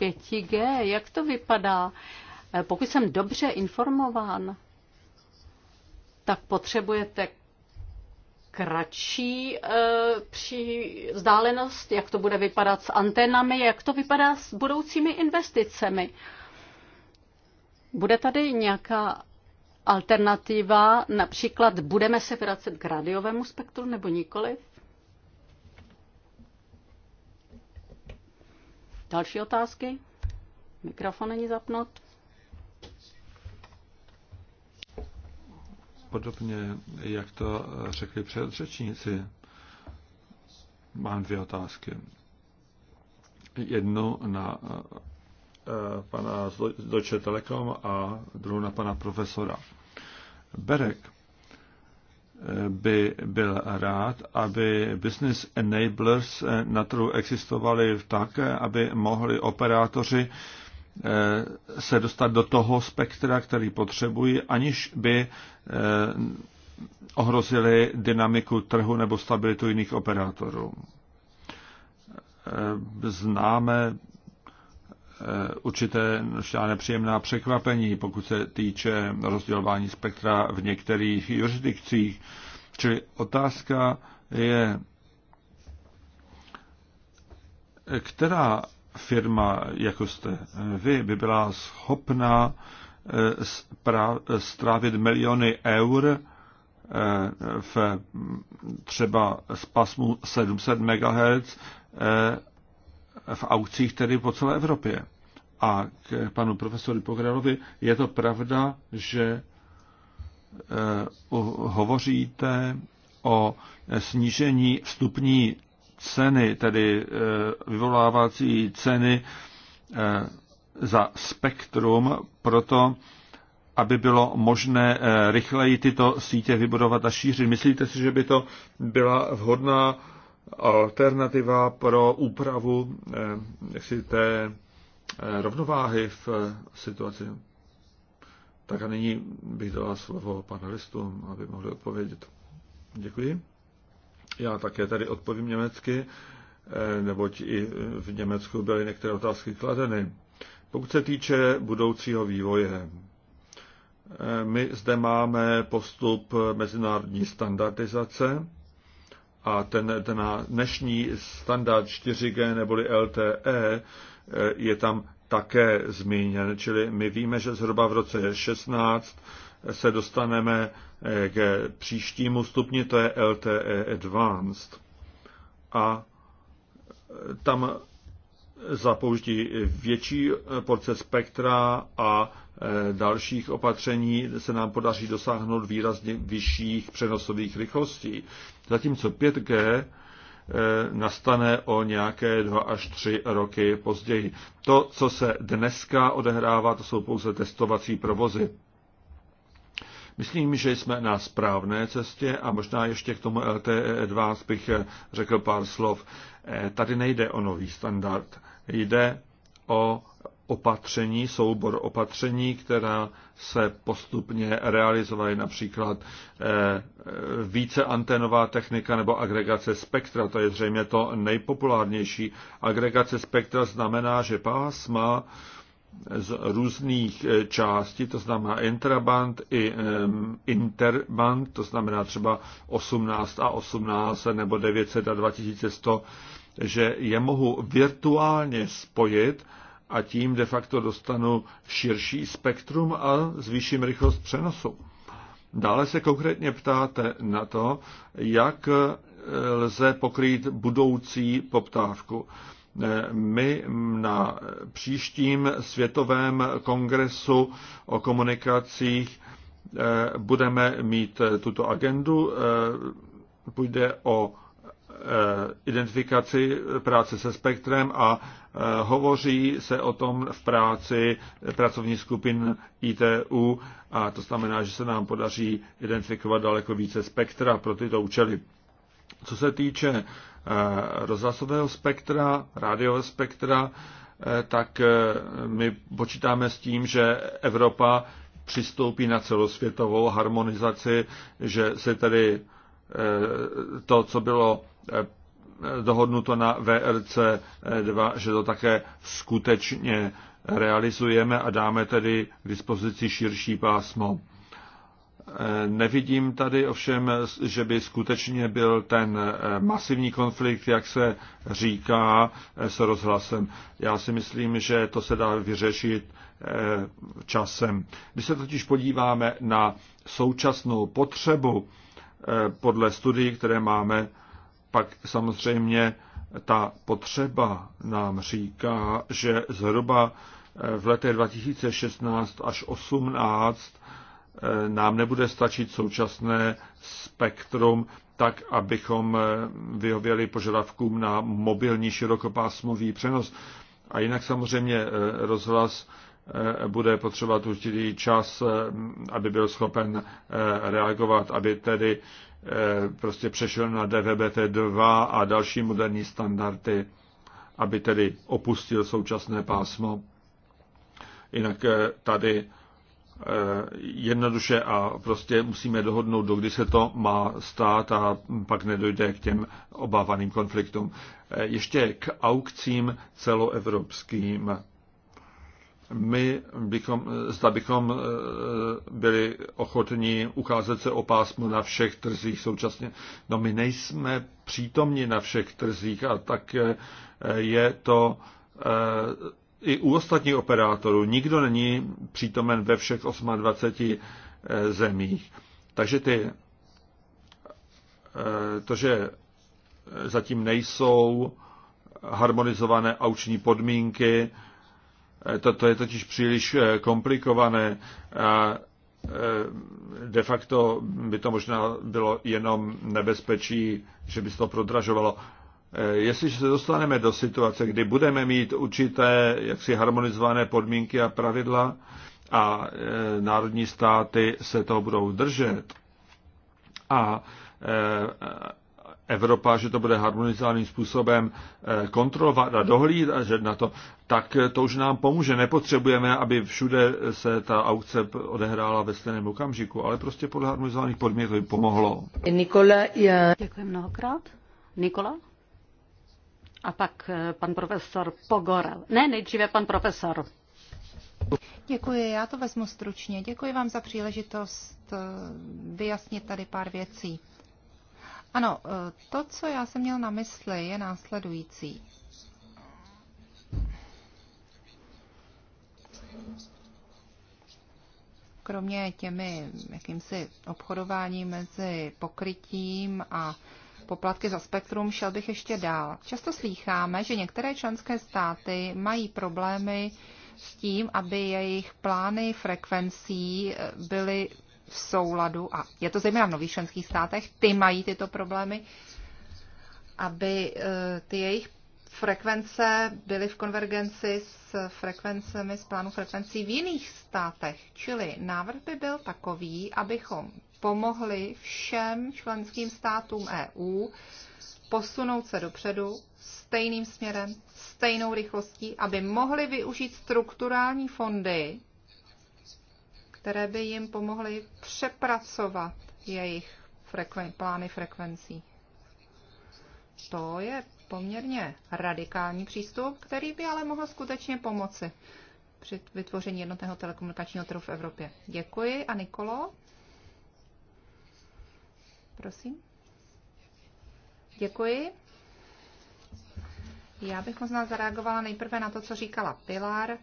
5G. Jak to vypadá? Eh, pokud jsem dobře informován, tak potřebujete kratší e, při vzdálenost, jak to bude vypadat s antenami, jak to vypadá s budoucími investicemi. Bude tady nějaká alternativa, například budeme se vracet k radiovému spektru nebo nikoliv? Další otázky? Mikrofon není zapnut. Podobně, jak to řekli předřečníci, mám dvě otázky. Jednu na eh, pana z Deutsche Telekom a druhou na pana profesora. Berek by byl rád, aby business enablers na trhu existovali tak, aby mohli operátoři eh, se dostat do toho spektra, který potřebují, aniž by eh, ohrozili dynamiku trhu nebo stabilitu jiných operátorů. Eh, známe Eh, určité nepříjemná překvapení, pokud se týče rozdělování spektra v některých jurisdikcích. Čili otázka je, která firma, jako jste vy, by byla schopná eh, strávit miliony eur eh, v třeba z pasmu 700 MHz v aukcích tedy po celé Evropě. A k panu profesoru Pogrelovi je to pravda, že eh, hovoříte o snížení vstupní ceny, tedy eh, vyvolávací ceny eh, za spektrum, proto aby bylo možné rychleji tyto sítě vybudovat a šířit. Myslíte si, že by to byla vhodná alternativa pro úpravu eh, jaksi té eh, rovnováhy v eh, situaci. Tak a nyní bych dala slovo panelistům, aby mohli odpovědět. Děkuji. Já také tady odpovím německy, neboť i v Německu byly některé otázky kladeny. Pokud se týče budoucího vývoje, my zde máme postup mezinárodní standardizace, a ten, ten dnešní standard 4G neboli LTE e, je tam také zmíněn. Čili my víme, že zhruba v roce 16 se dostaneme e, k příštímu stupni, to je LTE Advanced. A e, tam za použití větší porce spektra a e, dalších opatření se nám podaří dosáhnout výrazně vyšších přenosových rychlostí. Zatímco 5G e, nastane o nějaké dva až tři roky později. To, co se dneska odehrává, to jsou pouze testovací provozy. Myslím, že jsme na správné cestě a možná ještě k tomu LTE 2 bych řekl pár slov. E, tady nejde o nový standard jde o opatření, soubor opatření, která se postupně realizovaly, například eh, eh, více antenová technika nebo agregace spektra. To je zřejmě to nejpopulárnější. Agregace spektra znamená, že pásma z různých eh, částí, to znamená intraband i interband, to znamená třeba 18 a 18 nebo 900 a 2100, že je mohu virtuálně spojit a tím de facto dostanu širší spektrum a zvýším rychlost přenosu. Dále se konkrétně ptáte na to, jak e, lze pokrýt budoucí poptávku. E, my na příštím světovém kongresu o komunikacích e, budeme mít tuto agendu. Půjde o Eh, identifikaci práce se spektrem a eh, hovoří se o tom v práci pracovních skupin ITU a to znamená, že se nám podaří identifikovat daleko více spektra pro tyto účely. Co se týče eh, rozhlasového spektra, rádiového spektra, tak my počítáme s tím, že Evropa přistoupí na celosvětovou harmonizaci, že se tedy to, co bylo eh, dohodnuto na VRC 2, že to také skutečně realizujeme a dáme tedy k dispozici širší pásmo. Eh, nevidím tady ovšem, že by skutečně byl ten eh, masivní konflikt, jak se říká, s rozhlasem. Já si myslím, že to se dá vyřešit časem. Když se totiž podíváme na současnou potřebu Eh, podle studií, které máme, pak samozřejmě ta potřeba nám říká, že zhruba eh, v letech 2016 až 2018 eh, nám nebude stačit současné spektrum tak, abychom vyhověli požadavkům na mobilní širokopásmový přenos. A jinak samozřejmě rozhlas Eh, bude potřebovat určitý čas, eh, aby byl schopen eh, reagovat, aby tedy prostě přešel na dvbt 2 a další moderní standardy, aby tedy opustil současné pásmo. Jinak tady jednoduše a prostě musíme dohodnout, do kdy se to má stát a pak nedojde k těm obávaným konfliktům. Ještě k aukcím celoevropským my bychom, zda bychom eh, byli ochotní ukázat se o pásmu na všech trzích současně. No my nejsme přítomni na všech trzích a tak eh, je to eh, i u ostatních operátorů. Nikdo není přítomen ve všech 28 zemích. Takže ty, to, že zatím nejsou harmonizované auční podmínky, Eh, to je totiž příliš eh, komplikované a eh, de facto by to možná bylo jenom nebezpečí, že by se to prodražovalo. Jestliže se dostaneme do situace, kdy budeme mít určité jaksi harmonizované podmínky a pravidla a národní státy se toho budou držet a Evropa, že to bude harmonizovaným způsobem eh, kontrolovat a dohlídat že na to, tak to už nám pomůže. Nepotřebujeme, aby všude se ta aukce odehrála ve stejném okamžiku, ale prostě podle harmonizovaných podmínek to by pomohlo. Nikola, já... Děkuji mnohokrát. Nikola? A pak eh, pan profesor Pogorel. Ne, nejdříve pan profesor. Děkuji, já to vezmu stručně. Děkuji vám za příležitost eh, vyjasnit tady pár věcí. Ano, eh, to, co já jsem měl na mysli, je následující. Kromě těmi jakýmsi obchodování mezi pokrytím a poplatky za spektrum, šel bych ještě dál. Často slýcháme, že některé členské státy mají problémy s tím, aby jejich plány frekvencí eh, byly v souladu, a je to zejména v nových členských státech, ty mají tyto problémy, aby eh, ty jejich frekvence byly v konvergenci s frekvencemi, s plánu frekvencí v jiných státech. Čili návrh by byl takový, abychom pomohli všem členským státům EU posunout se dopředu stejným směrem, stejnou rychlostí, aby mohli využít strukturální fondy které by jim pomohly přepracovat jejich frekven- plány frekvencí. To je poměrně radikální přístup, který by ale mohl skutečně pomoci při vytvoření jednotného telekomunikačního trhu v Evropě. Děkuji. A Nikolo? Prosím. Děkuji. Já bych možná zareagovala nejprve na to, co říkala Pilar.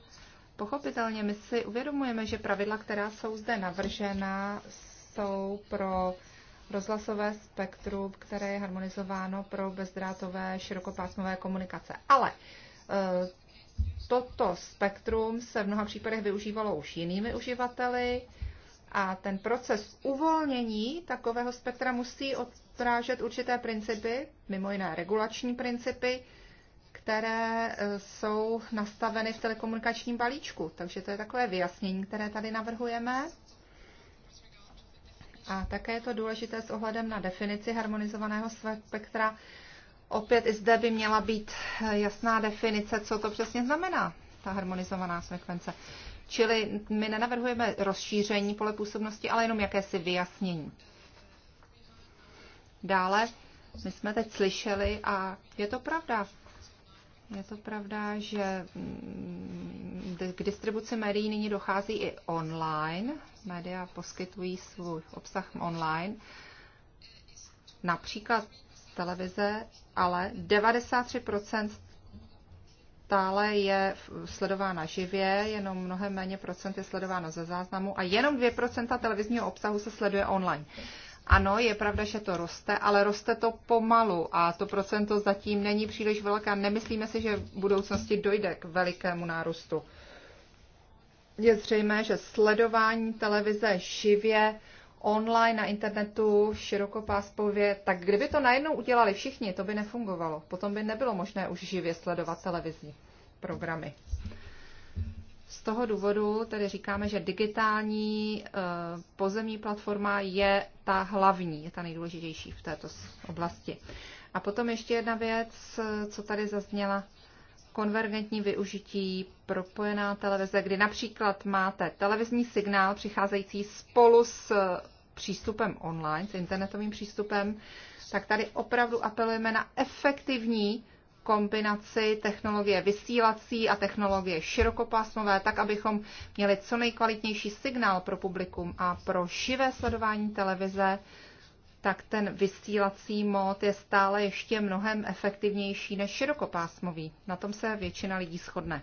Pochopitelně my si uvědomujeme, že pravidla, která jsou zde navržena, jsou pro rozhlasové spektrum, které je harmonizováno pro bezdrátové širokopásmové komunikace. Ale e, toto spektrum se v mnoha případech využívalo už jinými uživateli a ten proces uvolnění takového spektra musí odrážet určité principy, mimo jiné regulační principy, které e, jsou nastaveny v telekomunikačním balíčku. Takže to je takové vyjasnění, které tady navrhujeme. A také je to důležité s ohledem na definici harmonizovaného spektra. Opět i zde by měla být e, jasná definice, co to přesně znamená, ta harmonizovaná frekvence. Čili my nenavrhujeme rozšíření pole působnosti, ale jenom jakési vyjasnění. Dále, my jsme teď slyšeli, a je to pravda, je to pravda, že mm, k distribuci médií nyní dochází i online. Média poskytují svůj obsah online. Například televize, ale 93% stále je sledována živě, jenom mnohem méně procent je sledováno ze záznamu a jenom 2% televizního obsahu se sleduje online. Ano, je pravda, že to roste, ale roste to pomalu a to procento zatím není příliš velké. Nemyslíme si, že v budoucnosti dojde k velikému nárůstu. Je zřejmé, že sledování televize živě online na internetu širokopáspově, tak kdyby to najednou udělali všichni, to by nefungovalo. Potom by nebylo možné už živě sledovat televizní programy. Z toho důvodu tedy říkáme, že digitální eh, pozemní platforma je ta hlavní, je ta nejdůležitější v této oblasti. A potom ještě jedna věc, co tady zazněla, konvergentní využití, propojená televize, kdy například máte televizní signál přicházející spolu s eh, přístupem online, s internetovým přístupem, tak tady opravdu apelujeme na efektivní kombinaci technologie vysílací a technologie širokopásmové, tak abychom měli co nejkvalitnější signál pro publikum a pro živé sledování televize, tak ten vysílací mód je stále ještě mnohem efektivnější než širokopásmový. Na tom se většina lidí shodne.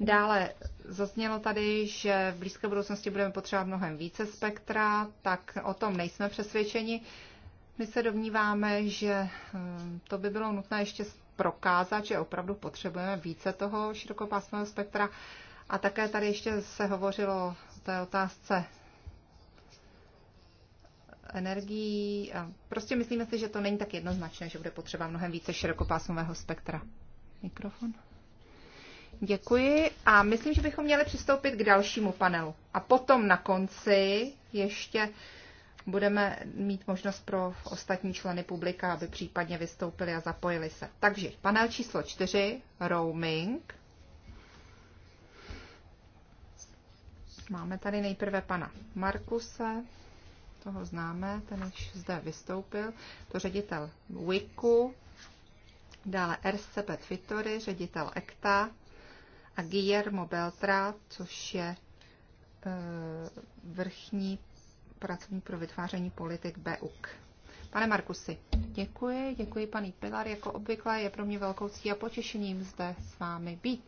Dále zaznělo tady, že v blízké budoucnosti budeme potřebovat mnohem více spektra, tak o tom nejsme přesvědčeni. My se domníváme, že eh, to by bylo nutné ještě prokázat, že opravdu potřebujeme více toho širokopásmového spektra. A také tady ještě se hovořilo o té otázce energií. Prostě myslíme si, že to není tak jednoznačné, že bude potřeba mnohem více širokopásmového spektra. Mikrofon. Děkuji a myslím, že bychom měli přistoupit k dalšímu panelu. A potom na konci ještě budeme mít možnost pro ostatní členy publika, aby případně vystoupili a zapojili se. Takže panel číslo čtyři roaming. Máme tady nejprve pana Markuse, toho známe, ten už zde vystoupil, to ředitel WIKu, dále RCP Twittery, ředitel ECTA a Guillermo Beltra, což je e, vrchní pracovník pro vytváření politik BUK. Pane Markusi, děkuji, děkuji paní Pilar. Jako obvykle je pro mě velkou ctí a potěšením zde s vámi být.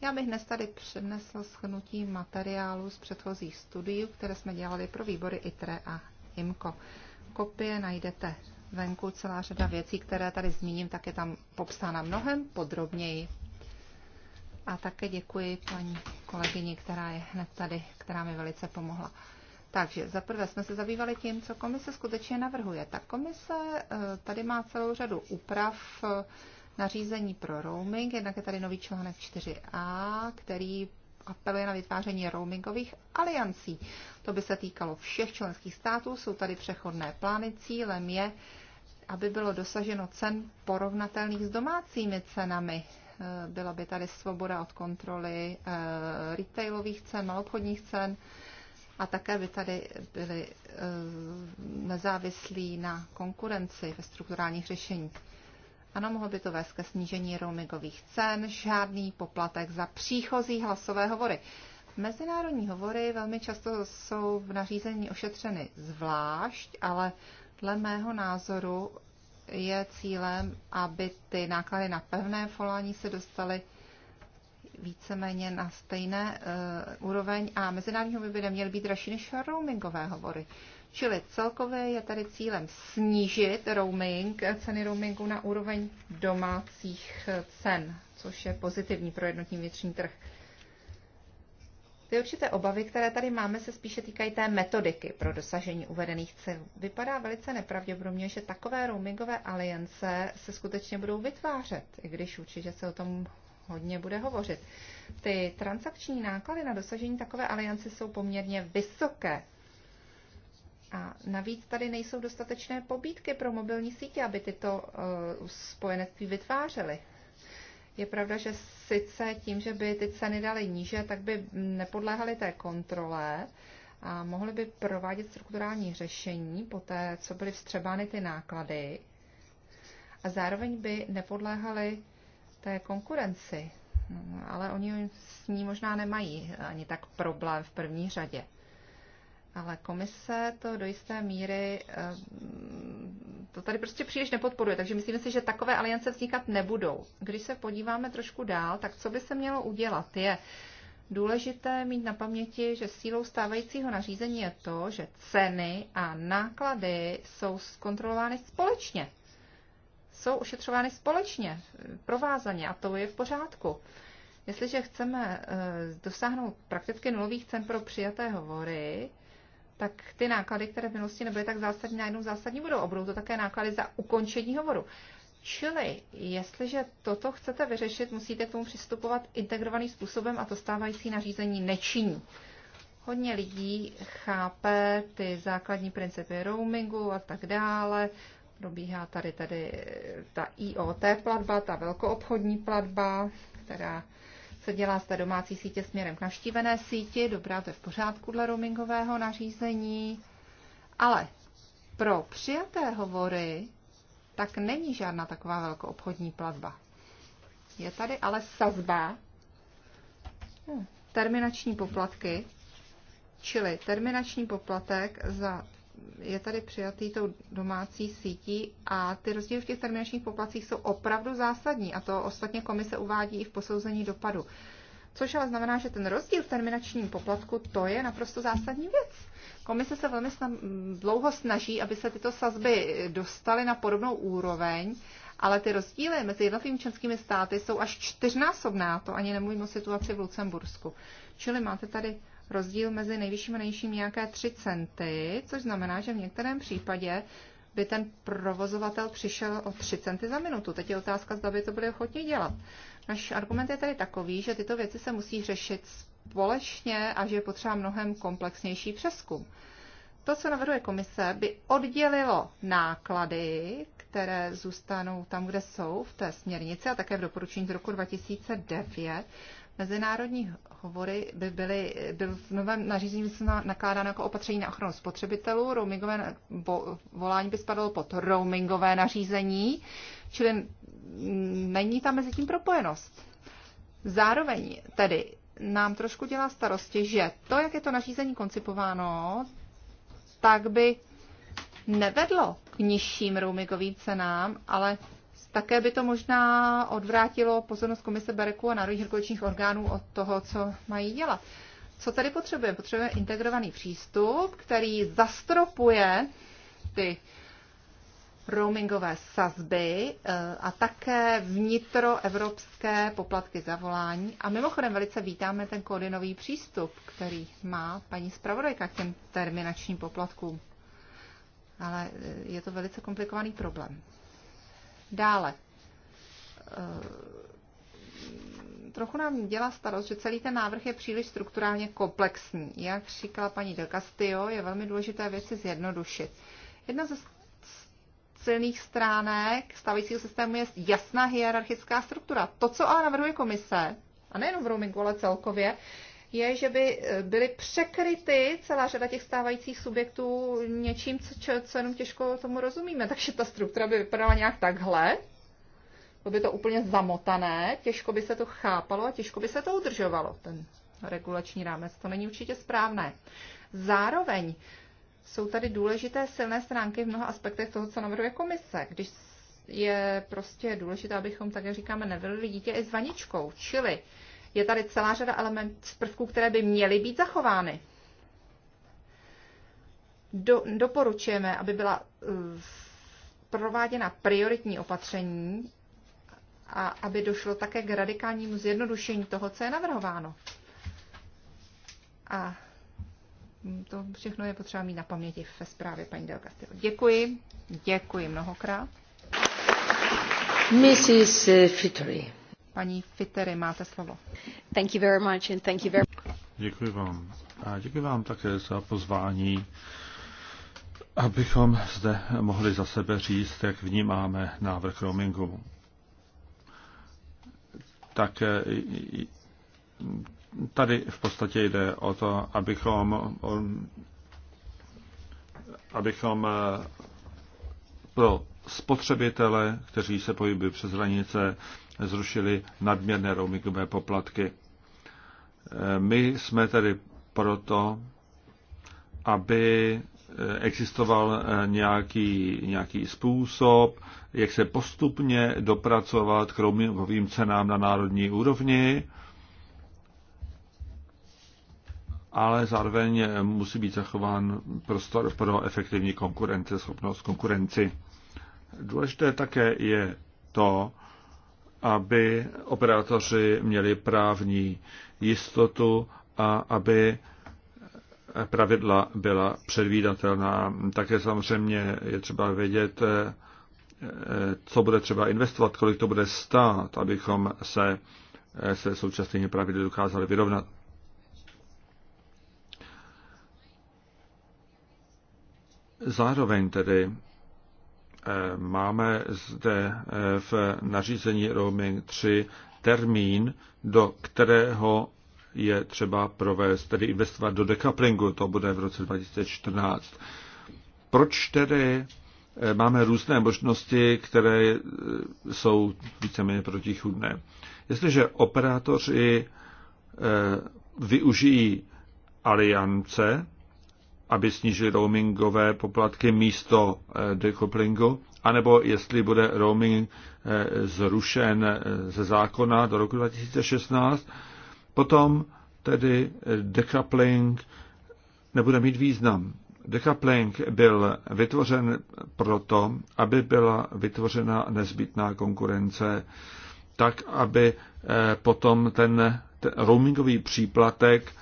Já bych dnes tady přednesl schnutí materiálu z předchozích studií, které jsme dělali pro výbory ITRE a IMCO. Kopie najdete venku, celá řada věcí, které tady zmíním, tak je tam popsána mnohem podrobněji. A také děkuji paní kolegyni, která je hned tady, která mi velice pomohla. Takže zaprvé jsme se zabývali tím, co komise skutečně navrhuje. Ta komise eh, tady má celou řadu úprav eh, nařízení pro roaming, jednak je tady nový článek 4a, který apeluje na vytváření roamingových aliancí. To by se týkalo všech členských států, jsou tady přechodné plány, cílem je, aby bylo dosaženo cen porovnatelných s domácími cenami. Eh, byla by tady svoboda od kontroly retailových cen, malobchodních cen, a také by tady byli eh, nezávislí na konkurenci ve strukturálních řešeních. Ano, mohlo by to vést ke snížení roamingových cen, žádný poplatek za příchozí hlasové hovory. Mezinárodní hovory velmi často jsou v nařízení ošetřeny zvlášť, ale dle mého názoru je cílem, aby ty náklady na pevné volání se dostaly víceméně na stejné uh, úroveň a mezinárodní hovory by neměly být dražší než roamingové hovory. Čili celkově je tady cílem snížit roaming, ceny roamingu na úroveň domácích cen, což je pozitivní pro jednotný vnitřní trh. Ty určité obavy, které tady máme, se spíše týkají té metodiky pro dosažení uvedených cílů. Vypadá velice nepravděpodobně, že takové roamingové aliance se skutečně budou vytvářet, i když určitě se o tom hodně bude hovořit. Ty transakční náklady na dosažení takové aliance jsou poměrně vysoké. A navíc tady nejsou dostatečné pobídky pro mobilní sítě, aby tyto uh, spojenectví vytvářely. Je pravda, že sice tím, že by ty ceny daly níže, tak by nepodléhaly té kontrole a mohly by provádět strukturální řešení po té, co byly vstřebány ty náklady a zároveň by nepodléhaly té konkurenci, ale oni s ní možná nemají ani tak problém v první řadě. Ale komise to do jisté míry, eh, to tady prostě příliš nepodporuje, takže myslím si, že takové aliance vznikat nebudou. Když se podíváme trošku dál, tak co by se mělo udělat je, Důležité mít na paměti, že sílou stávajícího nařízení je to, že ceny a náklady jsou zkontrolovány společně jsou ošetřovány společně, provázaně a to je v pořádku. Jestliže chceme eh, dosáhnout prakticky nulových cen pro přijaté hovory, tak ty náklady, které v minulosti nebyly tak zásadní, najednou zásadní budou. A budou to také náklady za ukončení hovoru. Čili, jestliže toto chcete vyřešit, musíte k tomu přistupovat integrovaným způsobem a to stávající nařízení nečiní. Hodně lidí chápe ty základní principy roamingu a tak dále, Probíhá tady tedy ta IoT platba, ta velkoobchodní platba, která se dělá z té domácí sítě směrem k naštívené síti. Dobrá, to je v pořádku dle roamingového nařízení. Ale pro přijaté hovory tak není žádná taková velkoobchodní platba. Je tady ale sazba, hm, terminační poplatky, čili terminační poplatek za je tady přijatý tou domácí sítí a ty rozdíly v těch terminačních poplacích jsou opravdu zásadní a to ostatně komise uvádí i v posouzení dopadu. Což ale znamená, že ten rozdíl v terminačním poplatku, to je naprosto zásadní věc. Komise se velmi snad, dlouho snaží, aby se tyto sazby dostaly na podobnou úroveň, ale ty rozdíly mezi jednotlivými členskými státy jsou až čtyřnásobná, to ani nemluvím o situaci v Lucembursku. Čili máte tady rozdíl mezi nejvyšším a nejnižším nějaké 3 centy, což znamená, že v některém případě by ten provozovatel přišel o 3 centy za minutu. Teď je otázka, zda by to bude ochotně dělat. Naš argument je tedy takový, že tyto věci se musí řešit společně a že je potřeba mnohem komplexnější přeskum. To, co navrhuje komise, by oddělilo náklady, které zůstanou tam, kde jsou v té směrnici a také v doporučení z roku 2009 Mezinárodní hovory by byly, byl v novém nařízení se nakládáno jako opatření na ochranu spotřebitelů, roamingové bo, volání by spadalo pod roamingové nařízení, čili není tam mezi tím propojenost. Zároveň tedy nám trošku dělá starosti, že to, jak je to nařízení koncipováno, tak by nevedlo k nižším roamingovým cenám, ale také by to možná odvrátilo pozornost komise Bereku a národních regulačních orgánů od toho, co mají dělat. Co tady potřebujeme? Potřebujeme integrovaný přístup, který zastropuje ty roamingové sazby eh, a také vnitroevropské poplatky za volání. A mimochodem velice vítáme ten koordinový přístup, který má paní zpravodajka k těm terminačním poplatkům. Ale eh, je to velice komplikovaný problém. Dále, eh, trochu nám dělá starost, že celý ten návrh je příliš strukturálně komplexní. Jak říkala paní Del Castillo, je velmi důležité věci zjednodušit. Jedna ze silných stránek stavícího systému je jasná hierarchická struktura. To, co ale navrhuje komise, a nejenom v roamingu, ale celkově, je, že by eh, byly překryty celá řada těch stávajících subjektů něčím, co, co jenom těžko tomu rozumíme. Takže ta struktura by vypadala nějak takhle. Bylo by to úplně zamotané, těžko by se to chápalo a těžko by se to udržovalo, ten regulační rámec. To není určitě správné. Zároveň jsou tady důležité silné stránky v mnoha aspektech toho, co navrhuje komise. Když je prostě důležité, abychom, tak jak říkáme, nevylili dítě i s vaničkou. Čili je tady celá řada element z prvků, které by měly být zachovány. Do, doporučujeme, aby byla uh, prováděna prioritní opatření a aby došlo také k radikálnímu zjednodušení toho, co je navrhováno. A to všechno je potřeba mít na paměti ve zprávě paní Del Castillo. Děkuji, děkuji mnohokrát. Mrs. Eh, Fittery. Paní Fittery, máte slovo. Thank you very much and thank you very... Děkuji vám. A děkuji vám také za pozvání, abychom zde mohli za sebe říct, jak vnímáme návrh roamingu. Tak e, tady v podstatě jde o to, abychom, abychom e, pro spotřebitele, kteří se pohybují přes hranice, zrušili nadměrné roamingové poplatky. Eh, my jsme tedy proto, aby eh, existoval eh, nějaký, nějaký způsob, jak se postupně dopracovat k roamingovým cenám na národní úrovni, ale zároveň musí být zachován prostor pro efektivní schopnost konkurenci. Důležité také je to, aby operátoři měli právní jistotu a aby pravidla byla předvídatelná. Také samozřejmě je třeba vědět, eh, co bude třeba investovat, kolik to bude stát, abychom se eh, se současnými pravidly dokázali vyrovnat. Zároveň tedy máme zde eh, v nařízení roaming 3 termín, do kterého je třeba provést, tedy investovat do decouplingu, to bude v roce 2014. Proč tedy eh, máme různé možnosti, které eh, jsou víceméně protichudné? Jestliže operátoři využijí aliance, aby snížili roamingové poplatky místo eh, decouplingu, anebo jestli bude roaming eh, zrušen eh, ze zákona do roku 2016, potom tedy decoupling nebude mít význam. Decoupling byl vytvořen proto, aby byla vytvořena nezbytná konkurence, tak aby potom ten, ten roamingový příplatek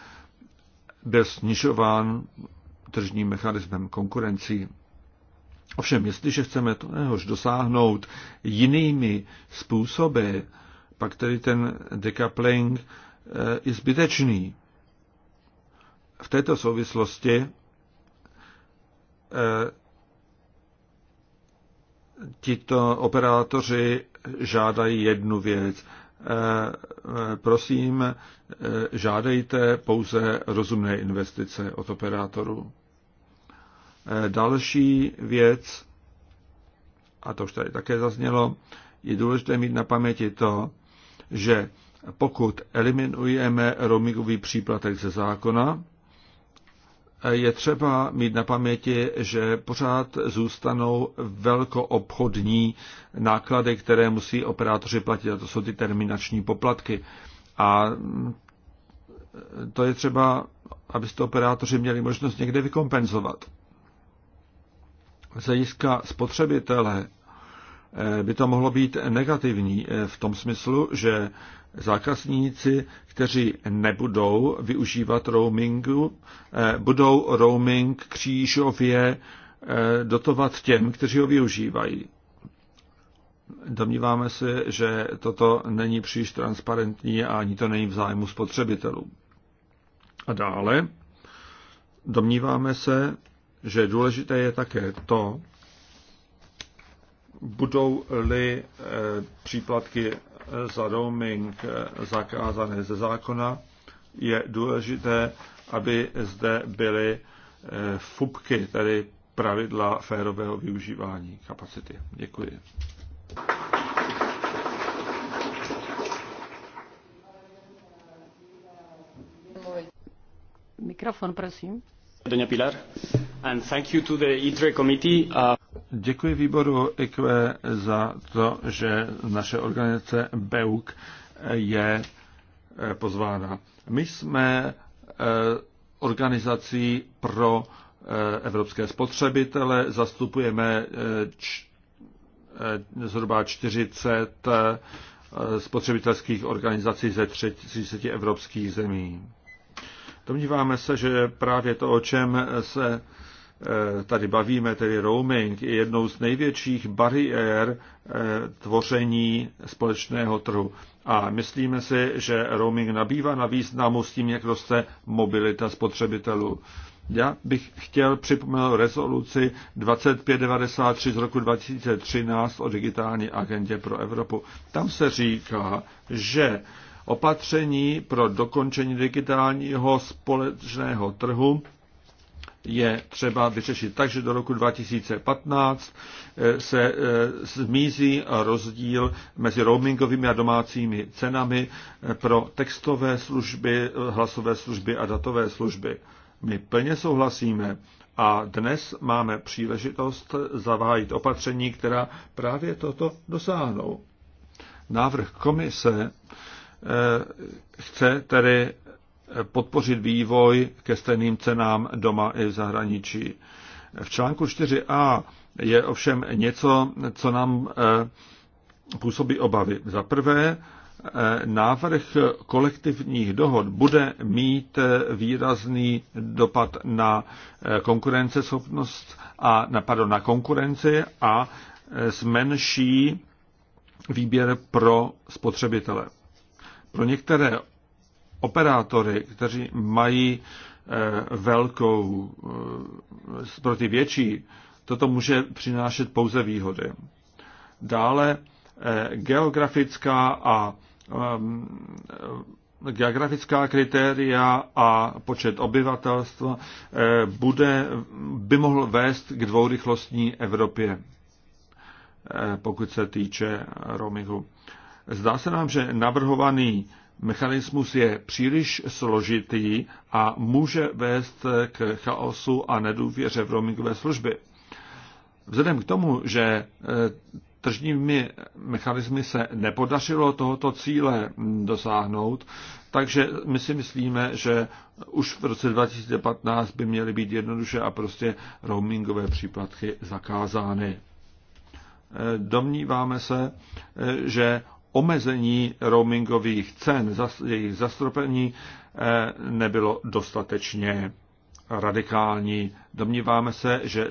byl snižován tržním mechanismem konkurencí. Ovšem, jestliže chceme tohož dosáhnout jinými způsoby, pak tedy ten decoupling eh, je zbytečný. V této souvislosti eh, tito operátoři žádají jednu věc. Eh, prosím, žádejte pouze rozumné investice od operátorů. Eh, další věc, a to už tady také zaznělo, je důležité mít na paměti to, že pokud eliminujeme roamingový příplatek ze zákona, eh, je třeba mít na paměti, že pořád zůstanou velkoobchodní náklady, které musí operátoři platit, a to jsou ty terminační poplatky. A mm, to je třeba, aby operátoři měli možnost někde vykompenzovat z hlediska spotřebitele eh, by to mohlo být negativní eh, v tom smyslu, že zákazníci, kteří nebudou využívat roamingu, eh, budou roaming křížově dotovat těm, kteří ho využívají. Domníváme se, že toto není příliš transparentní a ani to není v zájmu spotřebitelů. A dále domníváme se, že důležité je také to, budou-li eh, příplatky za roaming eh, zakázané ze zákona, je důležité, aby zde byly eh, fubky, tedy pravidla férového využívání kapacity. Děkuji. Mikrofon, prosím. Uh, Děkuji výboru IQE za to, že naše organizace BEUK je eh, pozvána. My jsme eh, organizací pro eh, evropské spotřebitele, zastupujeme zhruba 40 spotřebitelských organizací ze 30 evropských zemí. Domníváme se, že právě to, o čem se e, tady bavíme, tedy roaming, je jednou z největších bariér e, tvoření společného trhu. A myslíme si, že roaming nabývá na významu s tím, jak roste mobilita spotřebitelů. Já bych chtěl připomenout rezoluci 2593 z roku 2013 o digitální agendě pro Evropu. Tam se říká, že Opatření pro dokončení digitálního společného trhu je třeba vyřešit tak, že do roku 2015 eh, se eh, zmizí rozdíl mezi roamingovými a domácími cenami eh, pro textové služby, hlasové služby a datové služby. My plně souhlasíme a dnes máme příležitost zavájit opatření, která právě toto dosáhnou. Návrh komise chce tedy podpořit vývoj ke stejným cenám doma i v zahraničí. V článku 4a je ovšem něco, co nám eh, působí obavy. Za prvé, eh, návrh kolektivních dohod bude mít eh, výrazný dopad na konkurenceschopnost a napadlo na konkurenci a zmenší výběr pro spotřebitele. Pro některé operátory, kteří mají eh, velkou, eh, pro ty větší, toto může přinášet pouze výhody. Dále eh, geografická a geografická kritéria a počet obyvatelstva bude, by mohl vést k dvourychlostní Evropě, pokud se týče roamingu. Zdá se nám, že navrhovaný mechanismus je příliš složitý a může vést k chaosu a nedůvěře v roamingové služby. Vzhledem k tomu, že e, tržními mechanismy se nepodařilo tohoto cíle dosáhnout, takže my si myslíme, že už v roce 2015 by měly být jednoduše a prostě roamingové příplatky zakázány. E, domníváme se, e, že omezení roamingových cen, jejich zastropení eh, nebylo dostatečně radikální. Domníváme se, že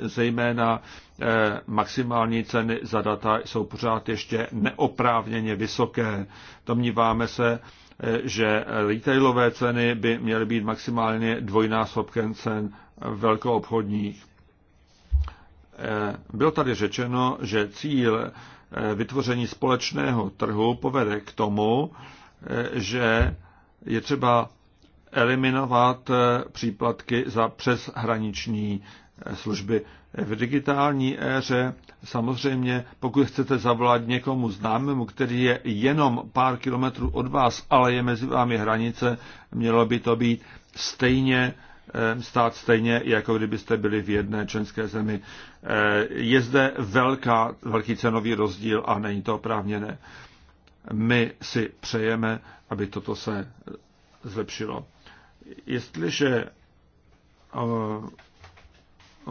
zejména eh, maximální ceny za data jsou pořád ještě neoprávněně vysoké. Domníváme se, eh, že retailové ceny by měly být maximálně dvojnásobkem cen velkoobchodních. Bylo tady řečeno, že cíl Eh, vytvoření společného trhu povede k tomu, eh, že je třeba eliminovat eh, příplatky za přeshraniční služby. V digitální éře samozřejmě, pokud chcete zavolat někomu známému, který je jenom pár kilometrů od vás, ale je mezi vámi hranice, mělo by to být stejně Eh, stát stejně, jako kdybyste byli v jedné členské zemi. Eh, je zde velká, velký cenový rozdíl a není to oprávněné. My si přejeme, aby toto se zlepšilo. Jestliže eh,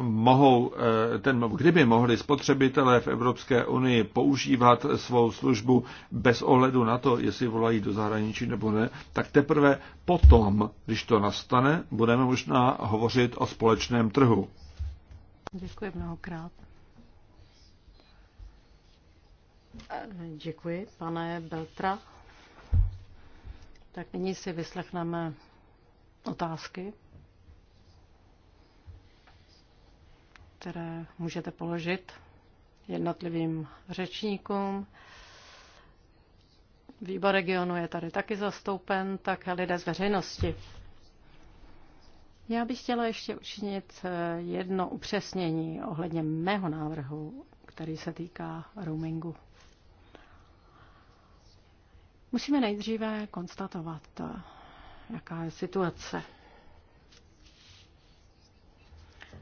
mohou, eh, ten, kdyby mohli spotřebitelé v Evropské unii používat svou službu bez ohledu na to, jestli volají do zahraničí nebo ne, tak teprve potom, když to nastane, budeme možná hovořit o společném trhu. Děkuji mnohokrát. Děkuji, pane Beltra. Tak nyní si vyslechneme otázky které můžete položit jednotlivým řečníkům. Výbor regionu je tady taky zastoupen, tak lidé z veřejnosti. Já bych chtěla ještě učinit eh, jedno upřesnění ohledně mého návrhu, který se týká roamingu. Musíme nejdříve konstatovat, eh, jaká je situace.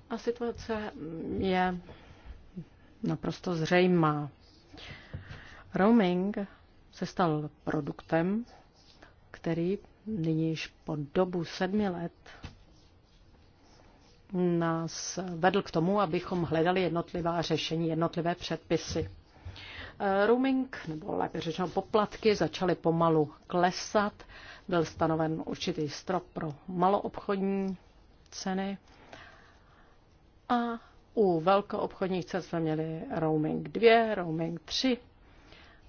A situace je naprosto zřejmá. Roaming se stal produktem, který nyní již po dobu sedmi let nás vedl k tomu, abychom hledali jednotlivá řešení, jednotlivé předpisy. Roaming, nebo lépe řečeno poplatky, začaly pomalu klesat. Byl stanoven určitý strop pro maloobchodní ceny a u velkoobchodních cest jsme měli roaming 2, roaming 3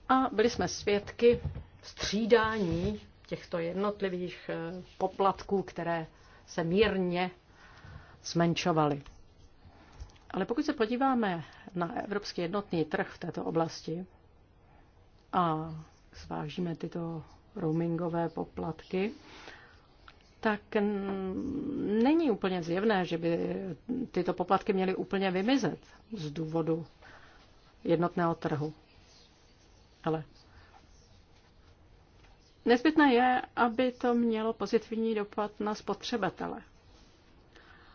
a byli jsme svědky střídání těchto jednotlivých eh, poplatků, které se mírně zmenšovaly. Ale pokud se podíváme na evropský jednotný trh v této oblasti a zvážíme tyto roamingové poplatky, tak není úplně zjevné, že by tyto poplatky měly úplně vymizet z důvodu jednotného trhu. Ale nezbytné je, aby to mělo pozitivní dopad na spotřebitele.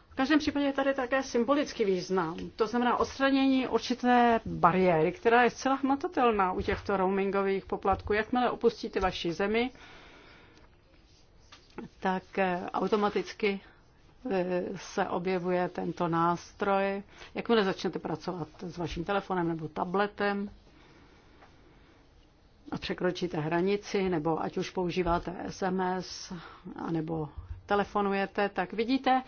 V každém případě je tady také symbolický význam, to znamená odstranění určité bariéry, která je zcela hmatatelná u těchto roamingových poplatků. Jakmile opustíte vaši zemi, tak eh, automaticky eh, se objevuje tento nástroj. Jakmile začnete pracovat s vaším telefonem nebo tabletem a překročíte hranici, nebo ať už používáte SMS, anebo telefonujete, tak vidíte,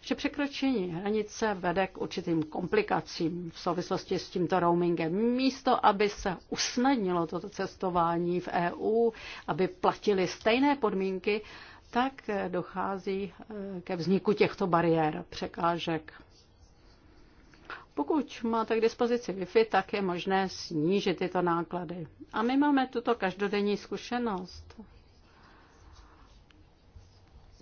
že překročení hranice vede k určitým komplikacím v souvislosti s tímto roamingem. Místo, aby se usnadnilo toto cestování v EU, aby platili stejné podmínky, tak dochází eh, ke vzniku těchto bariér, překážek. Pokud máte k dispozici Wi-Fi, tak je možné snížit tyto náklady. A my máme tuto každodenní zkušenost.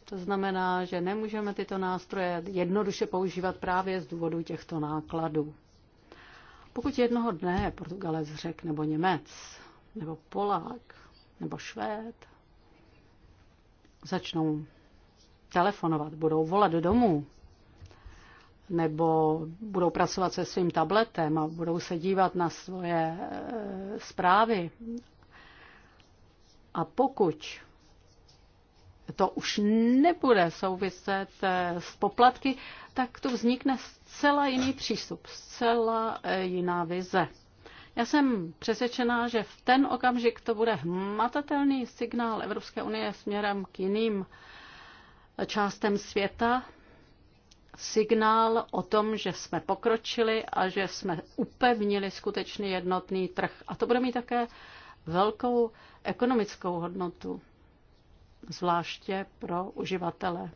To znamená, že nemůžeme tyto nástroje jednoduše používat právě z důvodu těchto nákladů. Pokud jednoho dne Portugalec řek nebo Němec, nebo Polák, nebo Švéd, začnou telefonovat, budou volat do domů, nebo budou pracovat se svým tabletem a budou se dívat na svoje eh, zprávy. A pokud to už nebude souviset eh, s poplatky, tak tu vznikne zcela jiný přístup, zcela eh, jiná vize. Já jsem přesvědčená, že v ten okamžik to bude hmatatelný signál Evropské unie směrem k jiným částem světa, signál o tom, že jsme pokročili a že jsme upevnili skutečný jednotný trh. A to bude mít také velkou ekonomickou hodnotu, zvláště pro uživatele.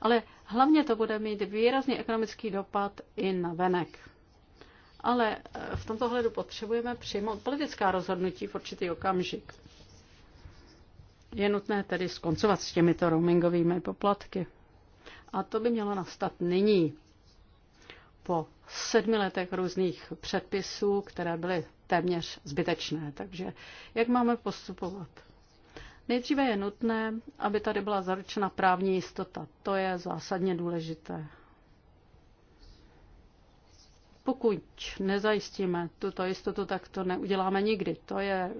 Ale hlavně to bude mít výrazný ekonomický dopad i na venek ale eh, v tomto hledu potřebujeme přijmout politická rozhodnutí v určitý okamžik. Je nutné tedy skoncovat s těmito roamingovými poplatky. A to by mělo nastat nyní. Po sedmi letech různých předpisů, které byly téměř zbytečné. Takže jak máme postupovat? Nejdříve je nutné, aby tady byla zaručena právní jistota. To je zásadně důležité. Pokud nezajistíme tuto jistotu, tak to neuděláme nikdy. To je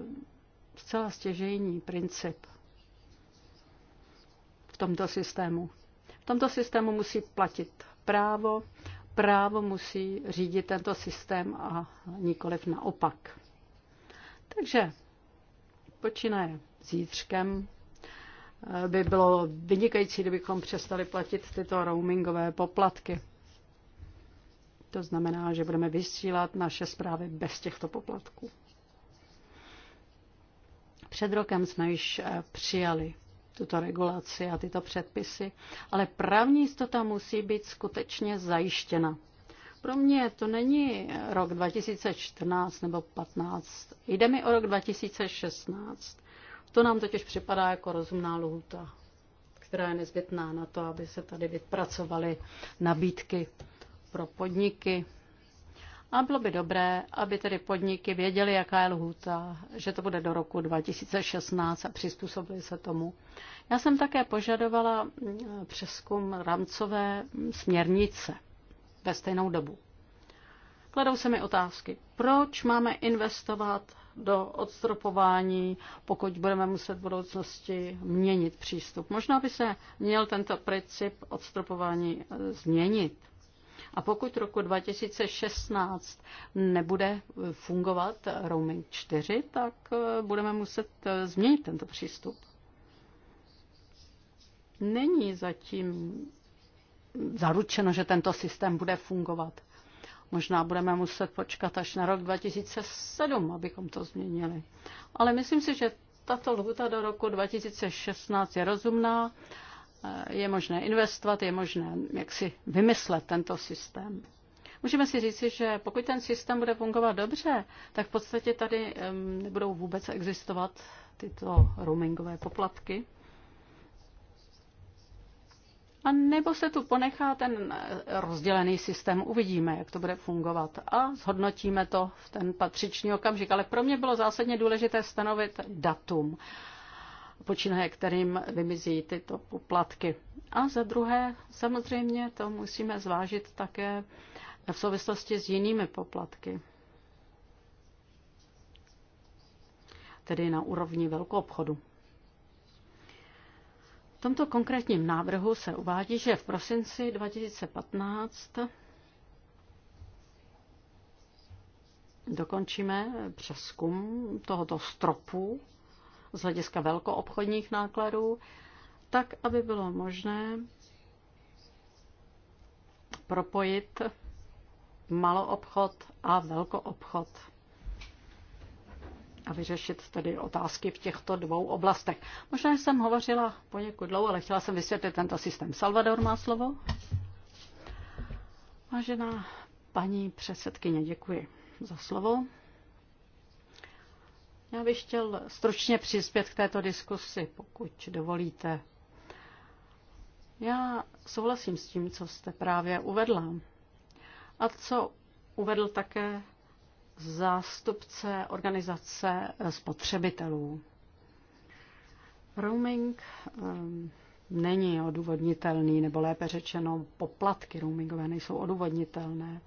zcela stěžejní princip v tomto systému. V tomto systému musí platit právo, právo musí řídit tento systém a nikoliv naopak. Takže počínaje zítřkem eh, by bylo vynikající, kdybychom přestali platit tyto roamingové poplatky. To znamená, že budeme vysílat naše zprávy bez těchto poplatků. Před rokem jsme již eh, přijali tuto regulaci a tyto předpisy, ale právní jistota musí být skutečně zajištěna. Pro mě to není rok 2014 nebo 15. Jde mi o rok 2016. To nám totiž připadá jako rozumná lhuta, která je nezbytná na to, aby se tady vypracovaly nabídky pro podniky. A bylo by dobré, aby tedy podniky věděly, jaká je lhůta, že to bude do roku 2016 a přizpůsobili se tomu. Já jsem také požadovala mm, přeskum rámcové směrnice ve stejnou dobu. Kladou se mi otázky, proč máme investovat do odstropování, pokud budeme muset v budoucnosti měnit přístup. Možná by se měl tento princip odstropování e, změnit. A pokud roku 2016 nebude fungovat roaming 4, tak eh, budeme muset eh, změnit tento přístup. Není zatím zaručeno, že tento systém bude fungovat. Možná budeme muset počkat až na rok 2007, abychom to změnili. Ale myslím si, že tato lhuta do roku 2016 je rozumná Eh, je možné investovat, je možné jak si vymyslet tento systém. Můžeme si říci, že pokud ten systém bude fungovat dobře, tak v podstatě tady nebudou vůbec existovat tyto roamingové poplatky. A nebo se tu ponechá ten eh, rozdělený systém, uvidíme, jak to bude fungovat a zhodnotíme to v ten patřičný okamžik. Ale pro mě bylo zásadně důležité stanovit datum počínaje kterým vymizí tyto poplatky. A za druhé, samozřejmě to musíme zvážit také v souvislosti s jinými poplatky. Tedy na úrovni velkou obchodu. V tomto konkrétním návrhu se uvádí, že v prosinci 2015 dokončíme přeskum tohoto stropu z hlediska velkoobchodních nákladů, tak aby bylo možné propojit maloobchod a velkoobchod a vyřešit tedy otázky v těchto dvou oblastech. Možná jsem hovořila poněkud dlouho, ale chtěla jsem vysvětlit tento systém. Salvador má slovo. Vážená paní předsedkyně, děkuji za slovo. Já bych chtěl stručně přispět k této diskusi, pokud dovolíte. Já souhlasím s tím, co jste právě uvedla a co uvedl také zástupce organizace eh, spotřebitelů. Roaming um, není odůvodnitelný, nebo lépe řečeno, poplatky roamingové nejsou odůvodnitelné.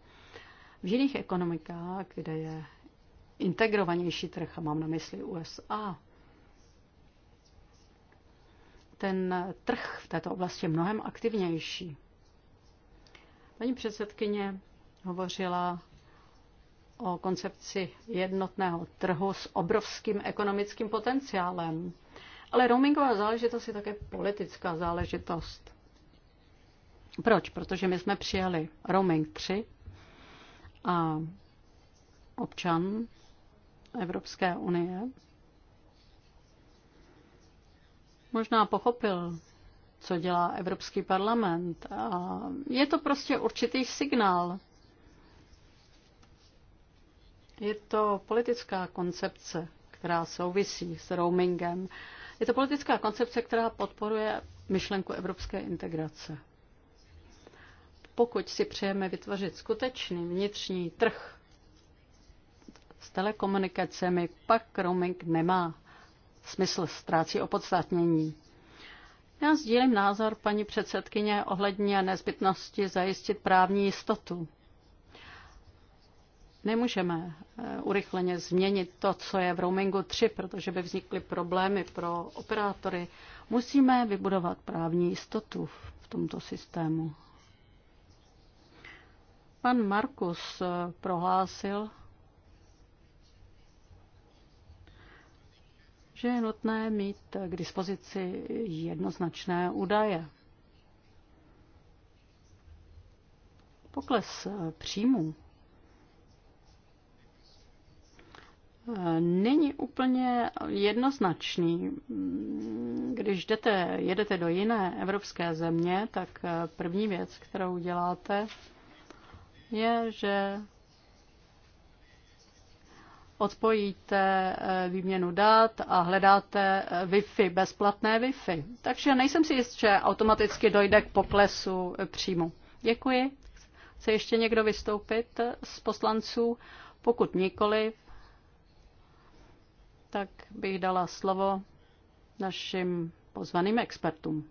V jiných ekonomikách, kde je integrovanější trh, a mám na mysli USA, ten trh v této oblasti je mnohem aktivnější. Paní předsedkyně hovořila o koncepci jednotného trhu s obrovským ekonomickým potenciálem. Ale roamingová záležitost je také politická záležitost. Proč? Protože my jsme přijali roaming 3 a občan Evropské unie možná pochopil, co dělá Evropský parlament. A je to prostě určitý signál. Je to politická koncepce, která souvisí s roamingem. Je to politická koncepce, která podporuje myšlenku evropské integrace. Pokud si přejeme vytvořit skutečný vnitřní trh telekomunikacemi, pak roaming nemá smysl, ztrácí opodstatnění. Já sdílím názor paní předsedkyně ohledně nezbytnosti zajistit právní jistotu. Nemůžeme eh, urychleně změnit to, co je v roamingu 3, protože by vznikly problémy pro operátory. Musíme vybudovat právní jistotu v tomto systému. Pan Markus eh, prohlásil, že je nutné mít k dispozici jednoznačné údaje. Pokles eh, příjmů eh, není úplně jednoznačný. Když jdete, jedete do jiné evropské země, tak eh, první věc, kterou děláte, je, že odpojíte eh, výměnu dat a hledáte eh, Wi-Fi, bezplatné Wi-Fi. Takže nejsem si jist, že automaticky dojde k poklesu eh, příjmu. Děkuji. Chce ještě někdo vystoupit z poslanců? Pokud nikoli, tak bych dala slovo našim pozvaným expertům.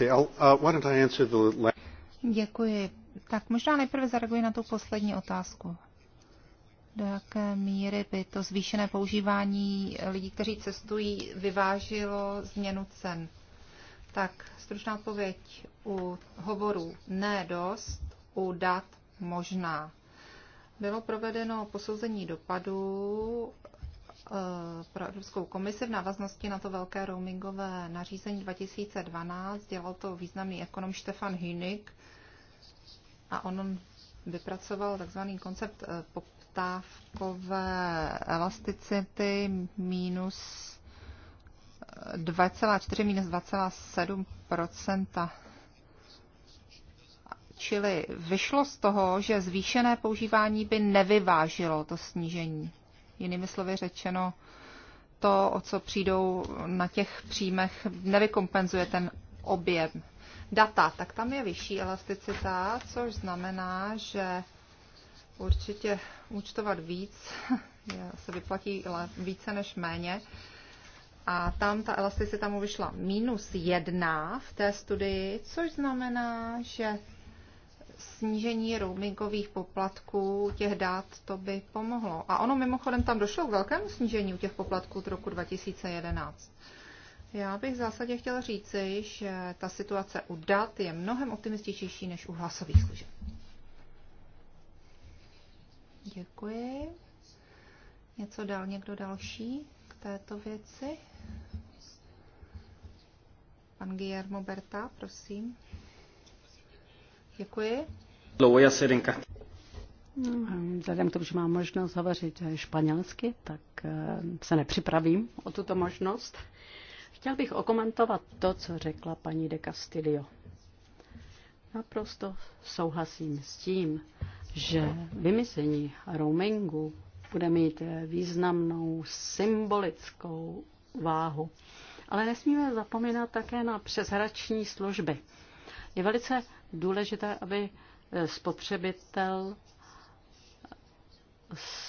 Uh, Děkuji. Tak možná nejprve zareaguji na tu poslední otázku. Do jaké míry by to zvýšené používání lidí, kteří cestují, vyvážilo změnu cen? Tak stručná odpověď u hovorů ne dost, u dat možná. Bylo provedeno posouzení dopadů eh, pro Evropskou komisi v návaznosti na to velké roamingové nařízení 2012. Dělal to významný ekonom Štefan Hynik a on vypracoval takzvaný koncept eh, poptávkové elasticity minus 2,4 eh, minus 2,7 Čili vyšlo z toho, že zvýšené používání by nevyvážilo to snížení. Jinými slovy řečeno, to, o co přijdou na těch příjmech, nevykompenzuje ten objem data, tak tam je vyšší elasticita, což znamená, že určitě účtovat víc [laughs] se vyplatí více než méně. A tam ta elasticita mu vyšla minus jedna v té studii, což znamená, že snížení roamingových poplatků těch dát to by pomohlo. A ono mimochodem tam došlo k velkému snížení u těch poplatků od roku 2011. Já bych v zásadě chtěla říci, že ta situace u dat je mnohem optimističtější než u hlasových služeb. Děkuji. Něco dal někdo další k této věci? Pan Guillermo Berta, prosím. Děkuji. Vzhledem k tomu, že mám možnost hovořit španělsky, tak eh, se nepřipravím o tuto možnost. Chtěl bych okomentovat to, co řekla paní de Castillo. Naprosto souhlasím s tím, že vymyslení roamingu bude mít významnou symbolickou váhu. Ale nesmíme zapomínat také na přeshrační služby. Je velice důležité, aby spotřebitel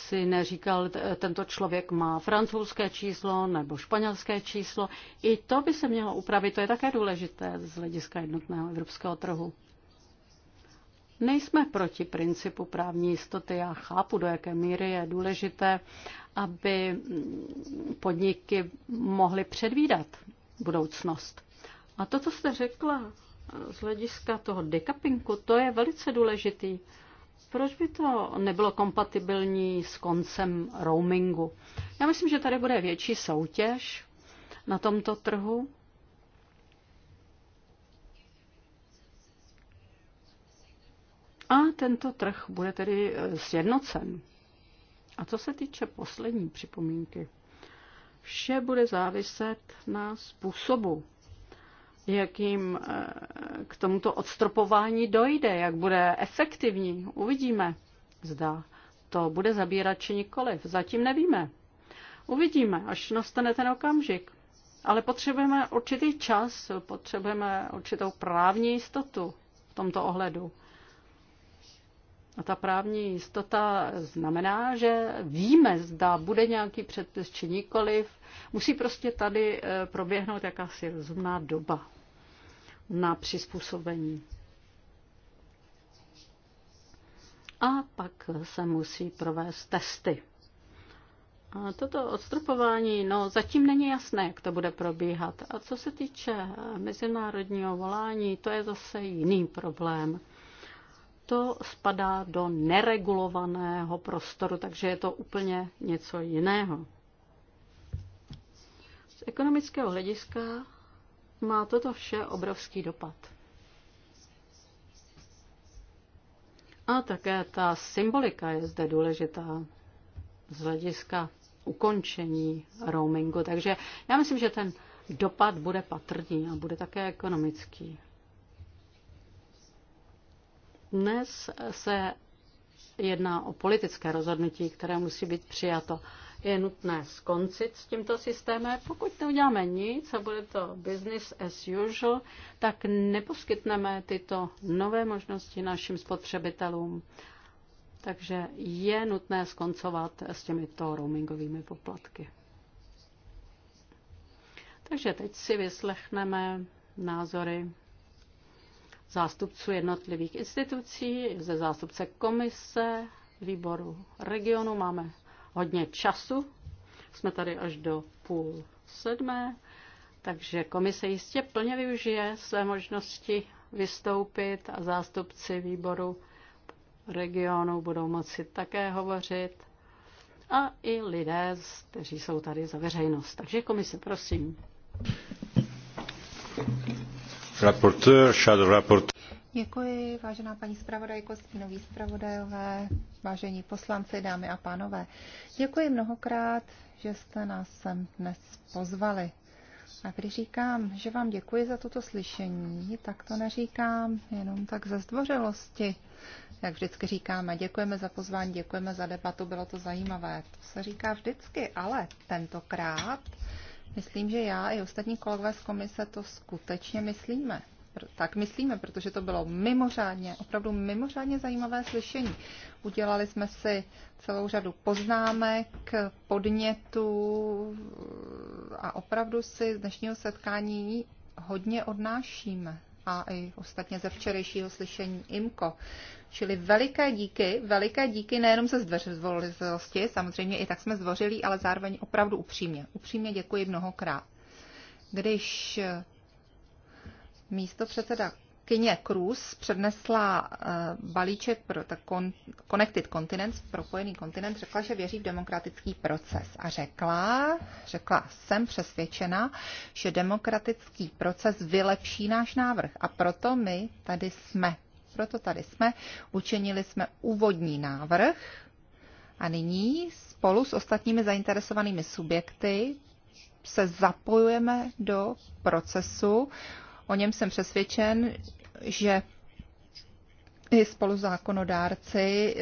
si neříkal, tento člověk má francouzské číslo nebo španělské číslo. I to by se mělo upravit, to je také důležité z hlediska jednotného evropského trhu. Nejsme proti principu právní jistoty. Já chápu, do jaké míry je důležité, aby podniky mohly předvídat budoucnost. A to, co jste řekla eh, z hlediska toho dekapinku, to je velice důležitý proč by to nebylo kompatibilní s koncem roamingu? Já myslím, že tady bude větší soutěž na tomto trhu. A tento trh bude tedy eh, sjednocen. A co se týče poslední připomínky, vše bude záviset na způsobu, jakým eh, k tomuto odstropování dojde, jak bude efektivní. Uvidíme, zda to bude zabírat či nikoliv. Zatím nevíme. Uvidíme, až nastane ten okamžik. Ale potřebujeme určitý čas, potřebujeme určitou právní jistotu v tomto ohledu. A ta právní jistota znamená, že víme, zda bude nějaký předpis či nikoliv. Musí prostě tady eh, proběhnout jakási rozumná doba na přizpůsobení. A pak se musí provést testy. A toto odstupování, no zatím není jasné, jak to bude probíhat. A co se týče mezinárodního volání, to je zase jiný problém. To spadá do neregulovaného prostoru, takže je to úplně něco jiného. Z ekonomického hlediska má toto vše obrovský dopad. A také ta symbolika je zde důležitá z hlediska ukončení roamingu. Takže já myslím, že ten dopad bude patrný a bude také ekonomický. Dnes se jedná o politické rozhodnutí, které musí být přijato je nutné skoncit s tímto systémem. Pokud neuděláme nic a bude to business as usual, tak neposkytneme tyto nové možnosti našim spotřebitelům. Takže je nutné skoncovat s těmito roamingovými poplatky. Takže teď si vyslechneme názory zástupců jednotlivých institucí, ze zástupce komise, výboru regionu máme hodně času. Jsme tady až do půl sedmé, takže komise jistě plně využije své možnosti vystoupit a zástupci výboru regionu budou moci také hovořit a i lidé, kteří jsou tady za veřejnost. Takže komise, prosím. Rapporteur, shadow rapporteur. Děkuji, vážená paní zpravodajko, stínoví zpravodajové, vážení poslanci, dámy a pánové. Děkuji mnohokrát, že jste nás sem dnes pozvali. A když říkám, že vám děkuji za toto slyšení, tak to neříkám jenom tak ze zdvořilosti. Jak vždycky říkáme, děkujeme za pozvání, děkujeme za debatu, bylo to zajímavé. To se říká vždycky, ale tentokrát myslím, že já i ostatní kolegové z komise to skutečně myslíme tak myslíme, protože to bylo mimořádně, opravdu mimořádně zajímavé slyšení. Udělali jsme si celou řadu poznámek, podnětů eh, a opravdu si z dnešního setkání hodně odnášíme a i ostatně ze včerejšího slyšení IMKO. Čili veliké díky, veliké díky nejenom ze zdvořilosti, samozřejmě i tak jsme zdvořili, ale zároveň opravdu upřímně. Upřímně děkuji mnohokrát. Když místo předseda Kyně Cruz přednesla eh, balíček pro ta Connected Continents, propojený kontinent, řekla, že věří v demokratický proces. A řekla, řekla, jsem přesvědčena, že demokratický proces vylepší náš návrh. A proto my tady jsme. Proto tady jsme. Učinili jsme úvodní návrh a nyní spolu s ostatními zainteresovanými subjekty se zapojujeme do procesu, O něm jsem přesvědčen, že i spoluzákonodárci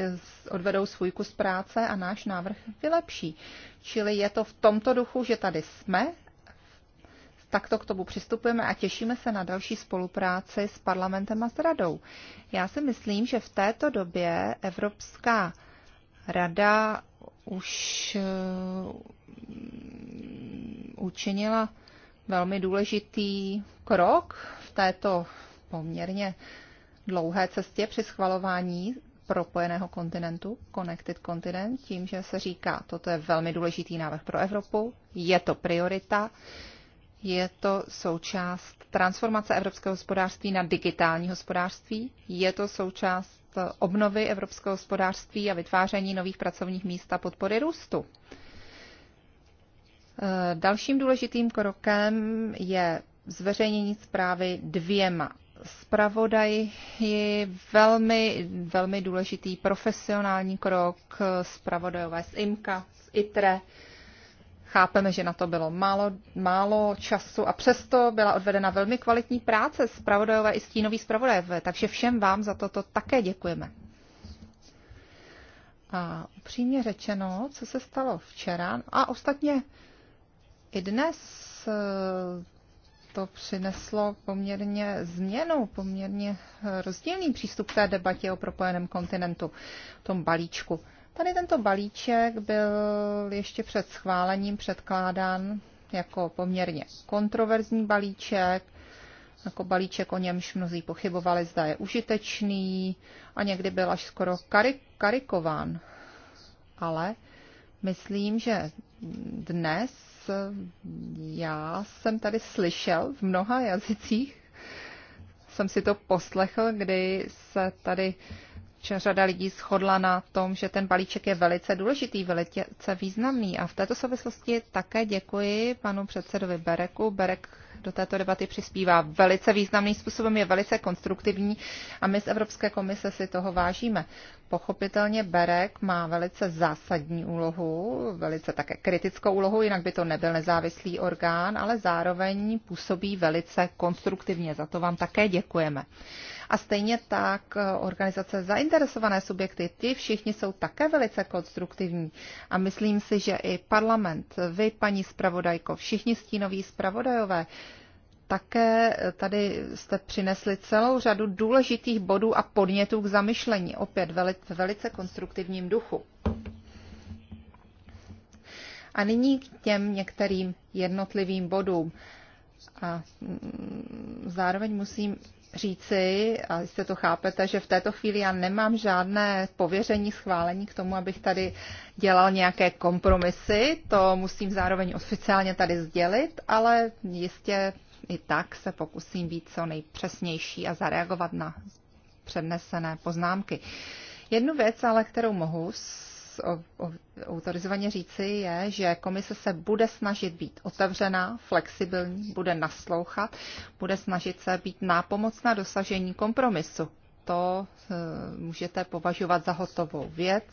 odvedou svůj kus práce a náš návrh vylepší. Čili je to v tomto duchu, že tady jsme, takto k tomu přistupujeme a těšíme se na další spolupráci s parlamentem a s radou. Já si myslím, že v této době Evropská rada už eh, učinila velmi důležitý krok v této poměrně dlouhé cestě při schvalování propojeného kontinentu, Connected Continent, tím, že se říká, toto je velmi důležitý návrh pro Evropu, je to priorita, je to součást transformace evropského hospodářství na digitální hospodářství, je to součást obnovy evropského hospodářství a vytváření nových pracovních míst a podpory růstu. Eh, dalším důležitým krokem je zveřejnění zprávy dvěma zpravodaji. Velmi, velmi důležitý profesionální krok eh, zpravodajové z IMKA, z ITRE. Chápeme, že na to bylo málo, málo času a přesto byla odvedena velmi kvalitní práce zpravodajové i stínový zpravodajové, takže všem vám za toto také děkujeme. A upřímně řečeno, co se stalo včera a ostatně i dnes eh, to přineslo poměrně změnu, poměrně eh, rozdílný přístup k té debatě o propojeném kontinentu, tom balíčku. Tady tento balíček byl ještě před schválením předkládán jako poměrně kontroverzní balíček, jako balíček, o němž mnozí pochybovali, zda je užitečný a někdy byl až skoro karik- karikován. Ale myslím, že dnes já jsem tady slyšel v mnoha jazycích, jsem si to poslechl, kdy se tady řada lidí shodla na tom, že ten balíček je velice důležitý, velice významný. A v této souvislosti také děkuji panu předsedovi Bereku. Berek do této debaty přispívá velice významným způsobem, je velice konstruktivní a my z Evropské komise si toho vážíme. Pochopitelně Berek má velice zásadní úlohu, velice také kritickou úlohu, jinak by to nebyl nezávislý orgán, ale zároveň působí velice konstruktivně. Za to vám také děkujeme. A stejně tak eh, organizace zainteresované subjekty, ty všichni jsou také velice konstruktivní. A myslím si, že i parlament, vy, paní zpravodajko, všichni stínoví zpravodajové, také eh, tady jste přinesli celou řadu důležitých bodů a podnětů k zamyšlení, opět v velice konstruktivním duchu. A nyní k těm některým jednotlivým bodům. A mm, zároveň musím říci, a jistě to chápete, že v této chvíli já nemám žádné pověření schválení k tomu, abych tady dělal nějaké kompromisy. To musím zároveň oficiálně tady sdělit, ale jistě i tak se pokusím být co nejpřesnější a zareagovat na přednesené poznámky. Jednu věc ale, kterou mohu autorizovaně říci, je, že komise se bude snažit být otevřená, flexibilní, bude naslouchat, bude snažit se být nápomocná dosažení kompromisu. To e, můžete považovat za hotovou věc.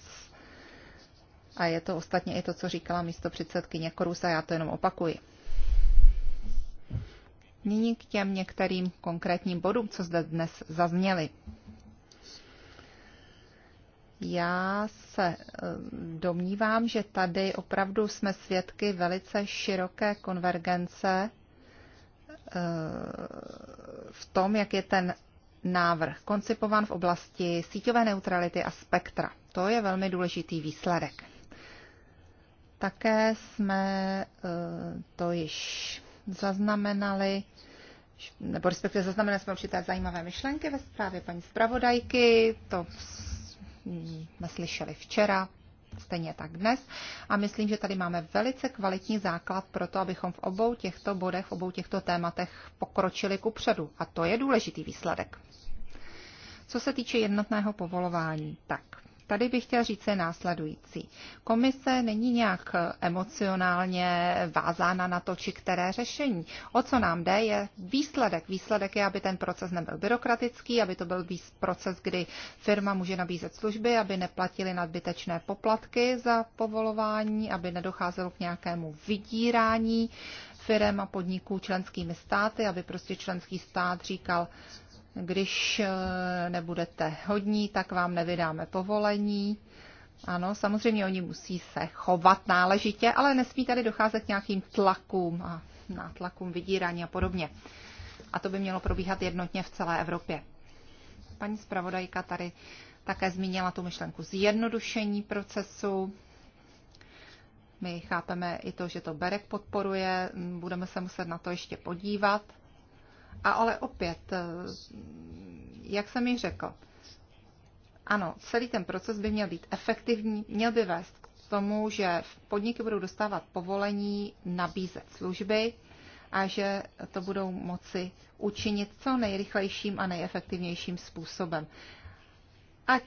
A je to ostatně i to, co říkala místo předsedkyně Korusa, já to jenom opakuji. Nyní k těm některým konkrétním bodům, co zde dnes zazněly. Já se eh, domnívám, že tady opravdu jsme svědky velice široké konvergence eh, v tom, jak je ten návrh koncipován v oblasti síťové neutrality a spektra. To je velmi důležitý výsledek. Také jsme eh, to již zaznamenali, nebo respektive zaznamenali jsme určité zajímavé myšlenky ve zprávě paní zpravodajky, to jsme slyšeli včera, stejně tak dnes. A myslím, že tady máme velice kvalitní základ pro to, abychom v obou těchto bodech, v obou těchto tématech pokročili ku předu. A to je důležitý výsledek. Co se týče jednotného povolování, tak Tady bych chtěl říct se následující. Komise není nějak emocionálně vázána na to, či které řešení. O co nám jde, je výsledek. Výsledek je, aby ten proces nebyl byrokratický, aby to byl proces, kdy firma může nabízet služby, aby neplatili nadbytečné poplatky za povolování, aby nedocházelo k nějakému vydírání firm a podniků členskými státy, aby prostě členský stát říkal, když eh, nebudete hodní, tak vám nevydáme povolení. Ano, samozřejmě oni musí se chovat náležitě, ale nesmí tady docházet k nějakým tlakům a nátlakům vydírání a podobně. A to by mělo probíhat jednotně v celé Evropě. Paní zpravodajka tady také zmínila tu myšlenku zjednodušení procesu. My chápeme i to, že to Berek podporuje, budeme se muset na to ještě podívat. A ale opět, eh, jak jsem ji řekl, ano, celý ten proces by měl být efektivní, měl by vést k tomu, že podniky budou dostávat povolení nabízet služby a že to budou moci učinit co nejrychlejším a nejefektivnějším způsobem. Ať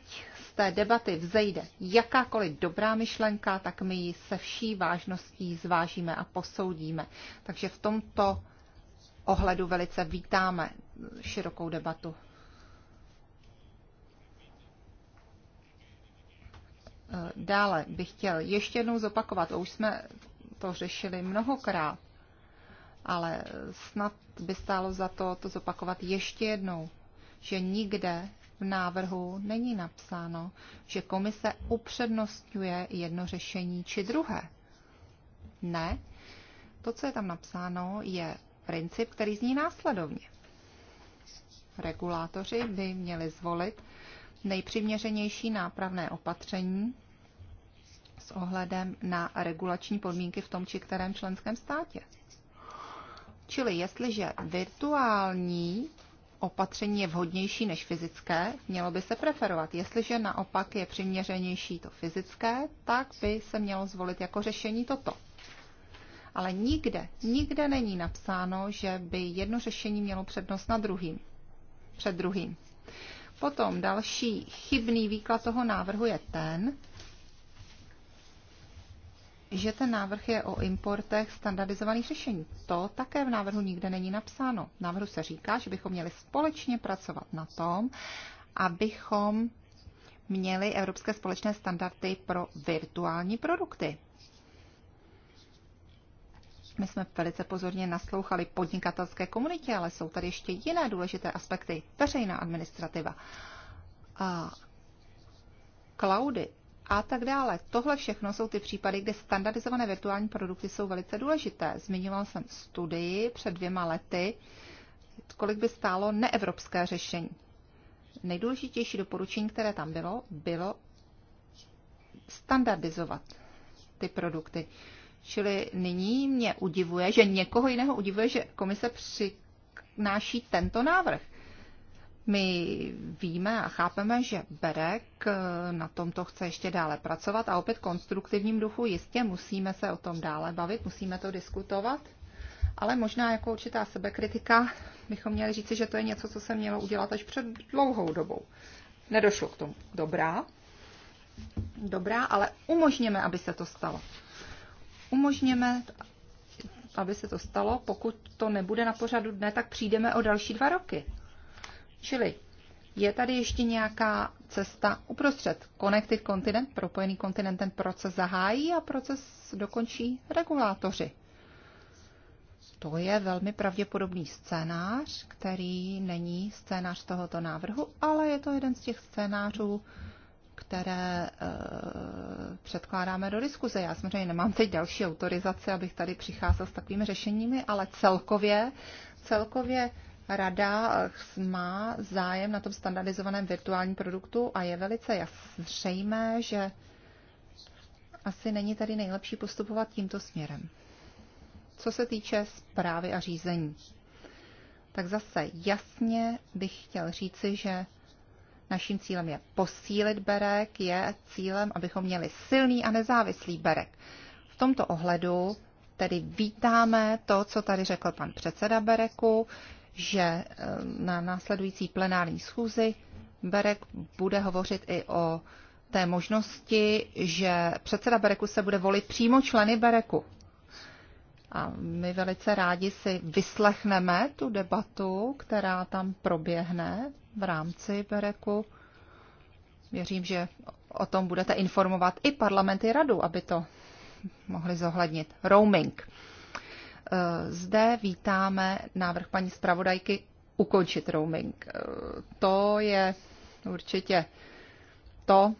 z té debaty vzejde jakákoliv dobrá myšlenka, tak my ji se vší vážností zvážíme a posoudíme. Takže v tomto ohledu velice vítáme širokou debatu. Dále bych chtěl ještě jednou zopakovat, už jsme to řešili mnohokrát, ale snad by stálo za to to zopakovat ještě jednou, že nikde v návrhu není napsáno, že komise upřednostňuje jedno řešení či druhé. Ne, to, co je tam napsáno, je princip, který zní následovně. Regulátoři by měli zvolit nejpřiměřenější nápravné opatření s ohledem na regulační podmínky v tom či kterém členském státě. Čili jestliže virtuální opatření je vhodnější než fyzické, mělo by se preferovat. Jestliže naopak je přiměřenější to fyzické, tak by se mělo zvolit jako řešení toto ale nikde, nikde není napsáno, že by jedno řešení mělo přednost na druhým, před druhým. Potom další chybný výklad toho návrhu je ten, že ten návrh je o importech standardizovaných řešení. To také v návrhu nikde není napsáno. V návrhu se říká, že bychom měli společně pracovat na tom, abychom měli evropské společné standardy pro virtuální produkty. My jsme velice pozorně naslouchali podnikatelské komunitě, ale jsou tady ještě jiné důležité aspekty. Veřejná administrativa, a cloudy a tak dále. Tohle všechno jsou ty případy, kde standardizované virtuální produkty jsou velice důležité. Zmiňoval jsem studii před dvěma lety, kolik by stálo neevropské řešení. Nejdůležitější doporučení, které tam bylo, bylo standardizovat ty produkty. Čili nyní mě udivuje, že někoho jiného udivuje, že komise přináší tento návrh. My víme a chápeme, že Berek eh, na tomto chce ještě dále pracovat a opět konstruktivním duchu jistě musíme se o tom dále bavit, musíme to diskutovat, ale možná jako určitá sebekritika bychom měli říci, že to je něco, co se mělo udělat až před dlouhou dobou. Nedošlo k tomu. Dobrá, dobrá, ale umožněme, aby se to stalo umožněme, aby se to stalo. Pokud to nebude na pořadu dne, tak přijdeme o další dva roky. Čili je tady ještě nějaká cesta uprostřed. Connected Continent, propojený kontinent, ten proces zahájí a proces dokončí regulátoři. To je velmi pravděpodobný scénář, který není scénář tohoto návrhu, ale je to jeden z těch scénářů, které eh, předkládáme do diskuze. Já samozřejmě nemám teď další autorizace, abych tady přicházel s takovými řešeními, ale celkově, celkově Rada eh, má zájem na tom standardizovaném virtuálním produktu a je velice zřejmé, že asi není tady nejlepší postupovat tímto směrem. Co se týče zprávy a řízení, tak zase jasně bych chtěl říci, že Naším cílem je posílit berek, je cílem, abychom měli silný a nezávislý berek. V tomto ohledu tedy vítáme to, co tady řekl pan předseda Bereku, že eh, na následující plenární schůzi Berek bude hovořit i o té možnosti, že předseda Bereku se bude volit přímo členy Bereku. A my velice rádi si vyslechneme tu debatu, která tam proběhne v rámci Bereku. Věřím, že o tom budete informovat i parlamenty radu, aby to mohli zohlednit. Roaming. E, zde vítáme návrh paní zpravodajky ukončit roaming. E, to je určitě to,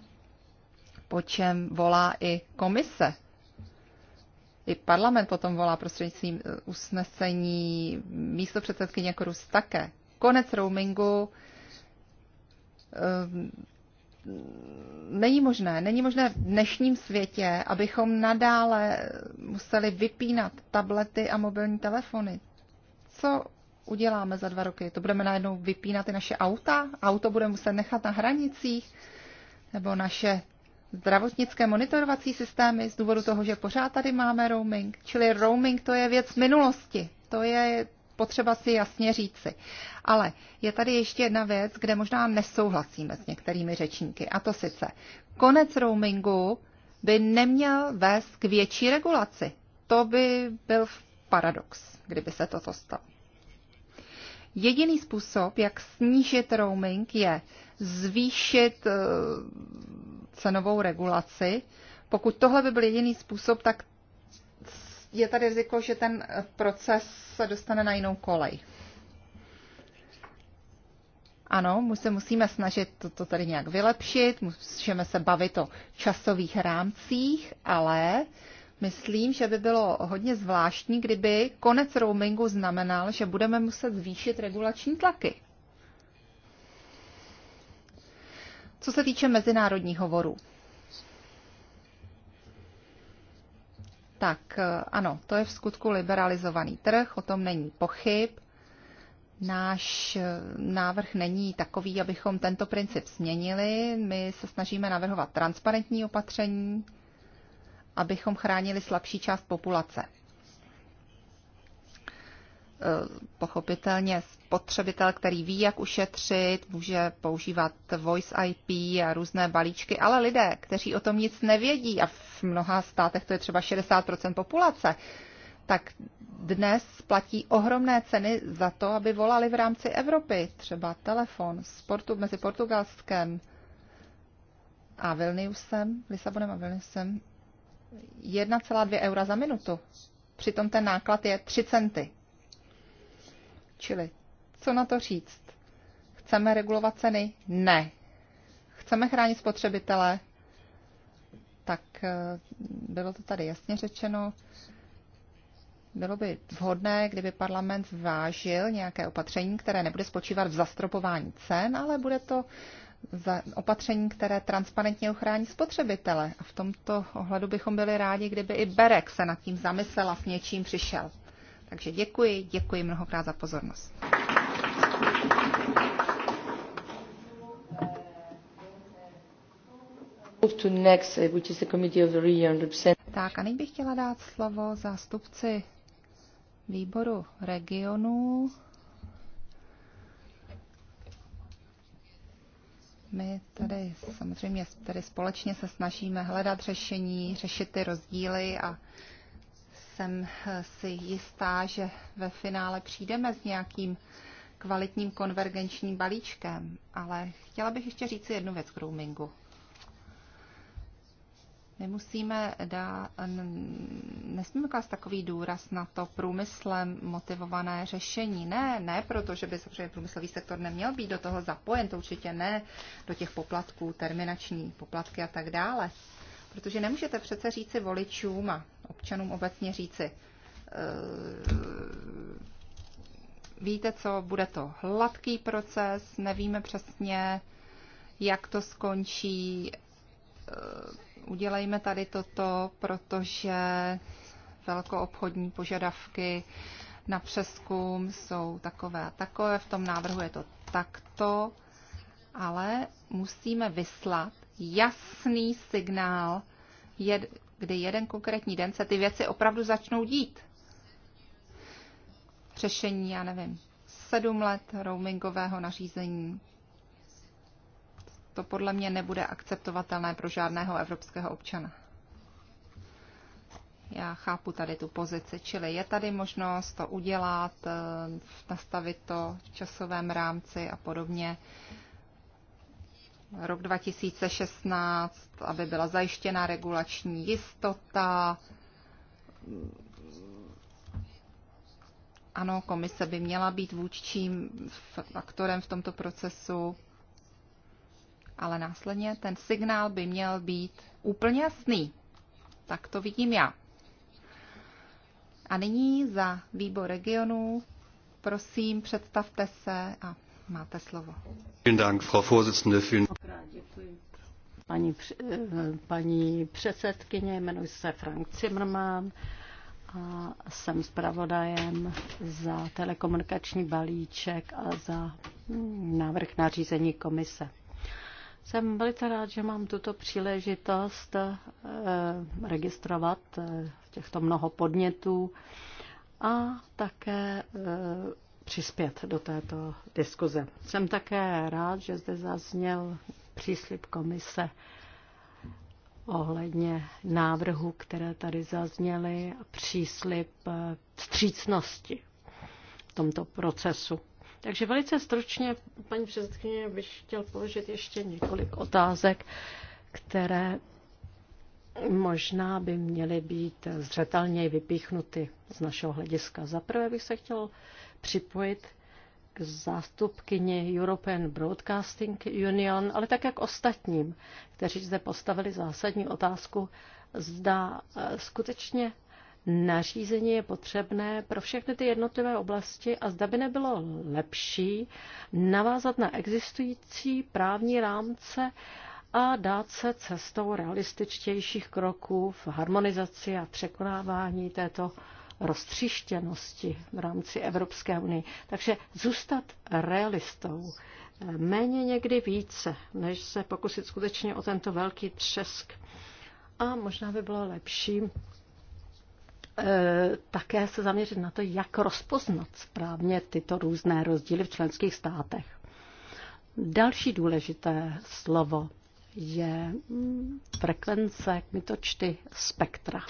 po čem volá i komise i parlament potom volá prostřednictvím eh, usnesení místo předsedkyně Krus také. Konec roamingu eh, není možné, není možné v dnešním světě, abychom nadále museli vypínat tablety a mobilní telefony. Co uděláme za dva roky? To budeme najednou vypínat i naše auta? Auto budeme muset nechat na hranicích? Nebo naše zdravotnické monitorovací systémy z důvodu toho, že pořád tady máme roaming. Čili roaming to je věc minulosti. To je potřeba si jasně říci. Ale je tady ještě jedna věc, kde možná nesouhlasíme s některými řečníky. A to sice konec roamingu by neměl vést k větší regulaci. To by byl paradox, kdyby se toto stalo. Jediný způsob, jak snížit roaming, je zvýšit eh, cenovou regulaci. Pokud tohle by byl jediný způsob, tak je tady riziko, že ten proces se dostane na jinou kolej. Ano, my se musíme snažit to, to tady nějak vylepšit, musíme se bavit o časových rámcích, ale myslím, že by bylo hodně zvláštní, kdyby konec roamingu znamenal, že budeme muset zvýšit regulační tlaky. Co se týče mezinárodních hovorů. Tak eh, ano, to je v skutku liberalizovaný trh, o tom není pochyb. Náš eh, návrh není takový, abychom tento princip změnili. My se snažíme navrhovat transparentní opatření, abychom chránili slabší část populace. Eh, pochopitelně spotřebitel, který ví, jak ušetřit, může používat Voice IP a různé balíčky, ale lidé, kteří o tom nic nevědí, a v mnoha státech to je třeba 60% populace, tak dnes platí ohromné ceny za to, aby volali v rámci Evropy. Třeba telefon z Portu, mezi Portugalskem a Vilniusem, Lisabonem a Vilniusem, 1,2 eura za minutu. Přitom ten náklad je 3 centy Čili, co na to říct? Chceme regulovat ceny? Ne. Chceme chránit spotřebitele? Tak eh, bylo to tady jasně řečeno. Bylo by vhodné, kdyby parlament zvážil nějaké opatření, které nebude spočívat v zastropování cen, ale bude to za opatření, které transparentně ochrání spotřebitele. A v tomto ohledu bychom byli rádi, kdyby i Berek se nad tím zamyslel a s něčím přišel. Takže děkuji, děkuji mnohokrát za pozornost. Tak a nyní bych chtěla dát slovo zástupci výboru regionu. My tady samozřejmě tady společně se snažíme hledat řešení, řešit ty rozdíly a jsem eh, si jistá, že ve finále přijdeme s nějakým kvalitním konvergenčním balíčkem, ale chtěla bych ještě říct jednu věc k roamingu. Nemusíme dát, nesmíme klást takový důraz na to průmyslem motivované řešení. Ne, ne, protože by samozřejmě průmyslový sektor neměl být do toho zapojen, to určitě ne, do těch poplatků, terminační poplatky a tak dále. Protože nemůžete přece říci voličům a občanům obecně říci, e, víte co, bude to hladký proces, nevíme přesně, jak to skončí, e, udělejme tady toto, protože velkoobchodní požadavky na přeskum jsou takové a takové, v tom návrhu je to takto, ale musíme vyslat jasný signál kdy jeden konkrétní den se ty věci opravdu začnou dít. Řešení, já nevím, sedm let roamingového nařízení. To podle mě nebude akceptovatelné pro žádného evropského občana. Já chápu tady tu pozici, čili je tady možnost to udělat, eh, nastavit to v časovém rámci a podobně rok 2016, aby byla zajištěna regulační jistota. Ano, komise by měla být vůdčím faktorem v tomto procesu, ale následně ten signál by měl být úplně jasný. Tak to vidím já. A nyní za výbor regionů prosím, představte se a Máte slovo. Paní, eh, paní předsedkyně, jmenuji se Frank Zimmermann a jsem zpravodajem za telekomunikační balíček a za hm, návrh na řízení komise. Jsem velice rád, že mám tuto příležitost eh, registrovat eh, těchto mnoho podnětů a také přispět do této diskuze. Jsem také rád, že zde zazněl příslip komise ohledně návrhu, které tady zazněly, a příslip eh, vstřícnosti v tomto procesu. Takže velice stručně, paní předsedkyně, bych chtěl položit ještě několik otázek, které možná by měly být zřetelněji vypíchnuty z našeho hlediska. Za prvé bych se chtěl připojit k zástupkyni European Broadcasting Union, ale tak jak ostatním, kteří zde postavili zásadní otázku, zda eh, skutečně nařízení je potřebné pro všechny ty jednotlivé oblasti a zda by nebylo lepší navázat na existující právní rámce a dát se cestou realističtějších kroků v harmonizaci a překonávání této roztřištěnosti v rámci Evropské unie. Takže zůstat realistou, méně někdy více, než se pokusit skutečně o tento velký třesk. A možná by bylo lepší eh, také se zaměřit na to, jak rozpoznat správně tyto různé rozdíly v členských státech. Další důležité slovo je mm, frekvence kmitočty spektra.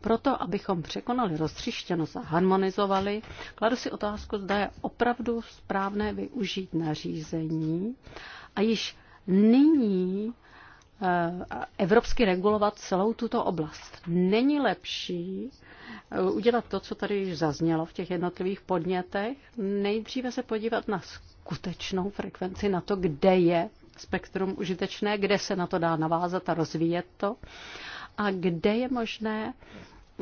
Proto, abychom překonali roztřištěnost a harmonizovali, kladu si otázku, zda je opravdu správné využít nařízení a již nyní eh, evropsky regulovat celou tuto oblast. Není lepší eh, udělat to, co tady již zaznělo v těch jednotlivých podnětech, nejdříve se podívat na skutečnou frekvenci, na to, kde je spektrum užitečné, kde se na to dá navázat a rozvíjet to a kde je možné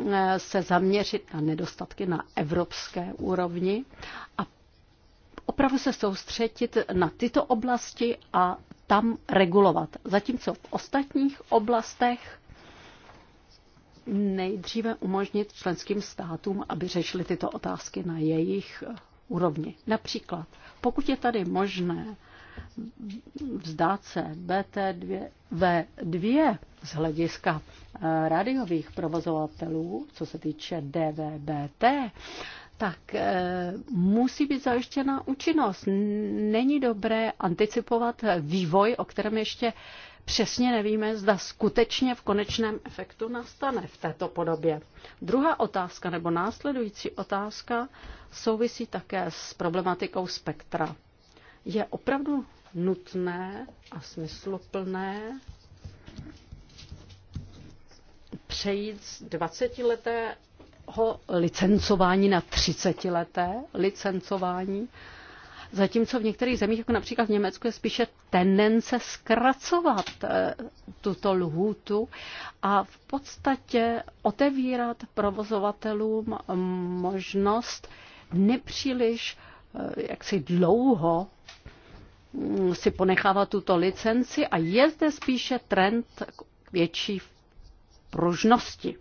eh, se zaměřit na nedostatky na evropské úrovni a opravdu se soustředit na tyto oblasti a tam regulovat. Zatímco v ostatních oblastech nejdříve umožnit členským státům, aby řešili tyto otázky na jejich úrovni. Například, pokud je tady možné vzdát se BT2, V2 z hlediska eh, rádiových provozovatelů, co se týče DVBT, tak eh, musí být zajištěna účinnost. Není dobré anticipovat vývoj, o kterém ještě přesně nevíme, zda skutečně v konečném efektu nastane v této podobě. Druhá otázka nebo následující otázka souvisí také s problematikou spektra je opravdu nutné a smysluplné přejít z 20-letého licencování na 30-leté licencování, zatímco v některých zemích, jako například v Německu, je spíše tendence zkracovat eh, tuto lhůtu a v podstatě otevírat provozovatelům mm, možnost nepříliš eh, jaksi dlouho si ponechává tuto licenci a je zde spíše trend k větší pružnosti.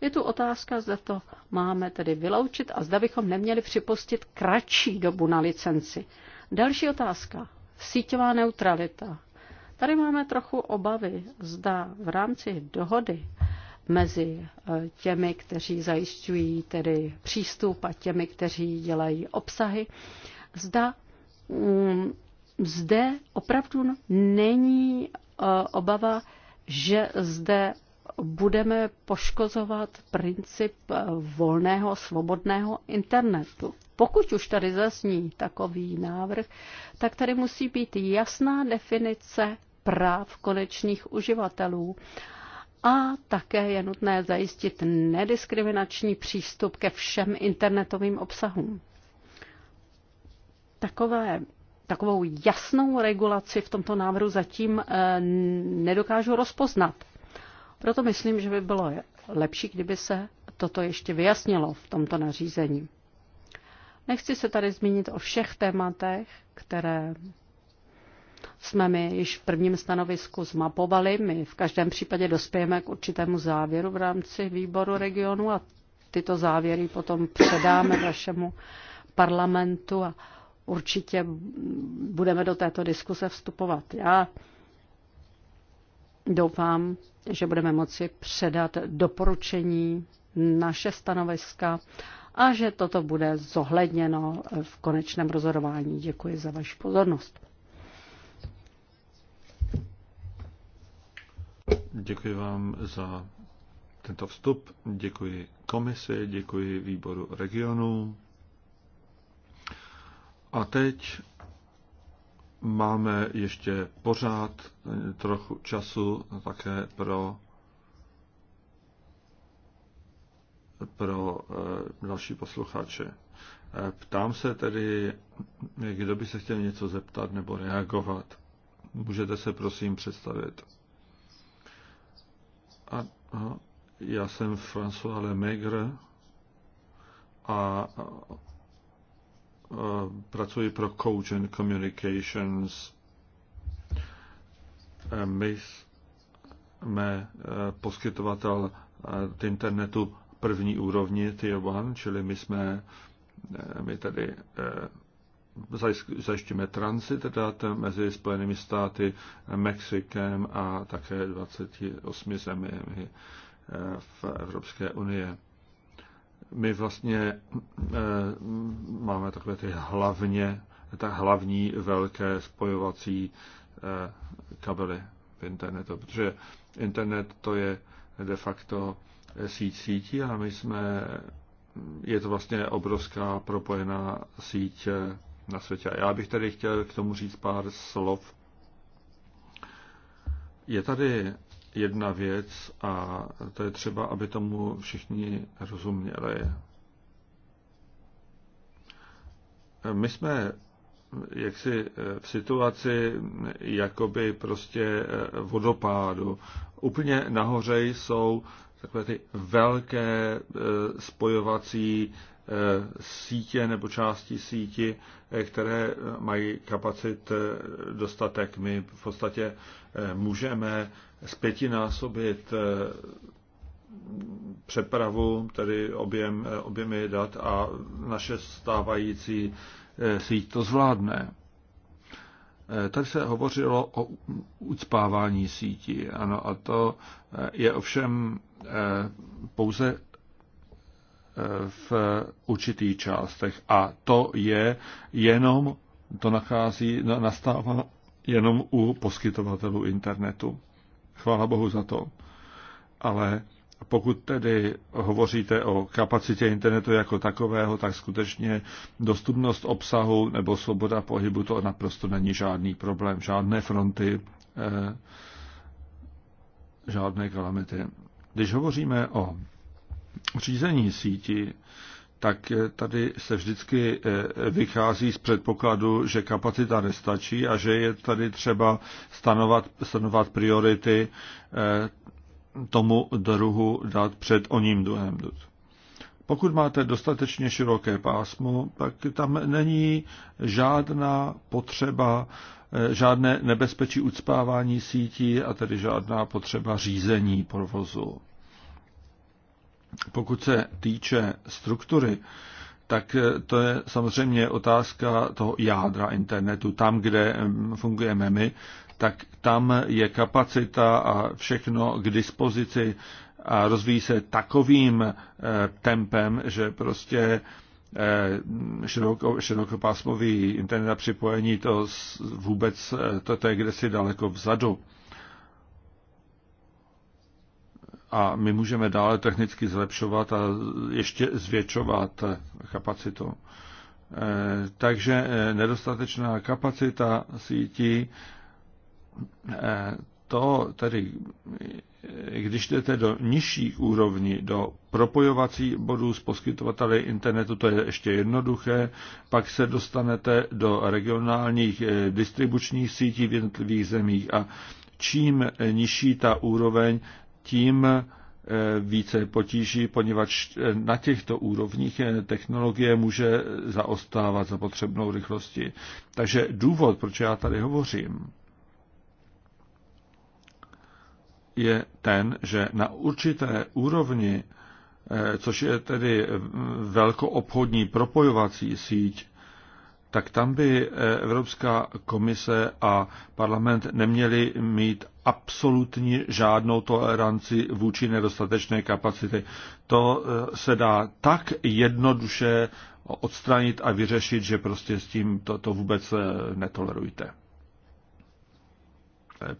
Je tu otázka, zda to máme tedy vyloučit a zda bychom neměli připustit kratší dobu na licenci. Další otázka. Síťová neutralita. Tady máme trochu obavy, zda v rámci dohody mezi eh, těmi, kteří zajišťují tedy přístup a těmi, kteří dělají obsahy, zda mm, zde opravdu není eh, obava, že zde budeme poškozovat princip eh, volného, svobodného internetu. Pokud už tady zazní takový návrh, tak tady musí být jasná definice práv konečných uživatelů. A také je nutné zajistit nediskriminační přístup ke všem internetovým obsahům. Takové takovou jasnou regulaci v tomto návrhu zatím eh, nedokážu rozpoznat. Proto myslím, že by bylo lepší, kdyby se toto ještě vyjasnilo v tomto nařízení. Nechci se tady zmínit o všech tématech, které jsme my již v prvním stanovisku zmapovali. My v každém případě dospějeme k určitému závěru v rámci výboru regionu a tyto závěry potom předáme vašemu parlamentu a určitě budeme do této diskuse vstupovat. Já doufám, že budeme moci předat doporučení, naše stanoviska a že toto bude zohledněno v konečném rozhodování. Děkuji za vaši pozornost. Děkuji vám za tento vstup, děkuji komisi, děkuji výboru regionu. A teď máme ještě pořád eh, trochu času také pro pro eh, další posluchače. Eh, ptám se tedy, kdo by se chtěl něco zeptat nebo reagovat. Můžete se prosím představit. A, aha, já jsem François Lemaigre a Eh, pracuji pro Cogent Communications. Eh, my jsme eh, poskytovatel internetu první úrovni Tier 1, čili my jsme, my tady zajišťujeme transit dat mezi Spojenými státy, Mexikem a také 28 zeměmi v Evropské unie my vlastně eh, máme takové ty hlavně, ta hlavní velké spojovací eh, kabely v internetu, protože internet to je de facto síť sítí a my jsme, je to vlastně obrovská propojená síť eh, na světě. A já bych tady chtěl k tomu říct pár slov. Je tady jedna věc a to je třeba, aby tomu všichni rozuměli. My jsme jaksi v situaci jakoby prostě vodopádu. Úplně nahoře jsou takové ty velké eh, spojovací eh, sítě nebo části síti, eh, které mají kapacit dostatek. My v podstatě můžeme zpětinásobit eh, přepravu, tedy objem, eh, objemy dat a naše stávající eh, síť to zvládne. Tady se hovořilo o ucpávání sítí. Ano, a to je ovšem pouze v určitých částech. A to je jenom, to nachází, nastává jenom u poskytovatelů internetu. Chvála Bohu za to. Ale pokud tedy hovoříte o kapacitě internetu jako takového, tak skutečně dostupnost obsahu nebo svoboda pohybu to naprosto není žádný problém, žádné fronty, eh, žádné kalamity. Když hovoříme o řízení síti, tak eh, tady se vždycky eh, vychází z předpokladu, že kapacita nestačí a že je tady třeba stanovat, stanovat priority eh, tomu druhu dát před oním druhem. Pokud máte dostatečně široké pásmo, tak tam není žádná potřeba, žádné nebezpečí ucpávání sítí a tedy žádná potřeba řízení provozu. Pokud se týče struktury, tak eh, to je samozřejmě otázka toho jádra internetu. Tam, kde mm, fungujeme my, tak tam je kapacita a všechno k dispozici a rozvíjí se takovým eh, tempem, že prostě eh, široko, širokopásmový internet a připojení to vůbec, to, to je kdesi daleko vzadu. a my můžeme dále technicky zlepšovat a ještě zvětšovat kapacitu. Eh, takže eh, nedostatečná kapacita sítí, eh, to tedy, když jdete do nižších úrovní, do propojovací bodů s poskytovateli internetu, to je ještě jednoduché, pak se dostanete do regionálních distribučních sítí v jednotlivých zemích a čím nižší ta úroveň, tím eh, více potíží, poněvadž eh, na těchto úrovních eh, technologie může zaostávat za potřebnou rychlostí. Takže důvod, proč já tady hovořím, je ten, že na určité úrovni, což je tedy velkoobchodní propojovací síť, tak tam by eh, Evropská komise a parlament neměli mít absolutně žádnou toleranci vůči nedostatečné kapacity. To eh, se dá tak jednoduše odstranit a vyřešit, že prostě s tím to, to vůbec eh, netolerujte.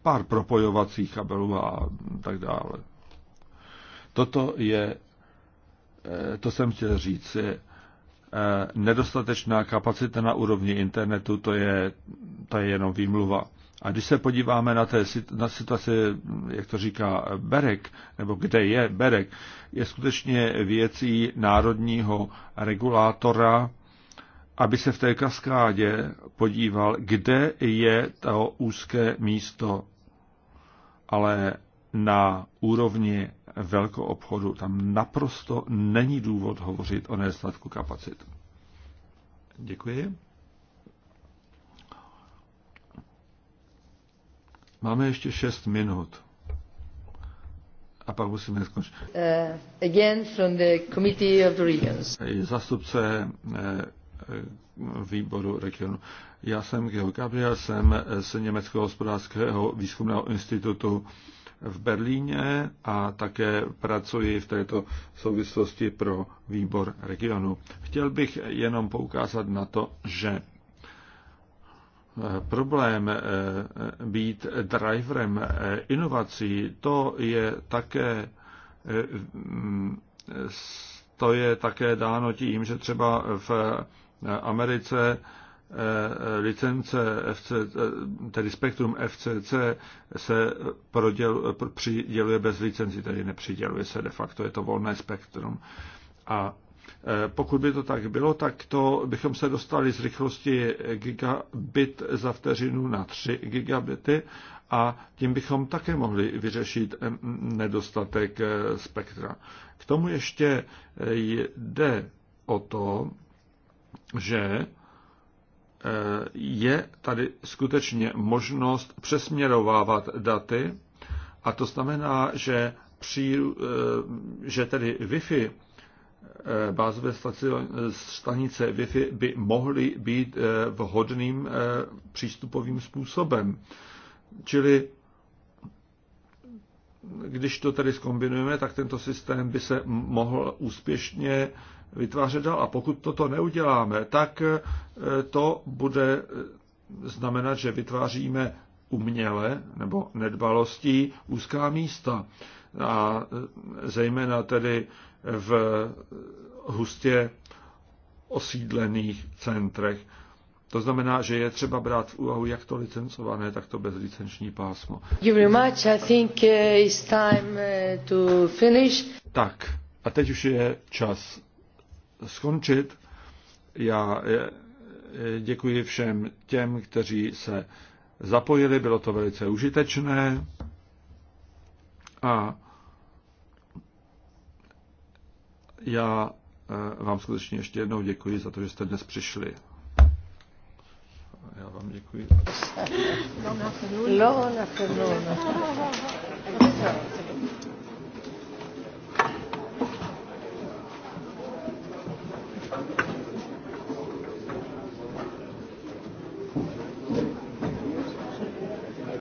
Pár propojovacích kabelů a tak dále. Toto je, to jsem chtěl říct, Eh, nedostatečná kapacita na úrovni internetu, to je, to je jenom výmluva. A když se podíváme na, té, na situaci, jak to říká Berek, nebo kde je Berek, je skutečně věcí národního regulátora, aby se v té kaskádě podíval, kde je to úzké místo. Ale na úrovni velkou obchodu. Tam naprosto není důvod hovořit o nedostatku kapacit. Děkuji. Máme ještě 6 minut. A pak musíme skončit. Uh, again from the Committee of the Regions. Zastupce uh, výboru regionu. Já jsem Georg Gabriel, jsem z Německého hospodářského výzkumného institutu uh, v Berlíně a také pracuji v této souvislosti pro výbor regionu. Chtěl bych jenom poukázat na to, že eh, problém eh, být driverem eh, inovací, to je také to je také dáno tím, že třeba v Americe Eh, licence FC, eh, tedy spektrum FCC se proděl, přiděluje bez licenci, tedy nepřiděluje se de facto, je to volné spektrum. A eh, pokud by to tak bylo, tak to bychom se dostali z rychlosti gigabit za vteřinu na 3 gigabity a tím bychom také mohli vyřešit nedostatek spektra. K tomu ještě jde o to, že Eh, je tady skutečně možnost přesměrovávat daty a to znamená, že, při, eh, že tedy Wi-Fi eh, bázové stanice Wi-Fi by mohly být vhodným přístupovým způsobem. Čili když to tedy zkombinujeme, tak tento systém by se mohl úspěšně vytvářet dál. A pokud toto neuděláme, tak e, to bude e, znamenat, že vytváříme uměle nebo nedbalostí úzká místa. A e, zejména tedy v hustě osídlených centrech. To znamená, že je třeba brát v úvahu jak to licencované, tak to bezlicenční pásmo. Tak, a teď už je čas skončit. Já eh, eh, děkuji všem těm, kteří se zapojili, bylo to velice užitečné a já eh, vám skutečně ještě jednou děkuji za to, že jste dnes přišli. Já vám děkuji. Long afternoon. Long afternoon.